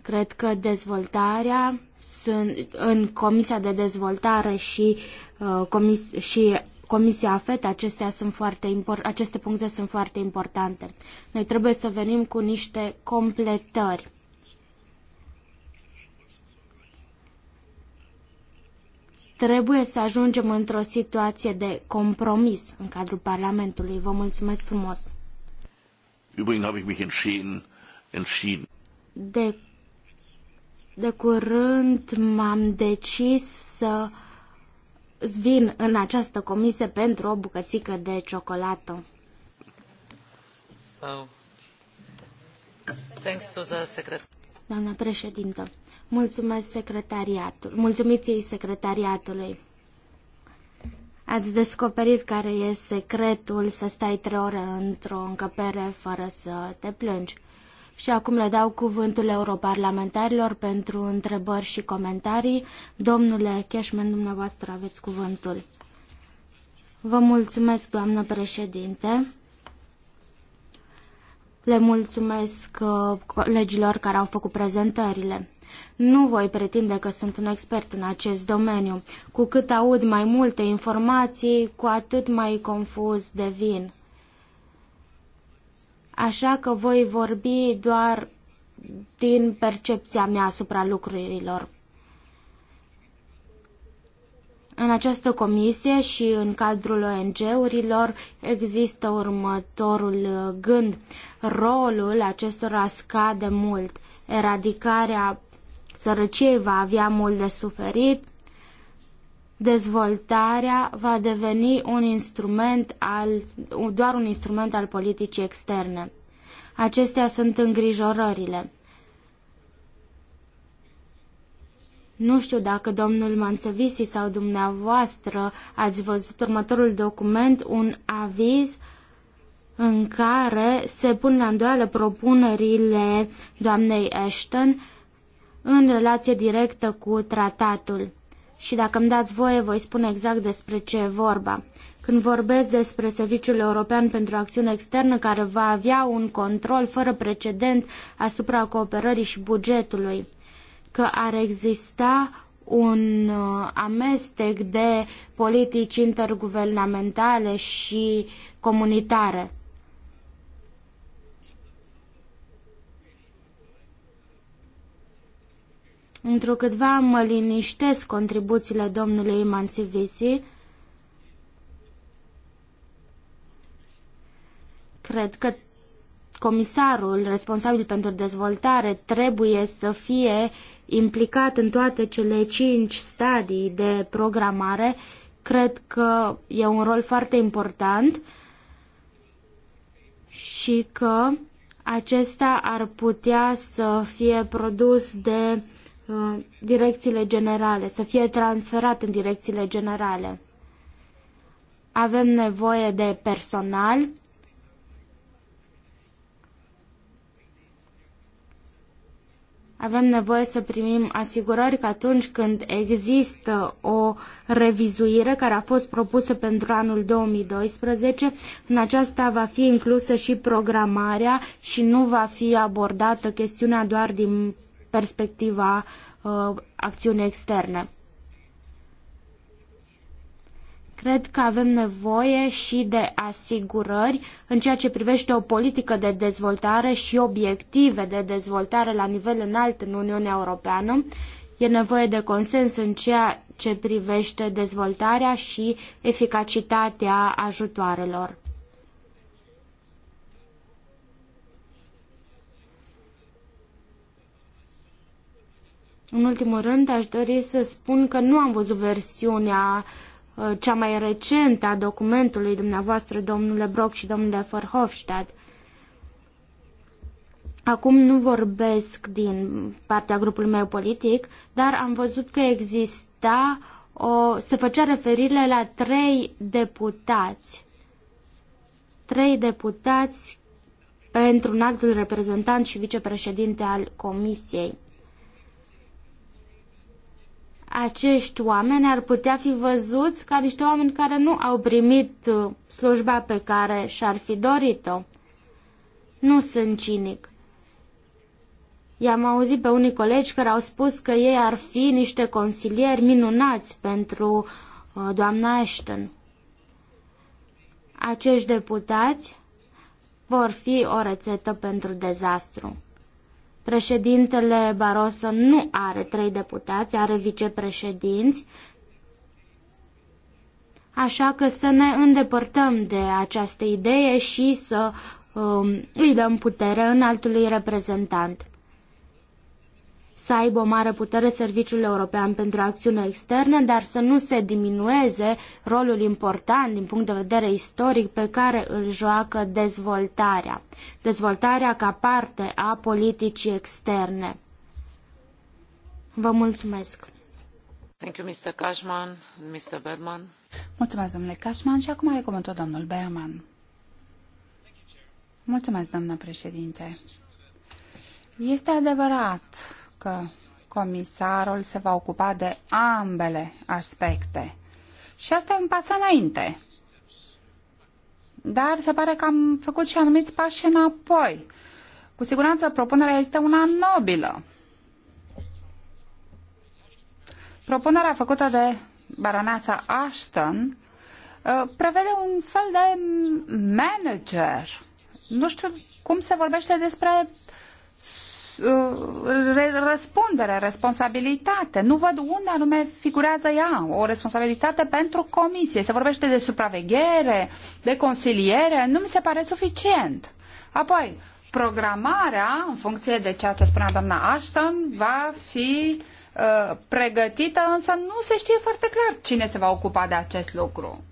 Cred că dezvoltarea sunt în Comisia de Dezvoltare și, uh, comis, și Comisia AFET, acestea sunt foarte aceste puncte sunt foarte importante. Noi trebuie să venim cu niște completări. Trebuie să ajungem într-o situație de compromis în cadrul Parlamentului. Vă mulțumesc frumos! Übrigens habe ich mich entschieden, entschieden. De de curând m-am decis să vin în această comisie pentru o bucățică de ciocolată. So, thanks to the secret- Doamna președintă, mulțumesc secretariatul, mulțumiți secretariatului. Ați descoperit care e secretul să stai trei ore într-o încăpere fără să te plângi. Și acum le dau cuvântul europarlamentarilor pentru întrebări și comentarii. Domnule Cashman, dumneavoastră aveți cuvântul. Vă mulțumesc, doamnă președinte. Le mulțumesc uh, colegilor care au făcut prezentările. Nu voi pretinde că sunt un expert în acest domeniu. Cu cât aud mai multe informații, cu atât mai confuz devin așa că voi vorbi doar din percepția mea asupra lucrurilor. În această comisie și în cadrul ONG-urilor există următorul gând. Rolul acestora scade mult. Eradicarea sărăciei va avea mult de suferit, dezvoltarea va deveni un instrument al, doar un instrument al politicii externe. Acestea sunt îngrijorările. Nu știu dacă domnul Manțevisi sau dumneavoastră ați văzut următorul document, un aviz în care se pun la îndoială propunerile doamnei Ashton în relație directă cu tratatul și dacă îmi dați voie, voi spune exact despre ce e vorba. Când vorbesc despre Serviciul European pentru Acțiune Externă, care va avea un control fără precedent asupra cooperării și bugetului, că ar exista un uh, amestec de politici interguvernamentale și comunitare. Întrucâtva mă liniștesc contribuțiile domnului Mansivisi. Cred că comisarul responsabil pentru dezvoltare trebuie să fie implicat în toate cele cinci stadii de programare. Cred că e un rol foarte important și că acesta ar putea să fie produs de Uh, direcțiile generale, să fie transferat în direcțiile generale. Avem nevoie de personal. Avem nevoie să primim asigurări că atunci când există o revizuire care a fost propusă pentru anul 2012, în aceasta va fi inclusă și programarea și nu va fi abordată chestiunea doar din perspectiva uh, acțiunii externe. Cred că avem nevoie și de asigurări în ceea ce privește o politică de dezvoltare și obiective de dezvoltare la nivel înalt în Uniunea Europeană. E nevoie de consens în ceea ce privește dezvoltarea și eficacitatea ajutoarelor. În ultimul rând, aș dori să spun că nu am văzut versiunea uh, cea mai recentă a documentului dumneavoastră, domnule Brock și domnule Verhofstadt. Acum nu vorbesc din partea grupului meu politic, dar am văzut că exista o, se făcea referire la trei deputați. Trei deputați pentru un altul reprezentant și vicepreședinte al comisiei acești oameni ar putea fi văzuți ca niște oameni care nu au primit uh, slujba pe care și-ar fi dorit-o. Nu sunt cinic. I-am auzit pe unii colegi care au spus că ei ar fi niște consilieri minunați pentru uh, doamna Ashton. Acești deputați vor fi o rețetă pentru dezastru. Președintele Barroso nu are trei deputați, are vicepreședinți, așa că să ne îndepărtăm de această idee și să um, îi dăm putere în altului reprezentant să aibă o mare putere Serviciul European pentru Acțiune Externă, dar să nu se diminueze rolul important din punct de vedere istoric pe care îl joacă dezvoltarea, dezvoltarea ca parte a politicii externe. Vă mulțumesc! Thank you, Mr. Cashman, Mr. Berman. Mulțumesc, domnule Cashman, și acum are cuvântul domnul Berman. Mulțumesc, doamna președinte. Este adevărat că comisarul se va ocupa de ambele aspecte. Și asta e un pas înainte. Dar se pare că am făcut și anumiți pași înapoi. Cu siguranță propunerea este una nobilă. Propunerea făcută de baroneasa Ashton uh, prevede un fel de manager. Nu știu cum se vorbește despre răspundere, responsabilitate. Nu văd unde anume figurează ea, o responsabilitate pentru comisie. Se vorbește de supraveghere, de consiliere, nu mi se pare suficient. Apoi, programarea, în funcție de ceea ce spunea doamna Ashton, va fi uh, pregătită, însă nu se știe foarte clar cine se va ocupa de acest lucru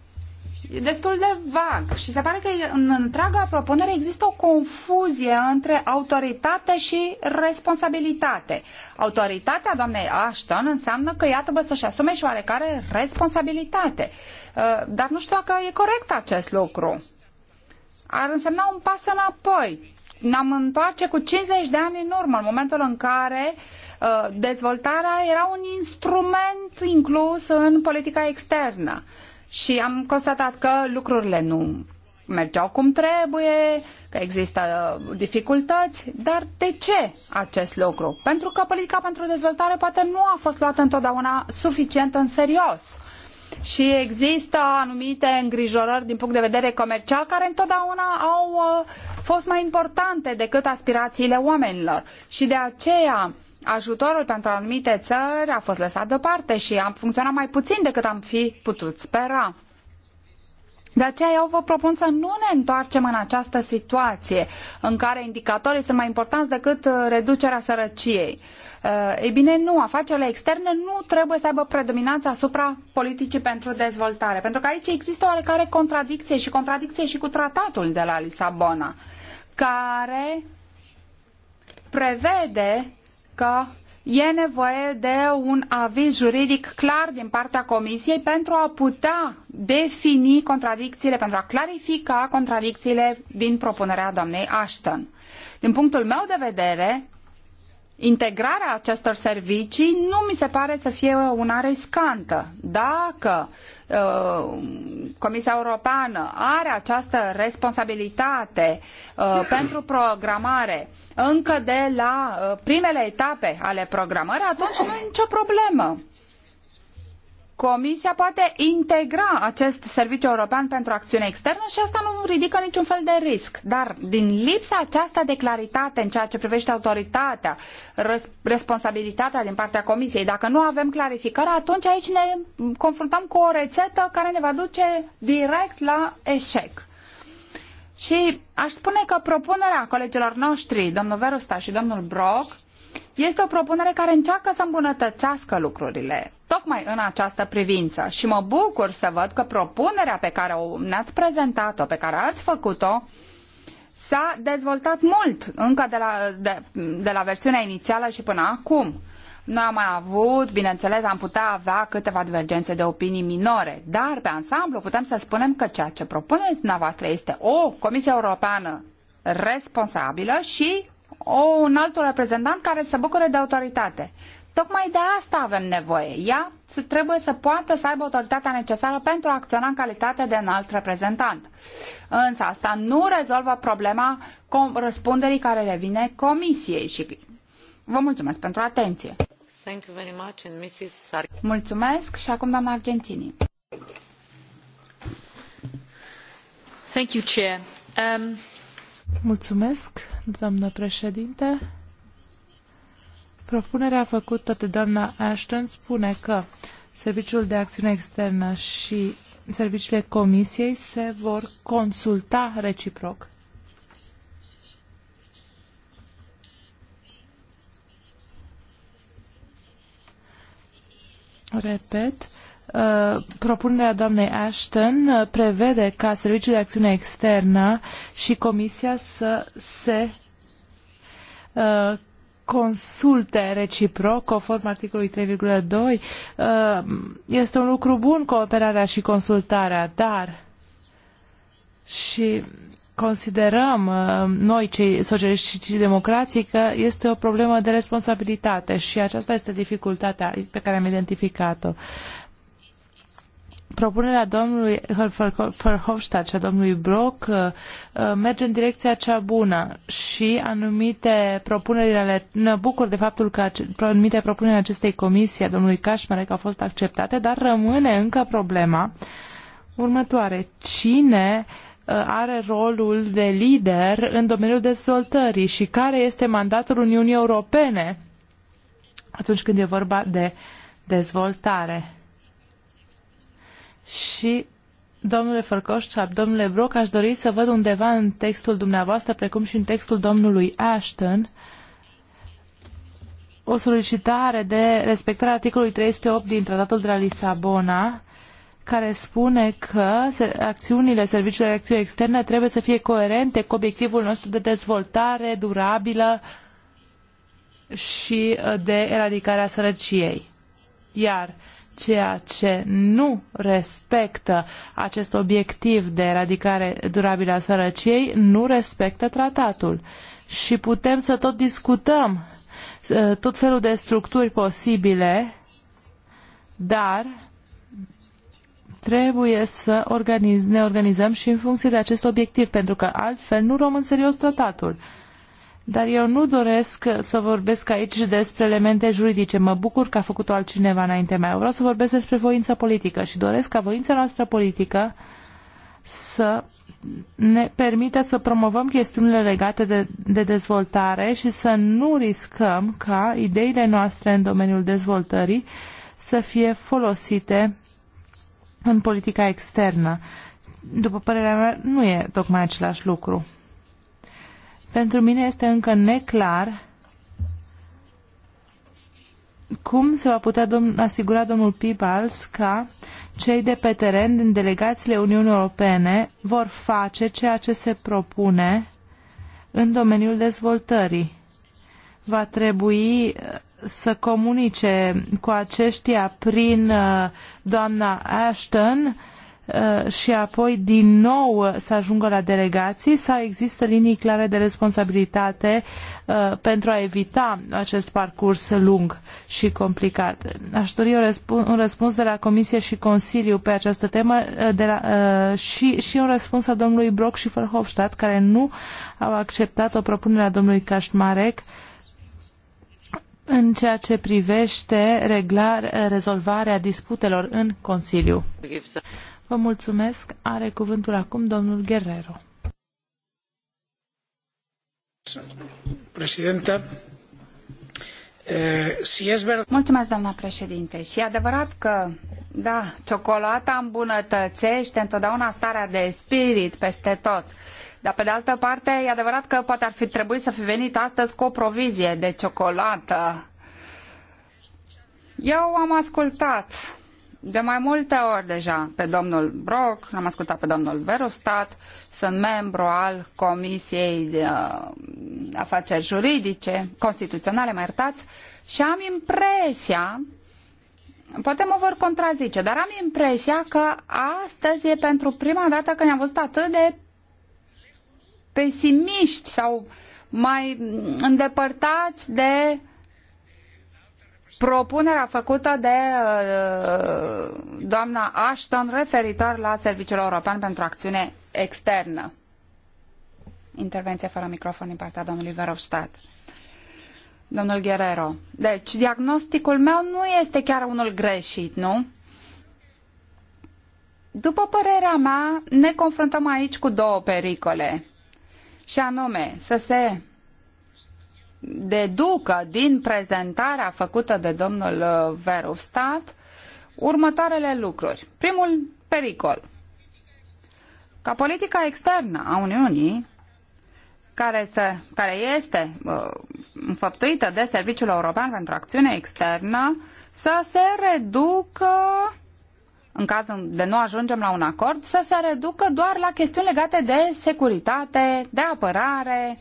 e destul de vag și se pare că în întreaga propunere există o confuzie între autoritate și responsabilitate. Autoritatea doamnei Ashton înseamnă că ea trebuie să-și asume și oarecare responsabilitate. Uh, dar nu știu dacă e corect acest lucru. Ar însemna un pas înapoi. Ne-am întoarce cu 50 de ani în urmă, în momentul în care uh, dezvoltarea era un instrument inclus în politica externă și am constatat că lucrurile nu mergeau cum trebuie, că există dificultăți, dar de ce acest lucru? Pentru că politica pentru dezvoltare poate nu a fost luată întotdeauna suficient în serios. Și există anumite îngrijorări din punct de vedere comercial care întotdeauna au uh, fost mai importante decât aspirațiile oamenilor. Și de aceea ajutorul pentru anumite țări a fost lăsat deoparte și am funcționat mai puțin decât am fi putut spera. De aceea eu vă propun să nu ne întoarcem în această situație în care indicatorii sunt mai importanți decât uh, reducerea sărăciei. Uh, ei bine, nu. Afacerile externe nu trebuie să aibă predominanță asupra politicii pentru dezvoltare, pentru că aici există oarecare contradicție și contradicție și cu tratatul de la Lisabona, care prevede că e nevoie de un aviz juridic clar din partea Comisiei pentru a putea defini contradicțiile, pentru a clarifica contradicțiile din propunerea doamnei Ashton. Din punctul meu de vedere, integrarea acestor servicii nu mi se pare să fie una riscantă. Dacă uh, Comisia Europeană are această responsabilitate uh, pentru programare încă de la uh, primele etape ale programării, atunci nu e nicio problemă. Comisia poate integra acest serviciu european pentru acțiune externă și asta nu ridică niciun fel de risc. Dar din lipsa aceasta de claritate în ceea ce privește autoritatea, responsabilitatea din partea Comisiei, dacă nu avem clarificare, atunci aici ne confruntăm cu o rețetă care ne va duce direct la eșec. Și aș spune că propunerea colegilor noștri, domnul Verusta și domnul Brock, este o propunere care încearcă să îmbunătățească lucrurile, tocmai în această privință. Și mă bucur să văd că propunerea pe care ne-ați prezentat-o, pe care ați făcut-o, s-a dezvoltat mult, încă de la, de, de la versiunea inițială și până acum. Nu am mai avut, bineînțeles, am putea avea câteva divergențe de opinii minore, dar pe ansamblu putem să spunem că ceea ce propuneți dumneavoastră este o Comisie Europeană responsabilă și o, un altul reprezentant care să bucure de autoritate. Tocmai de asta avem nevoie. Ea trebuie să poată să aibă autoritatea necesară pentru a acționa în calitate de înalt reprezentant. Însă asta nu rezolvă problema răspunderii care revine comisiei și vă mulțumesc pentru atenție. Thank you very much and Mrs. Mulțumesc și acum doamna Argentini. Thank you, Chair. Um... Mulțumesc, doamnă președinte. Propunerea făcută de doamna Ashton spune că Serviciul de Acțiune Externă și serviciile Comisiei se vor consulta reciproc. Repet, Uh, propunerea doamnei Ashton uh, prevede ca Serviciul de Acțiune Externă și Comisia să se uh, consulte reciproc, conform articolului 3.2. Este un lucru bun cooperarea și consultarea, dar și considerăm noi, cei socialiști și democrații, că este o problemă de responsabilitate și aceasta este dificultatea pe care am identificat-o. Uh, propunerea domnului Verhofstadt și a domnului Brock uh, uh, merge în direcția cea bună și anumite propuneri ale... bucur de faptul că anumite propuneri acestei comisii a domnului Cașmarec au fost acceptate, dar rămâne încă problema următoare. Cine uh, are rolul de lider în domeniul dezvoltării și care este mandatul Uniunii Europene atunci când e vorba de dezvoltare? și Domnule Fărcoșțap, domnule Broc, aș dori să văd undeva în textul dumneavoastră, precum și în textul domnului Ashton, o solicitare de respectarea articolului 308 din Tratatul de la Lisabona, care spune că acțiunile serviciului de acțiune externe trebuie să fie coerente cu obiectivul nostru de dezvoltare durabilă și uh, de eradicarea sărăciei. Iar ceea ce nu respectă acest obiectiv de eradicare durabilă a sărăciei nu respectă tratatul. Și putem să tot discutăm ă, tot felul de structuri posibile, dar trebuie să organiz, ne organizăm și în funcție de acest obiectiv, pentru că altfel nu luăm în serios tratatul. Dar eu nu doresc să vorbesc aici despre elemente juridice. Mă bucur că a făcut-o altcineva înainte mea. vreau să vorbesc despre voință politică și doresc ca voința noastră politică să ne permită să promovăm chestiunile legate de, de dezvoltare și să nu riscăm ca ideile noastre în domeniul dezvoltării să fie folosite în politica externă. După părerea mea, nu e tocmai același lucru. Pentru mine este încă neclar cum se va putea domn, asigura domnul Pibals ca cei de pe teren din delegațiile Uniunii Europene vor face ceea ce se propune în domeniul dezvoltării. Va trebui uh, să comunice cu aceștia prin uh, doamna Ashton Uh, și apoi din nou uh, să ajungă la delegații sau există linii clare de responsabilitate uh, pentru a evita acest parcurs lung și complicat? Aș dori un răspuns de la Comisie și Consiliu pe această temă de la, și, și un răspuns a domnului Brock și Verhofstadt, care nu au acceptat o propunere a domnului Kaczmarek în ceea ce privește reglar, rezolvarea disputelor în Consiliu. Vă mulțumesc. Are cuvântul acum domnul Guerrero. Președinte, eh, Mulțumesc, doamna președinte. Și e adevărat că, da, ciocolata îmbunătățește întotdeauna starea de spirit peste tot. Dar pe de altă parte, e adevărat că poate ar fi trebuit să fi venit astăzi cu o provizie de ciocolată. Eu am ascultat de mai multe ori deja pe domnul Brock, l-am ascultat pe domnul Verostat, sunt membru al Comisiei de uh, Afaceri Juridice, Constituționale, mă iertați, și am impresia, poate mă vor contrazice, dar am impresia că astăzi e pentru prima dată când am văzut atât de pesimiști sau mai îndepărtați de propunerea făcută de uh, doamna Ashton referitor la Serviciul European pentru Acțiune Externă. Intervenție fără microfon din partea domnului Verhofstadt. Domnul Guerrero. Deci, diagnosticul meu nu este chiar unul greșit, nu? După părerea mea, ne confruntăm aici cu două pericole. Și anume, să se deducă din prezentarea făcută de domnul uh, Verhofstadt următoarele lucruri. Primul pericol. Ca politica externă a Uniunii, care, se, care este uh, înfăptuită de Serviciul European pentru Acțiune Externă, să se reducă în caz de nu ajungem la un acord, să se reducă doar la chestiuni legate de securitate, de apărare,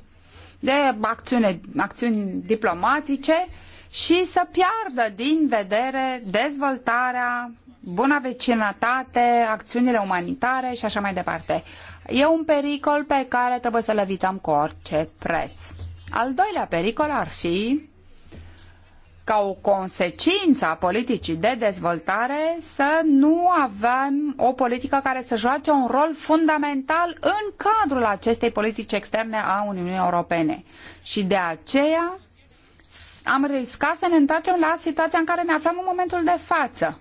de acțiune, acțiuni diplomatice și să piardă din vedere dezvoltarea, buna vecinătate, acțiunile umanitare și așa mai departe. E un pericol pe care trebuie să-l evităm cu orice preț. Al doilea pericol ar fi ca o consecință a politicii de dezvoltare să nu avem o politică care să joace un rol fundamental în cadrul acestei politici externe a Uniunii Europene. Și de aceea am riscat să ne întoarcem la situația în care ne aflăm în momentul de față.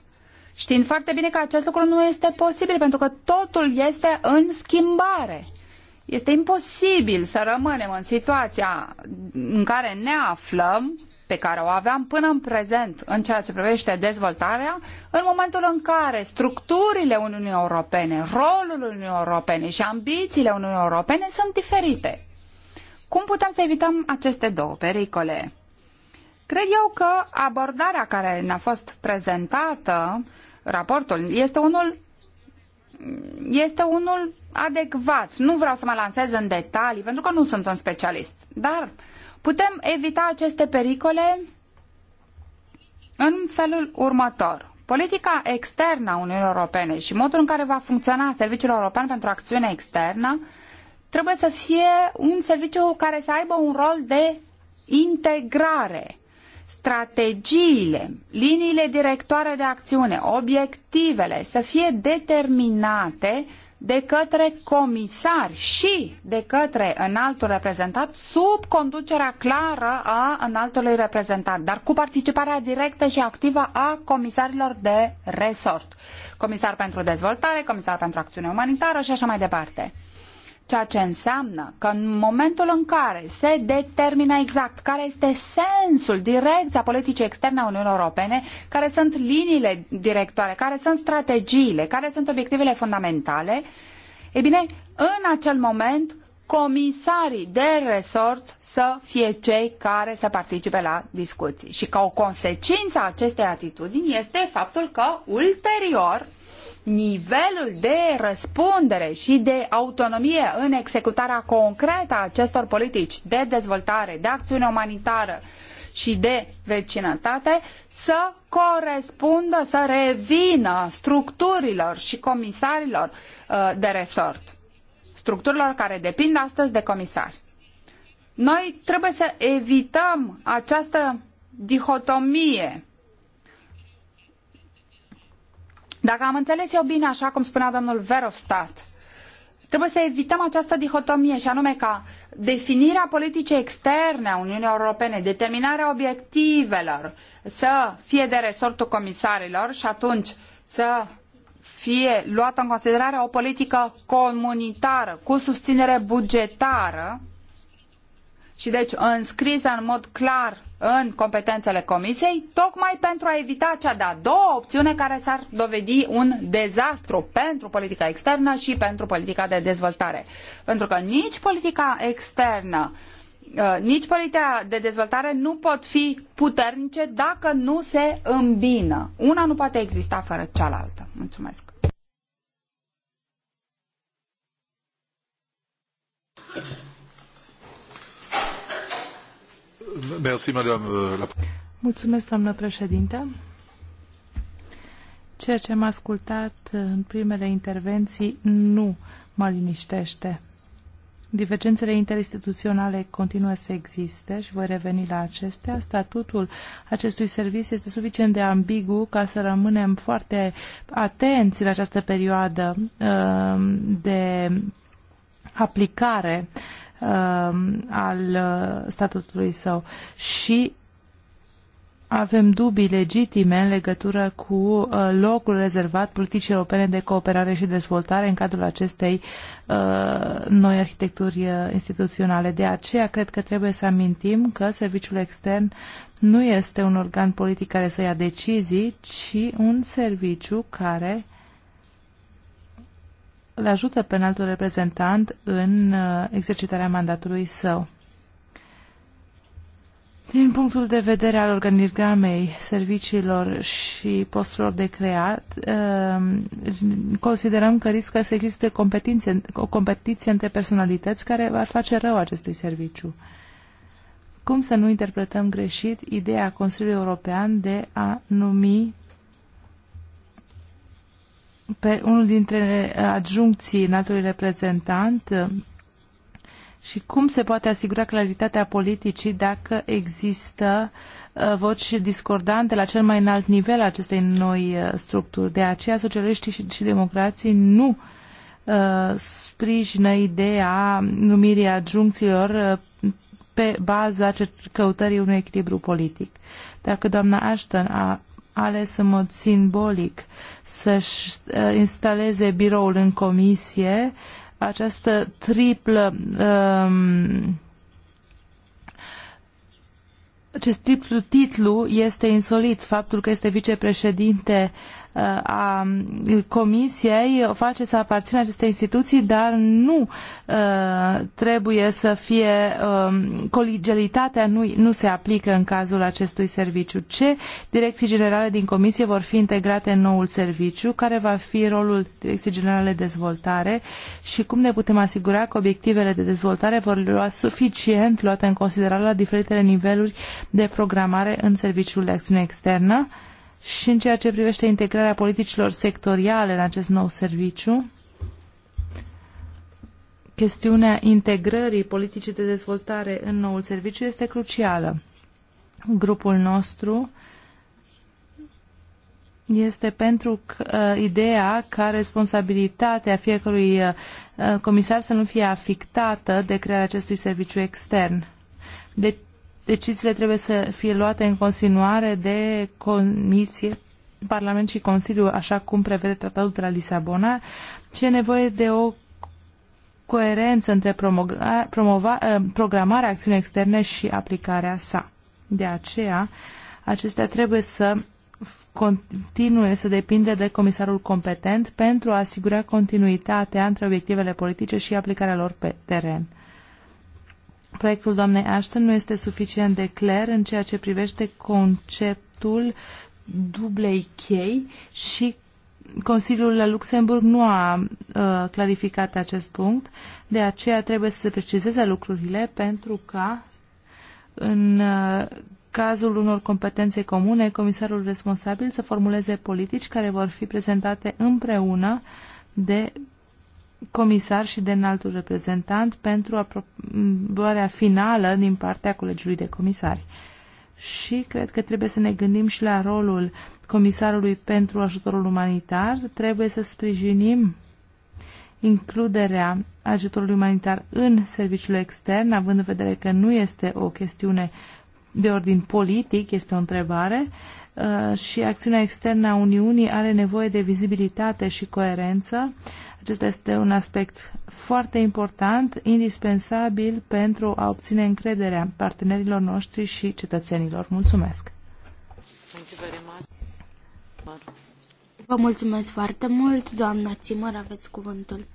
Știind foarte bine că acest lucru nu este posibil, pentru că totul este în schimbare. Este imposibil să rămânem în situația în care ne aflăm pe care o aveam până în prezent în ceea ce privește dezvoltarea, în momentul în care structurile Uniunii Europene, rolul Uniunii Europene și ambițiile Uniunii Europene sunt diferite. Cum putem să evităm aceste două pericole? Cred eu că abordarea care ne-a fost prezentată, raportul, este unul este unul adecvat. Nu vreau să mă lansez în detalii, pentru că nu sunt un specialist. Dar Putem evita aceste pericole în felul următor. Politica externă a Uniunii Europene și modul în care va funcționa Serviciul European pentru Acțiune Externă trebuie să fie un serviciu care să aibă un rol de integrare. Strategiile, liniile directoare de acțiune, obiectivele să fie determinate de către comisari și de către înaltul reprezentant sub conducerea clară a înaltului reprezentant, dar cu participarea directă și activă a comisarilor de resort. Comisar pentru dezvoltare, comisar pentru acțiune umanitară și așa mai departe. Ceea ce înseamnă că în momentul în care se determină exact care este sensul, direcția politicii externe a Uniunii Europene, care sunt liniile directoare, care sunt strategiile, care sunt obiectivele fundamentale, e bine, în acel moment comisarii de resort să fie cei care să participe la discuții. Și ca o consecință a acestei atitudini este faptul că ulterior nivelul de răspundere și de autonomie în executarea concretă a acestor politici de dezvoltare, de acțiune umanitară și de vecinătate să corespundă, să revină structurilor și comisarilor uh, de resort, structurilor care depind astăzi de comisari. Noi trebuie să evităm această dihotomie Dacă am înțeles eu bine, așa cum spunea domnul Verhofstadt, trebuie să evităm această dihotomie și anume ca definirea politicii externe a Uniunii Europene, determinarea obiectivelor să fie de resortul comisarilor și atunci să fie luată în considerare o politică comunitară cu susținere bugetară și deci înscrisă în mod clar în competențele comisiei, tocmai pentru a evita cea de-a doua opțiune care s-ar dovedi un dezastru pentru politica externă și pentru politica de dezvoltare. Pentru că nici politica externă, uh, nici politica de dezvoltare nu pot fi puternice dacă nu se îmbină. Una nu poate exista fără cealaltă. Mulțumesc! Merci, madame. Euh, Mulțumesc, doamnă președinte. Ceea ce am ascultat uh, în primele intervenții nu mă liniștește. Divergențele interinstituționale continuă să existe și voi reveni la acestea. Statutul acestui serviciu este suficient de ambigu ca să rămânem foarte atenți în această perioadă uh, de aplicare Um, al uh, statutului său și avem dubii legitime în legătură cu uh, locul rezervat politicii europene de cooperare și dezvoltare în cadrul acestei uh, noi arhitecturi instituționale. De aceea, cred că trebuie să amintim că serviciul extern nu este un organ politic care să ia decizii, ci un serviciu care îl ajută pe înaltul reprezentant în uh, exercitarea mandatului său. Din punctul de vedere al organigramei serviciilor și posturilor de creat, uh, considerăm că riscă să existe competiție, o competiție între personalități care ar face rău acestui serviciu. Cum să nu interpretăm greșit ideea Consiliului European de a numi pe unul dintre adjuncții înaltului reprezentant uh, și cum se poate asigura claritatea politicii dacă există uh, voci discordante la cel mai înalt nivel acestei noi uh, structuri. De aceea, socialiștii și, și democrații nu sprijină ideea numirii adjuncțiilor pe baza căutării unui echilibru politic. Dacă doamna Ashton a ales în mod simbolic să-și uh, instaleze biroul în comisie, această triplă um, acest triplu titlu este insolit. Faptul că este vicepreședinte Uh, a Comisiei o face să aparțină aceste instituții, dar nu uh, trebuie să fie um, colegialitatea nu, nu se aplică în cazul acestui serviciu. Ce direcții generale din Comisie vor fi integrate în noul serviciu? Care va fi rolul Direcției Generale de Dezvoltare? Și cum ne putem asigura că obiectivele de dezvoltare vor lua suficient luate în considerare la diferitele niveluri de programare în serviciul de acțiune externă? și în ceea ce privește integrarea politicilor sectoriale în acest nou serviciu, chestiunea integrării politicii de dezvoltare în noul serviciu este crucială. Grupul nostru este pentru uh, ideea ca responsabilitatea fiecărui uh, comisar să nu fie afectată de crearea acestui serviciu extern. Deci, deciziile trebuie să fie luate în continuare de Comisie, Parlament și Consiliu, așa cum prevede Tratatul de la Lisabona, și e nevoie de o coerență între promova, promova, eh, programarea acțiunii externe și aplicarea sa. De aceea, acestea trebuie să continue să depinde de comisarul competent pentru a asigura continuitatea între obiectivele politice și aplicarea lor pe teren proiectul doamnei Ashton nu este suficient de clar în ceea ce privește conceptul dublei chei și Consiliul la Luxemburg nu a uh, clarificat acest punct, de aceea trebuie să se precizeze lucrurile pentru ca în uh, cazul unor competențe comune, comisarul responsabil să formuleze politici care vor fi prezentate împreună de comisar și de înaltul reprezentant pentru aprobarea finală din partea Colegiului de Comisari. Și cred că trebuie să ne gândim și la rolul comisarului pentru ajutorul umanitar. Trebuie să sprijinim includerea ajutorului umanitar în serviciul extern, având în vedere că nu este o chestiune de ordin politic, este o întrebare, Uh, și acțiunea externă a Uniunii are nevoie de vizibilitate și coerență. Acesta este un aspect foarte important, indispensabil pentru a obține încrederea partenerilor noștri și cetățenilor. Mulțumesc! Vă mulțumesc foarte mult, doamna Țimăr, aveți cuvântul.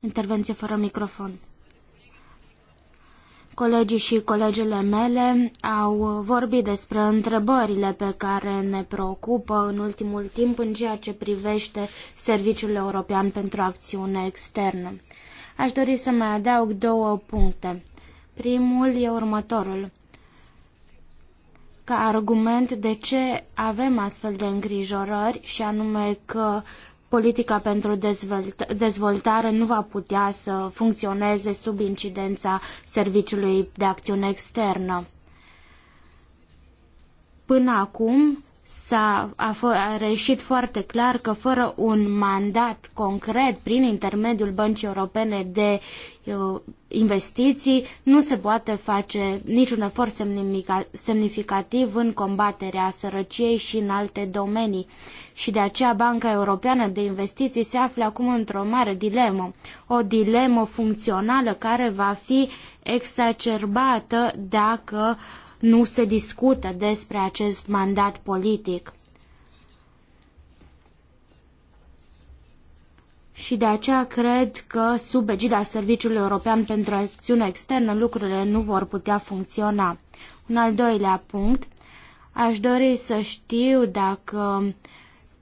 Intervenție fără microfon. Colegii și colegele mele au vorbit despre întrebările pe care ne preocupă în ultimul timp în ceea ce privește Serviciul European pentru Acțiune Externă. Aș dori să mai adaug două puncte. Primul e următorul. Ca argument de ce avem astfel de îngrijorări și anume că uh, politica pentru dezvoltare nu va putea să funcționeze sub incidența Serviciului de Acțiune Externă. Până acum, s-a a, a reieșit foarte clar că fără un mandat concret prin intermediul Băncii Europene de uh, investiții nu se poate face niciun efort semnificativ în combaterea sărăciei și în alte domenii. Și de aceea Banca Europeană de Investiții se află acum într-o mare dilemă, o dilemă funcțională care va fi exacerbată dacă uh, nu se discută despre acest mandat politic. Și de aceea cred că sub egida Serviciului European pentru Acțiune Externă lucrurile nu vor putea funcționa. Un al doilea punct, aș dori să știu dacă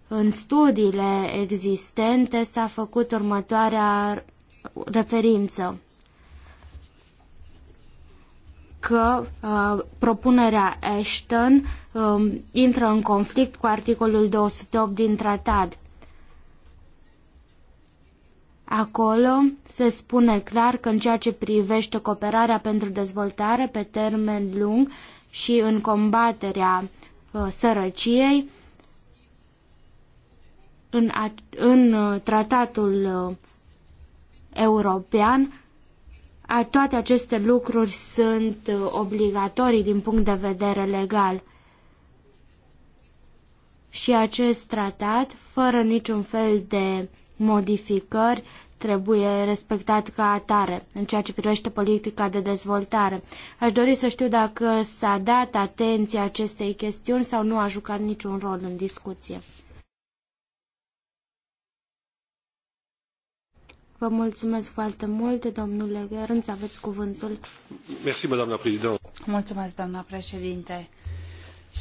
în studiile existente s-a făcut următoarea referință că uh, propunerea Ashton uh, intră în conflict cu articolul 208 din tratat. Acolo se spune clar că în ceea ce privește cooperarea pentru dezvoltare pe termen lung și în combaterea uh, sărăciei, în, în uh, tratatul uh, european a, toate aceste lucruri sunt uh, obligatorii din punct de vedere legal. Și acest tratat, fără niciun fel de modificări, trebuie respectat ca atare în ceea ce privește politica de dezvoltare. Aș dori să știu dacă s-a dat atenție acestei chestiuni sau nu a jucat niciun rol în discuție. Vă mulțumesc foarte mult, domnule Gărânț, aveți cuvântul. Mersi, doamna președinte. Mulțumesc, doamna președinte.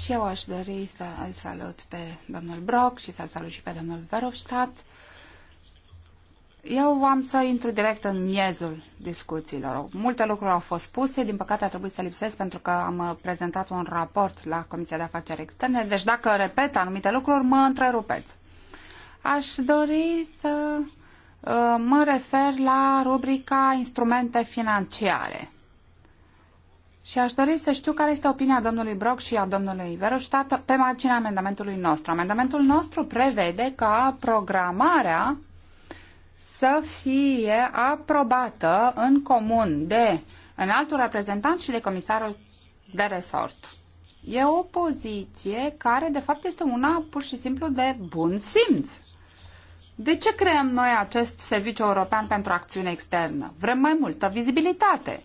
Și eu aș dori să îl salut pe domnul Brock și să-l salut și pe domnul Verhofstadt. Eu am să intru direct în miezul discuțiilor. Multe lucruri au fost puse, din păcate a trebuit să lipsesc pentru că am prezentat un raport la Comisia de Afaceri Externe, deci dacă repet anumite lucruri, mă întrerupeți. Aș dori să Uh, mă refer la rubrica instrumente financiare. Și aș dori să știu care este opinia domnului Brock și a domnului Verhofstadt pe marginea amendamentului nostru. Amendamentul nostru prevede ca programarea să fie aprobată în comun de înaltul reprezentant și de comisarul de resort. E o poziție care, de fapt, este una pur și simplu de bun simț. De ce creăm noi acest serviciu european pentru acțiune externă? Vrem mai multă vizibilitate.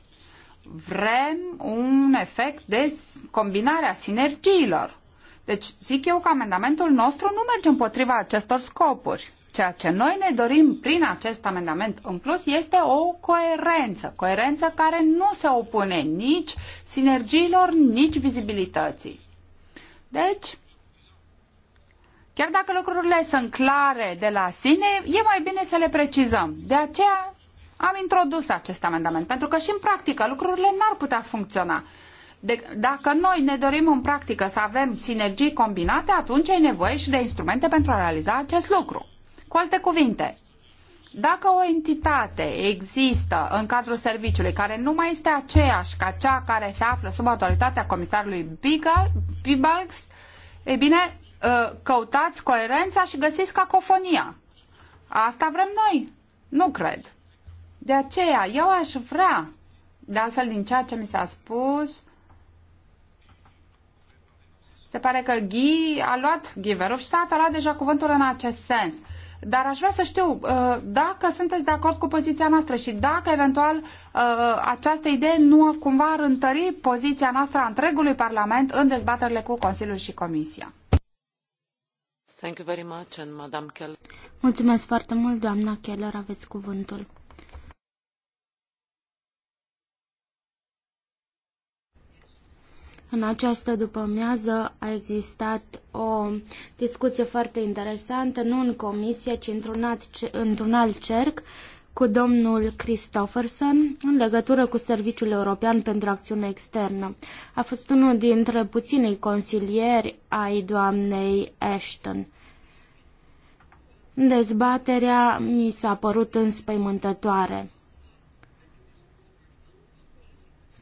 Vrem un efect de combinare a sinergiilor. Deci zic eu că amendamentul nostru nu merge împotriva acestor scopuri. Ceea ce noi ne dorim prin acest amendament în plus este o coerență, coerență care nu se opune nici sinergiilor, nici vizibilității. Deci, Chiar dacă lucrurile sunt clare de la sine, e mai bine să le precizăm. De aceea am introdus acest amendament, pentru că și în practică lucrurile n-ar putea funcționa. De, dacă noi ne dorim în practică să avem sinergii combinate, atunci e nevoie și de instrumente pentru a realiza acest lucru. Cu alte cuvinte, dacă o entitate există în cadrul serviciului care nu mai este aceeași ca cea care se află sub autoritatea comisarului Bigal, Bibalx, e bine, Uh, căutați coerența și găsiți cacofonia. Asta vrem noi? Nu cred. De aceea, eu aș vrea, de altfel din ceea ce mi s-a spus, se pare că Ghi a luat, Ghi Verhofstadt a luat deja cuvântul în acest sens. Dar aș vrea să știu uh, dacă sunteți de acord cu poziția noastră și dacă eventual uh, această idee nu cumva ar întări poziția noastră a întregului Parlament în dezbaterile cu Consiliul și Comisia. Mulțumesc foarte mult, cuvântul. În această după-amiază a existat o discuție foarte interesantă, nu în comisie, ci într-un alt, alt cerc, cu domnul Christofferson în legătură cu Serviciul European pentru Acțiune Externă. A fost unul dintre puținii consilieri ai doamnei Ashton. Dezbaterea mi s-a părut înspăimântătoare.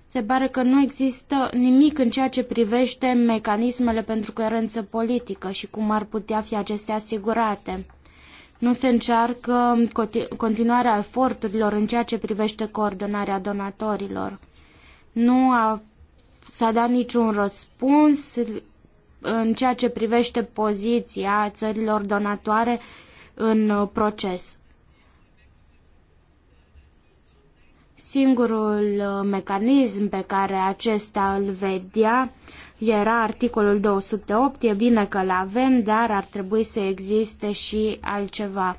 Se pare că nu există nimic în ceea ce privește mecanismele pentru coerență politică și cum ar putea fi acestea asigurate nu se încearcă continuarea eforturilor în ceea ce privește coordonarea donatorilor. Nu a, s-a dat niciun răspuns în ceea ce privește poziția țărilor donatoare în proces. Singurul mecanism pe care acesta îl vedea era articolul 208, e bine că-l avem, dar ar trebui să existe și altceva.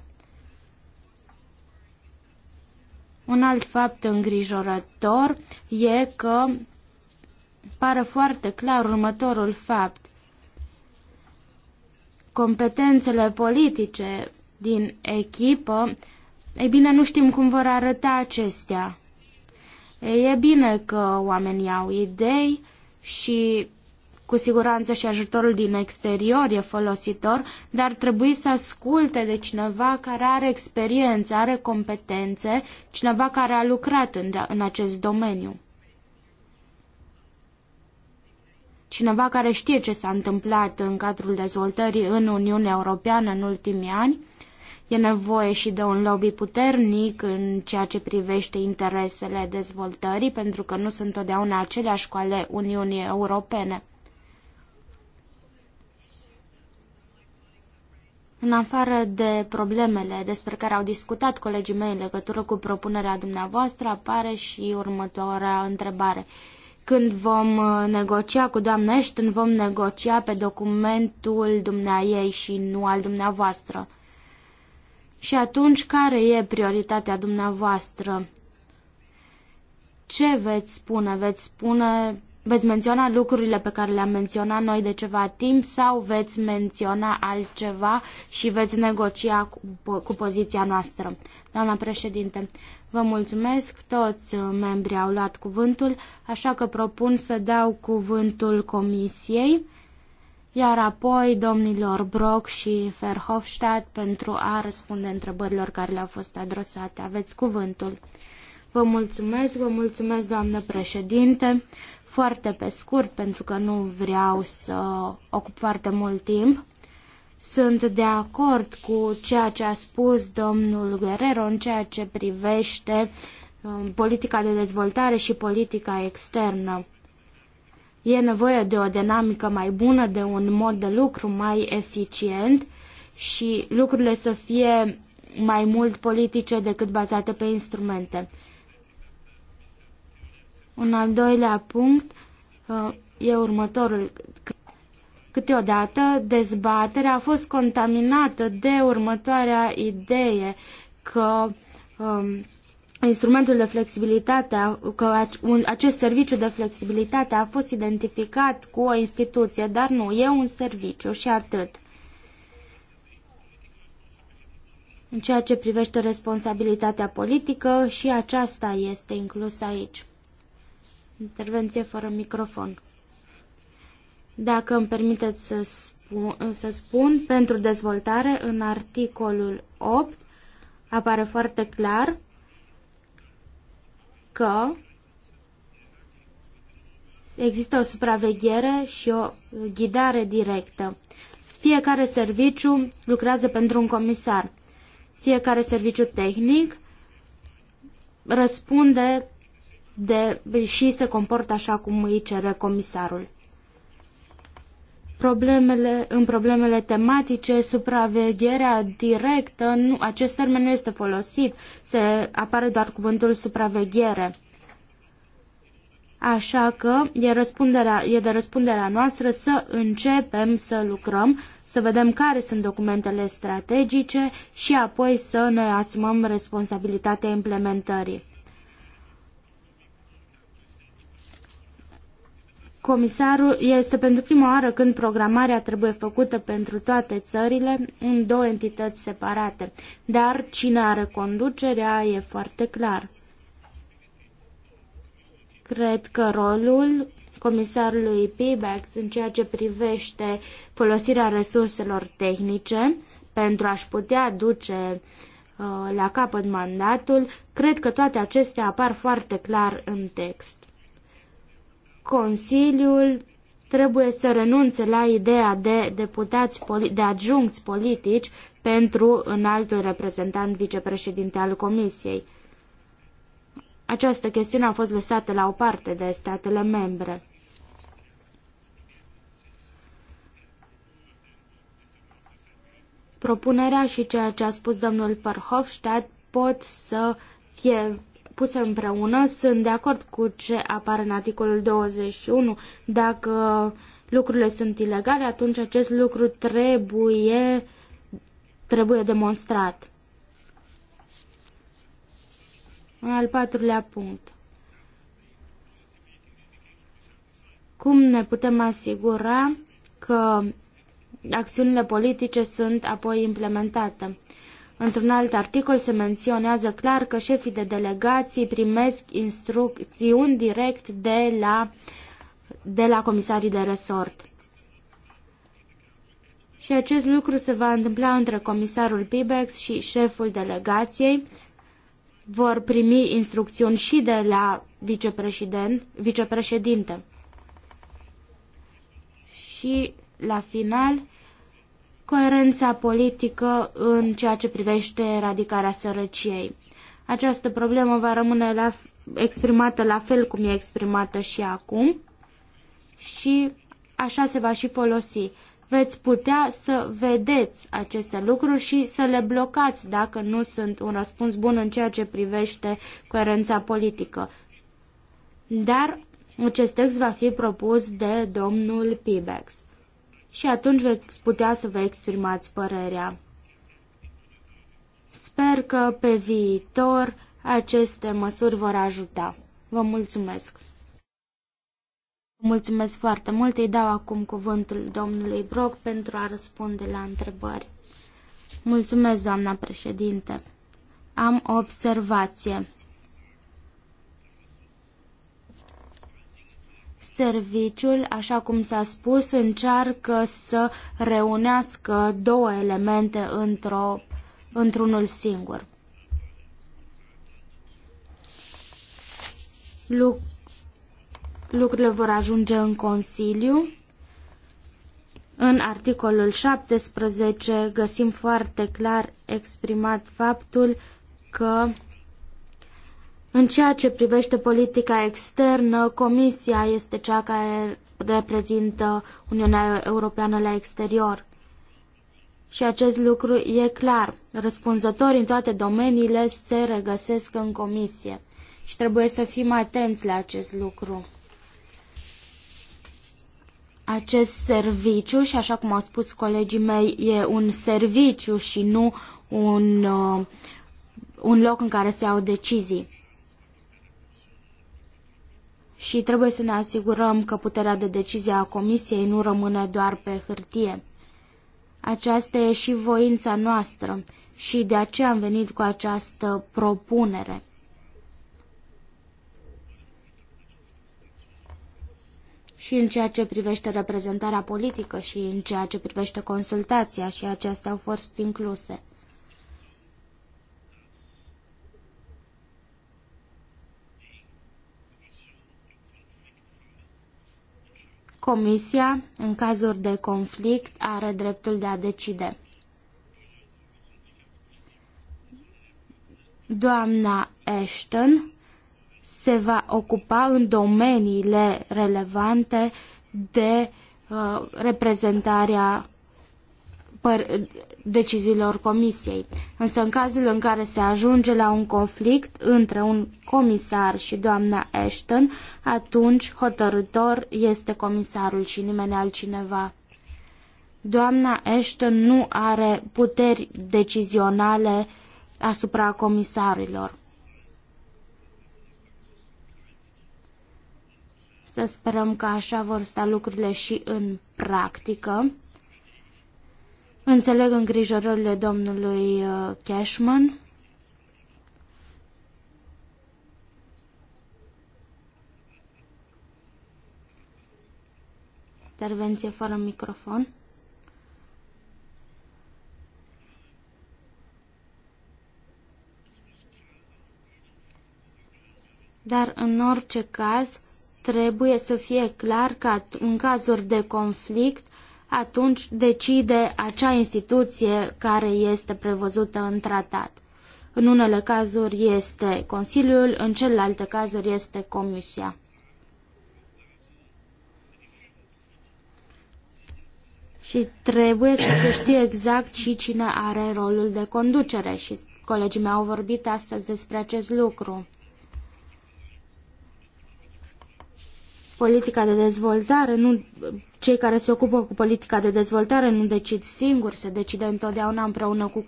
Un alt fapt îngrijorător e că pare foarte clar următorul fapt. Competențele politice din echipă, ei bine, nu știm cum vor arăta acestea. E bine că oamenii au idei și cu siguranță și ajutorul din exterior e folositor, dar trebuie să asculte de cineva care are experiență, are competențe, cineva care a lucrat în, în acest domeniu. Cineva care știe ce s-a întâmplat în cadrul dezvoltării în Uniunea Europeană în ultimii ani, E nevoie și de un lobby puternic în ceea ce privește interesele dezvoltării, pentru că nu sunt totdeauna aceleași cu ale Uniunii Europene. În afară de problemele despre care au discutat colegii mei în legătură cu propunerea dumneavoastră, apare și următoarea întrebare. Când vom uh, negocia cu doamna Ashton, vom negocia pe documentul dumneaei și nu al dumneavoastră. Și atunci, care e prioritatea dumneavoastră? Ce veți spune? Veți spune veți menționa lucrurile pe care le-am menționat noi de ceva timp sau veți menționa altceva și veți negocia cu, cu poziția noastră. Doamna președinte, vă mulțumesc, toți uh, membrii au luat cuvântul, așa că propun să dau cuvântul comisiei, iar apoi domnilor Brock și Verhofstadt pentru a răspunde întrebărilor care le-au fost adresate. Aveți cuvântul. Vă mulțumesc, vă mulțumesc, doamnă președinte. Foarte pe scurt, pentru că nu vreau să ocup foarte mult timp. Sunt de acord cu ceea ce a spus domnul Guerrero în ceea ce privește um, politica de dezvoltare și politica externă. E nevoie de o dinamică mai bună, de un mod de lucru mai eficient și lucrurile să fie mai mult politice decât bazate pe instrumente. Un al doilea punct uh, e următorul. Câteodată dezbaterea a fost contaminată de următoarea idee că um, instrumentul de flexibilitate, că acest serviciu de flexibilitate a fost identificat cu o instituție, dar nu, e un serviciu și atât. În ceea ce privește responsabilitatea politică și aceasta este inclusă aici. Intervenție fără microfon. Dacă îmi permiteți să spun, să spun, pentru dezvoltare, în articolul 8 apare foarte clar că există o supraveghere și o ghidare directă. Fiecare serviciu lucrează pentru un comisar. Fiecare serviciu tehnic răspunde de, și se comportă așa cum îi cere comisarul. Problemele, în problemele tematice, supravegherea directă, nu, acest termen nu este folosit, se apare doar cuvântul supraveghere. Așa că e, răspunderea, e de răspunderea noastră să începem să lucrăm, să vedem care sunt documentele strategice și apoi să ne asumăm responsabilitatea implementării. Comisarul este pentru prima oară când programarea trebuie făcută pentru toate țările în două entități separate, dar cine are conducerea e foarte clar. Cred că rolul comisarului Pibex în ceea ce privește folosirea resurselor tehnice pentru a-și putea duce uh, la capăt mandatul, cred că toate acestea apar foarte clar în text. Consiliul trebuie să renunțe la ideea de deputați de adjuncți politici pentru înaltul reprezentant vicepreședinte al Comisiei. Această chestiune a fost lăsată la o parte de statele membre. Propunerea și ceea ce a spus domnul Verhofstadt pot să fie puse împreună. Sunt de acord cu ce apare în articolul 21. Dacă lucrurile sunt ilegale, atunci acest lucru trebuie, trebuie demonstrat. În al patrulea punct. Cum ne putem asigura că acțiunile politice sunt apoi implementate? Într-un alt articol se menționează clar că șefii de delegații primesc instrucțiuni direct de la, de la comisarii de resort. Și acest lucru se va întâmpla între comisarul Pibex și șeful delegației. Vor primi instrucțiuni și de la vicepreședinte. Și la final coerența politică în ceea ce privește eradicarea sărăciei. Această problemă va rămâne la, exprimată la fel cum e exprimată și acum și așa se va și folosi. Veți putea să vedeți aceste lucruri și să le blocați dacă nu sunt un răspuns bun în ceea ce privește coerența politică. Dar acest text va fi propus de domnul Pibex și atunci veți putea să vă exprimați părerea. Sper că pe viitor aceste măsuri vor ajuta. Vă mulțumesc! Mulțumesc foarte mult, îi dau acum cuvântul domnului Brock pentru a răspunde la întrebări. Mulțumesc, doamna președinte. Am observație. Serviciul, așa cum s-a spus, încearcă să reunească două elemente într-o, într-unul singur. Luc- lucrurile vor ajunge în Consiliu. În articolul 17 găsim foarte clar exprimat faptul că în ceea ce privește politica externă, Comisia este cea care reprezintă Uniunea Europeană la exterior. Și acest lucru e clar. Răspunzătorii în toate domeniile se regăsesc în comisie și trebuie să fim atenți la acest lucru. Acest serviciu, și așa cum au spus colegii mei, e un serviciu și nu un, uh, un loc în care se iau decizii și trebuie să ne asigurăm că puterea de decizie a Comisiei nu rămâne doar pe hârtie. Aceasta e și voința noastră și de aceea am venit cu această propunere. și în ceea ce privește reprezentarea politică și în ceea ce privește consultația și acestea au fost incluse. Comisia, în cazuri de conflict, are dreptul de a decide. Doamna Ashton se va ocupa în domeniile relevante de uh, reprezentarea Uh, deciziilor comisiei. Însă în cazul în care se ajunge la un conflict între un comisar și doamna Ashton, atunci hotărător este comisarul și nimeni altcineva. Doamna Ashton nu are puteri decizionale asupra comisarilor. Să sperăm că așa vor sta lucrurile și în practică. Înțeleg îngrijorările domnului uh, Cashman. Intervenție fără microfon. Dar în orice caz, trebuie să fie clar că în cazuri de conflict atunci decide acea instituție care este prevăzută în tratat. În unele cazuri este Consiliul, în celelalte cazuri este Comisia. Și trebuie să se știe exact și cine are rolul de conducere și colegii mei au vorbit astăzi despre acest lucru. Politica de dezvoltare nu, cei care se ocupă cu politica de dezvoltare nu decid singuri, se decide întotdeauna împreună cu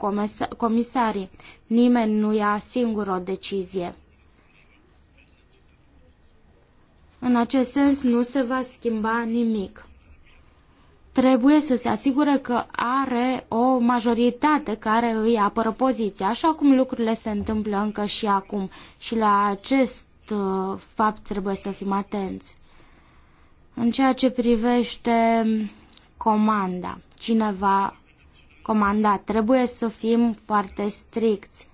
comisarii. Nimeni nu ia singur o decizie. În acest sens nu se va schimba nimic. Trebuie să se asigure că are o majoritate care îi apără poziția, așa cum lucrurile se întâmplă încă și acum. Și la acest uh, fapt trebuie să fim atenți. În ceea ce privește comanda, cine va comanda, trebuie să fim foarte stricți.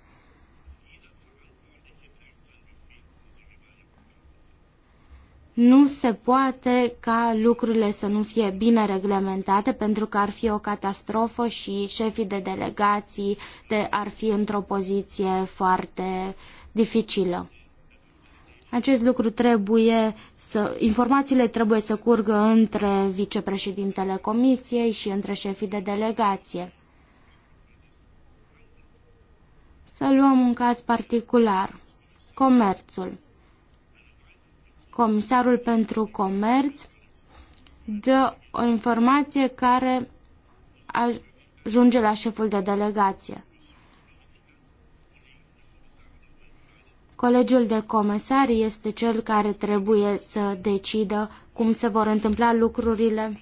Nu se poate ca lucrurile să nu fie bine reglementate pentru că ar fi o catastrofă și șefii de delegații de, ar fi într-o poziție foarte dificilă. Acest lucru trebuie să, informațiile trebuie să curgă între vicepreședintele comisiei și între șefii de delegație. Să luăm un caz particular. Comerțul. Comisarul pentru comerț dă o informație care ajunge la șeful de delegație. Colegiul de comisari este cel care trebuie să decidă cum se vor întâmpla lucrurile.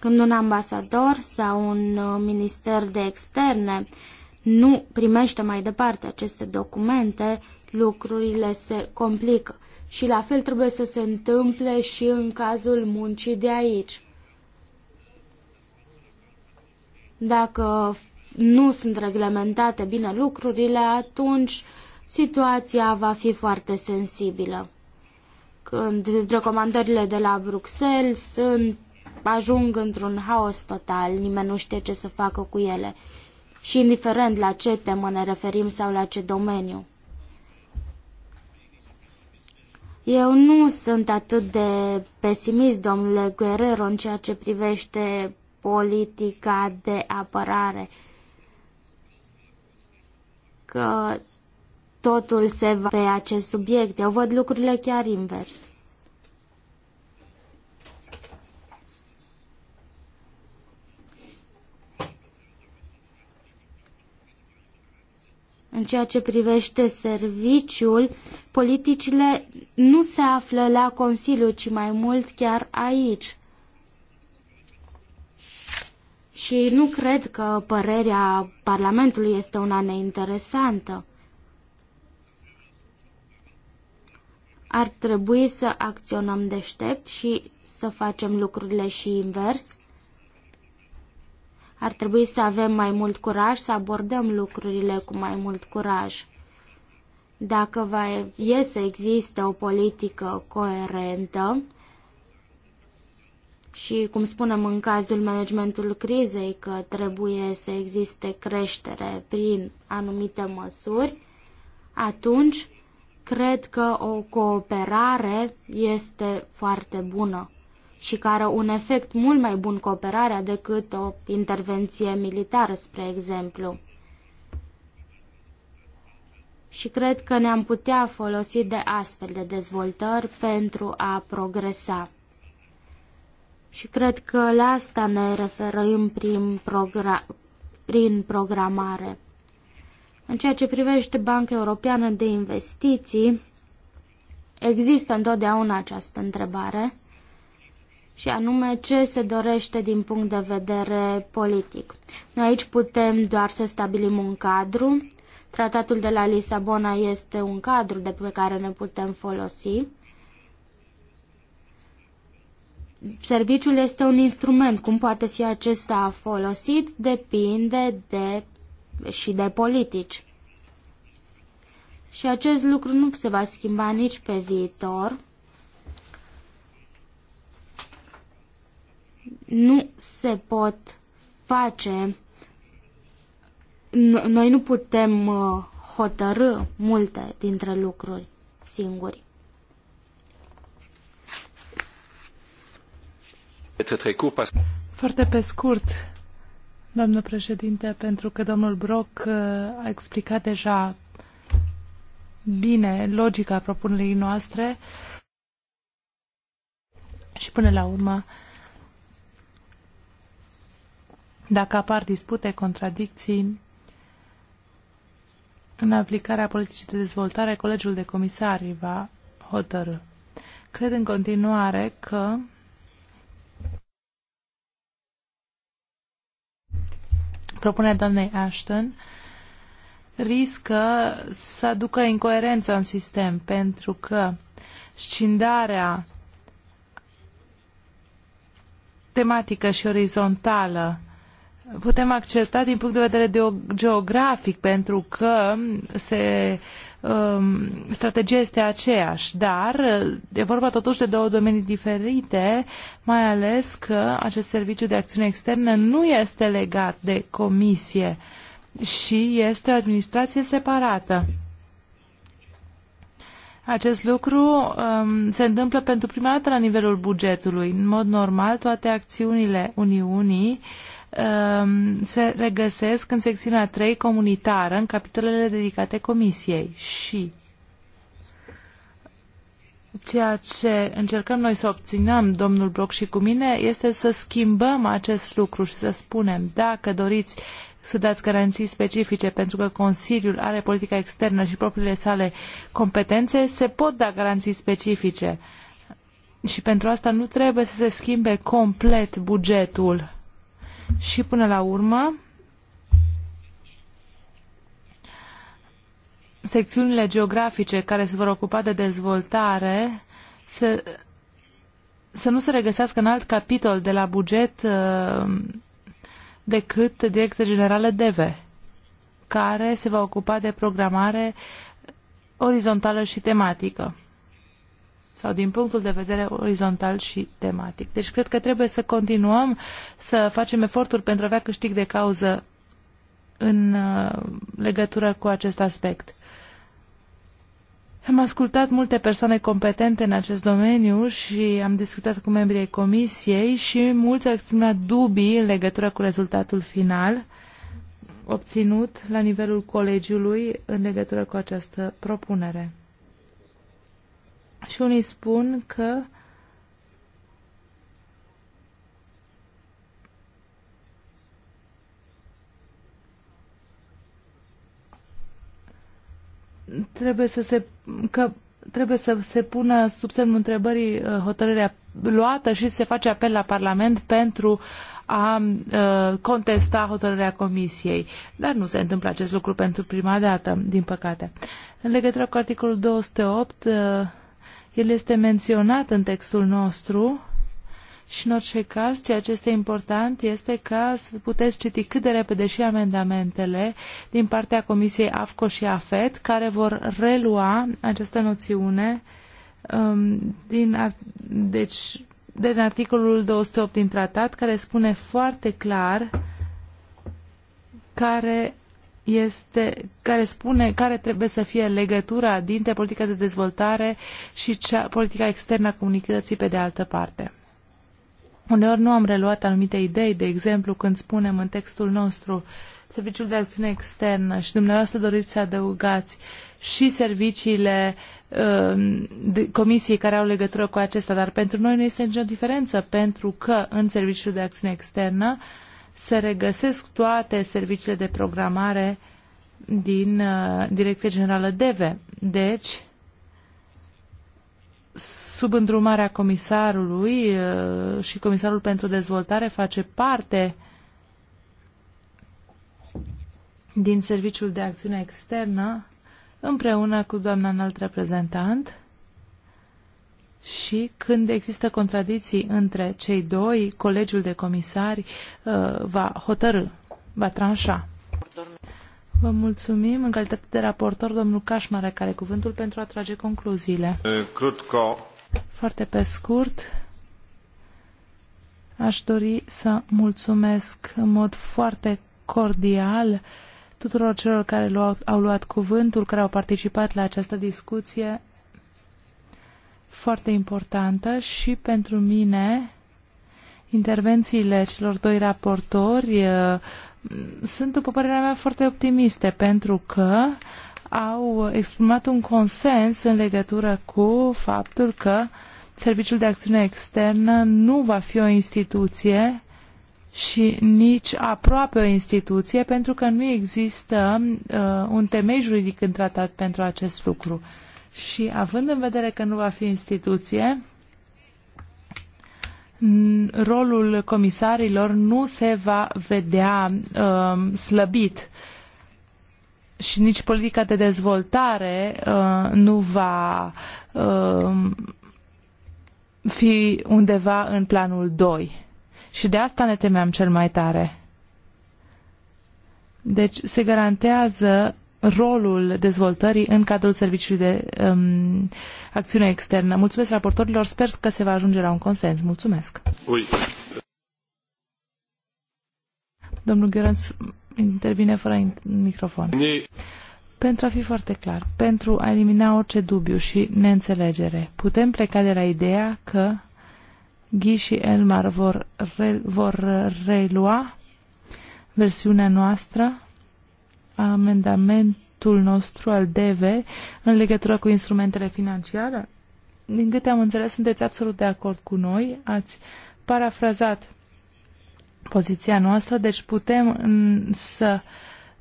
Când un ambasador sau un uh, minister de externe nu primește mai departe aceste documente, lucrurile se complică. Și la fel trebuie să se întâmple și în cazul muncii de aici. Dacă nu sunt reglementate bine lucrurile, atunci situația va fi foarte sensibilă. Când recomandările de la Bruxelles sunt, ajung într-un haos total, nimeni nu știe ce să facă cu ele și indiferent la ce temă ne referim sau la ce domeniu. Eu nu sunt atât de pesimist, domnule Guerrero, în ceea ce privește politica de apărare, că totul se va pe acest subiect. Eu văd lucrurile chiar invers. În ceea ce privește serviciul, politicile nu se află la Consiliu, ci mai mult chiar aici. Și nu cred că părerea Parlamentului este una neinteresantă. Ar trebui să acționăm deștept și să facem lucrurile și invers. Ar trebui să avem mai mult curaj, să abordăm lucrurile cu mai mult curaj. Dacă va e să existe o politică coerentă, și, cum spunem în cazul managementul crizei, că trebuie să existe creștere prin anumite măsuri, atunci cred că o cooperare este foarte bună și că are un efect mult mai bun cooperarea decât o intervenție militară, spre exemplu. Și cred că ne-am putea folosi de astfel de dezvoltări pentru a progresa. Și cred că la asta ne referim prin, progra- prin programare. În ceea ce privește Banca Europeană de Investiții, există întotdeauna această întrebare și anume ce se dorește din punct de vedere politic. Noi aici putem doar să stabilim un cadru. Tratatul de la Lisabona este un cadru de pe care ne putem folosi serviciul este un instrument. Cum poate fi acesta folosit depinde de, și de politici. Și acest lucru nu se va schimba nici pe viitor. Nu se pot face. Noi nu putem uh, hotărâ multe dintre lucruri singuri. Foarte pe scurt, doamnă președinte, pentru că domnul Brock uh, a explicat deja bine logica propunerii noastre și până la urmă dacă apar dispute, contradicții în aplicarea politicii de dezvoltare, Colegiul de Comisari va hotărâ. Cred în continuare că propunerea doamnei Ashton riscă să aducă incoerență în sistem, pentru că scindarea tematică și orizontală putem accepta din punct de vedere geografic, pentru că se Um, strategia este aceeași, dar uh, e vorba totuși de două domenii diferite, mai ales că acest serviciu de acțiune externă nu este legat de comisie și este o administrație separată. Acest lucru um, se întâmplă pentru prima dată la nivelul bugetului. În mod normal, toate acțiunile Uniunii uh, Um, se regăsesc în secțiunea 3 comunitară, în capitolele dedicate comisiei și ceea ce încercăm noi să obținem, domnul Broc și cu mine, este să schimbăm acest lucru și să spunem, dacă doriți să dați garanții specifice pentru că Consiliul are politica externă și propriile sale competențe, se pot da garanții specifice. Și pentru asta nu trebuie să se schimbe complet bugetul și până la urmă secțiunile geografice care se vor ocupa de dezvoltare să, să nu se regăsească în alt capitol de la buget uh, decât Direcția Generală DEVE, care se va ocupa de programare orizontală și tematică sau din punctul de vedere orizontal și tematic. Deci cred că trebuie să continuăm să facem eforturi pentru a avea câștig de cauză în uh, legătură cu acest aspect. Am ascultat multe persoane competente în acest domeniu și am discutat cu membrii comisiei și mulți au exprimat dubii în legătură cu rezultatul final obținut la nivelul colegiului în legătură cu această propunere. Și unii spun că trebuie să se că trebuie să se pună sub semnul întrebării uh, hotărârea luată și se face apel la Parlament pentru a uh, contesta hotărârea Comisiei. Dar nu se întâmplă acest lucru pentru prima dată, din păcate. În legătură cu articolul 208, el este menționat în textul nostru și, în orice caz, ceea ce este important este ca să puteți citi cât de repede și amendamentele din partea Comisiei AFCO și AFET, care vor relua această noțiune um, din, deci, din articolul 208 din tratat, care spune foarte clar care este, care spune care trebuie să fie legătura dintre politica de dezvoltare și cea, politica externă a comunității pe de altă parte. Uneori nu am reluat anumite idei, de exemplu când spunem în textul nostru Serviciul de Acțiune Externă și dumneavoastră doriți să adăugați și serviciile uh, comisiei care au legătură cu acesta, dar pentru noi nu este nicio diferență, pentru că în Serviciul de Acțiune Externă uh, se regăsesc toate serviciile de programare din uh, Direcția Generală DEVE. Deci, sub îndrumarea comisarului uh, și comisarul pentru dezvoltare face parte din Serviciul de Acțiune Externă împreună cu doamna înalt reprezentant și când există contradicții între cei doi, colegiul de comisari uh, va hotărâ, va tranșa. Vă mulțumim. În calitate de raportor, domnul Cașmare, care cuvântul pentru a trage concluziile. Foarte pe scurt, aș dori să mulțumesc în mod foarte cordial tuturor celor care au luat cuvântul, care au participat la această discuție foarte importantă și pentru mine intervențiile celor doi raportori uh, sunt, după părerea mea, foarte optimiste pentru că au exprimat un consens în legătură cu faptul că Serviciul de Acțiune Externă nu va fi o instituție și nici aproape o instituție, pentru că nu există uh, un temei juridic în tratat pentru acest lucru. Uh, și având în vedere că nu va fi instituție, rolul comisarilor nu se va vedea uh, slăbit și nici politica de dezvoltare uh, nu va uh, fi undeva în planul 2. Și de asta ne temeam cel mai tare. Deci se garantează rolul dezvoltării în cadrul Serviciului de um, Acțiune Externă. Mulțumesc raportorilor, sper că se va ajunge la un consens. Mulțumesc. Ui. Domnul Gheorans intervine fără microfon. Ui. Pentru a fi foarte clar, pentru a elimina orice dubiu și neînțelegere, putem pleca de la ideea că Ghi și Elmar vor, re, vor relua versiunea noastră amendamentul nostru al DV în legătură cu instrumentele financiare? Din câte am înțeles, sunteți absolut de acord cu noi. Ați parafrazat poziția noastră, deci putem mm, să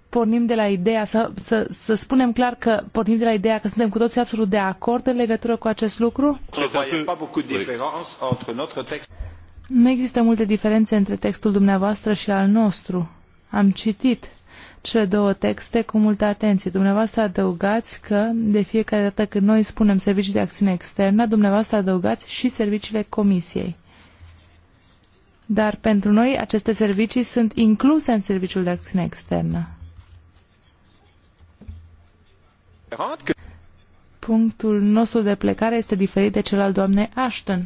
pornim de la ideea, să, să, să spunem clar că pornim de la ideea că suntem cu toții absolut de acord în legătură cu acest lucru? Nu există multe diferențe între textul dumneavoastră și al nostru. Am citit cele două texte cu multă atenție. Dumneavoastră adăugați că de fiecare dată când noi spunem servicii de acțiune externă, dumneavoastră adăugați și serviciile comisiei. Dar pentru noi aceste servicii sunt incluse în serviciul de acțiune externă. Punctul nostru de plecare este diferit de cel al doamnei Ashton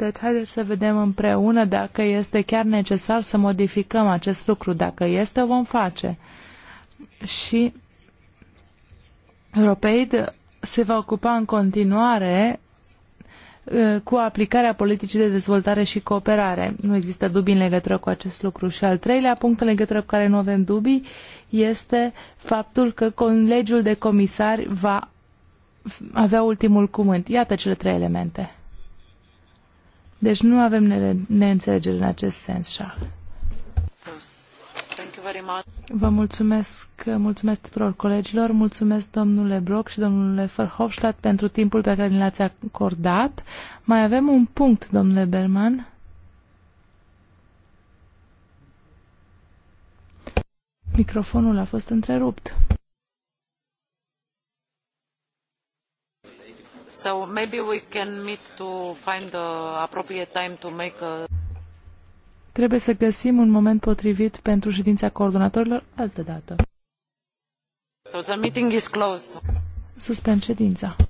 deci haideți să vedem împreună dacă este chiar necesar să modificăm acest lucru. Dacă este, vom face. Și Europeid se va ocupa în continuare ă, cu aplicarea politicii de dezvoltare și cooperare. Nu există dubii în legătură cu acest lucru. Și al treilea punct în legătură cu care nu avem dubii este faptul că colegiul de comisari va avea ultimul cuvânt. Iată cele trei elemente. Deci nu avem neînțelegeri în acest sens, Charles. Vă mulțumesc, mulțumesc tuturor colegilor, mulțumesc domnule Brock și domnule Verhofstadt pentru timpul pe care ni l-ați acordat. Mai avem un punct, domnule Berman. Microfonul a fost întrerupt. So maybe we can meet to find the appropriate time to make a... Trebuie să găsim un moment potrivit pentru ședința coordonatorilor altă dată. So the meeting is closed. Suspend ședința.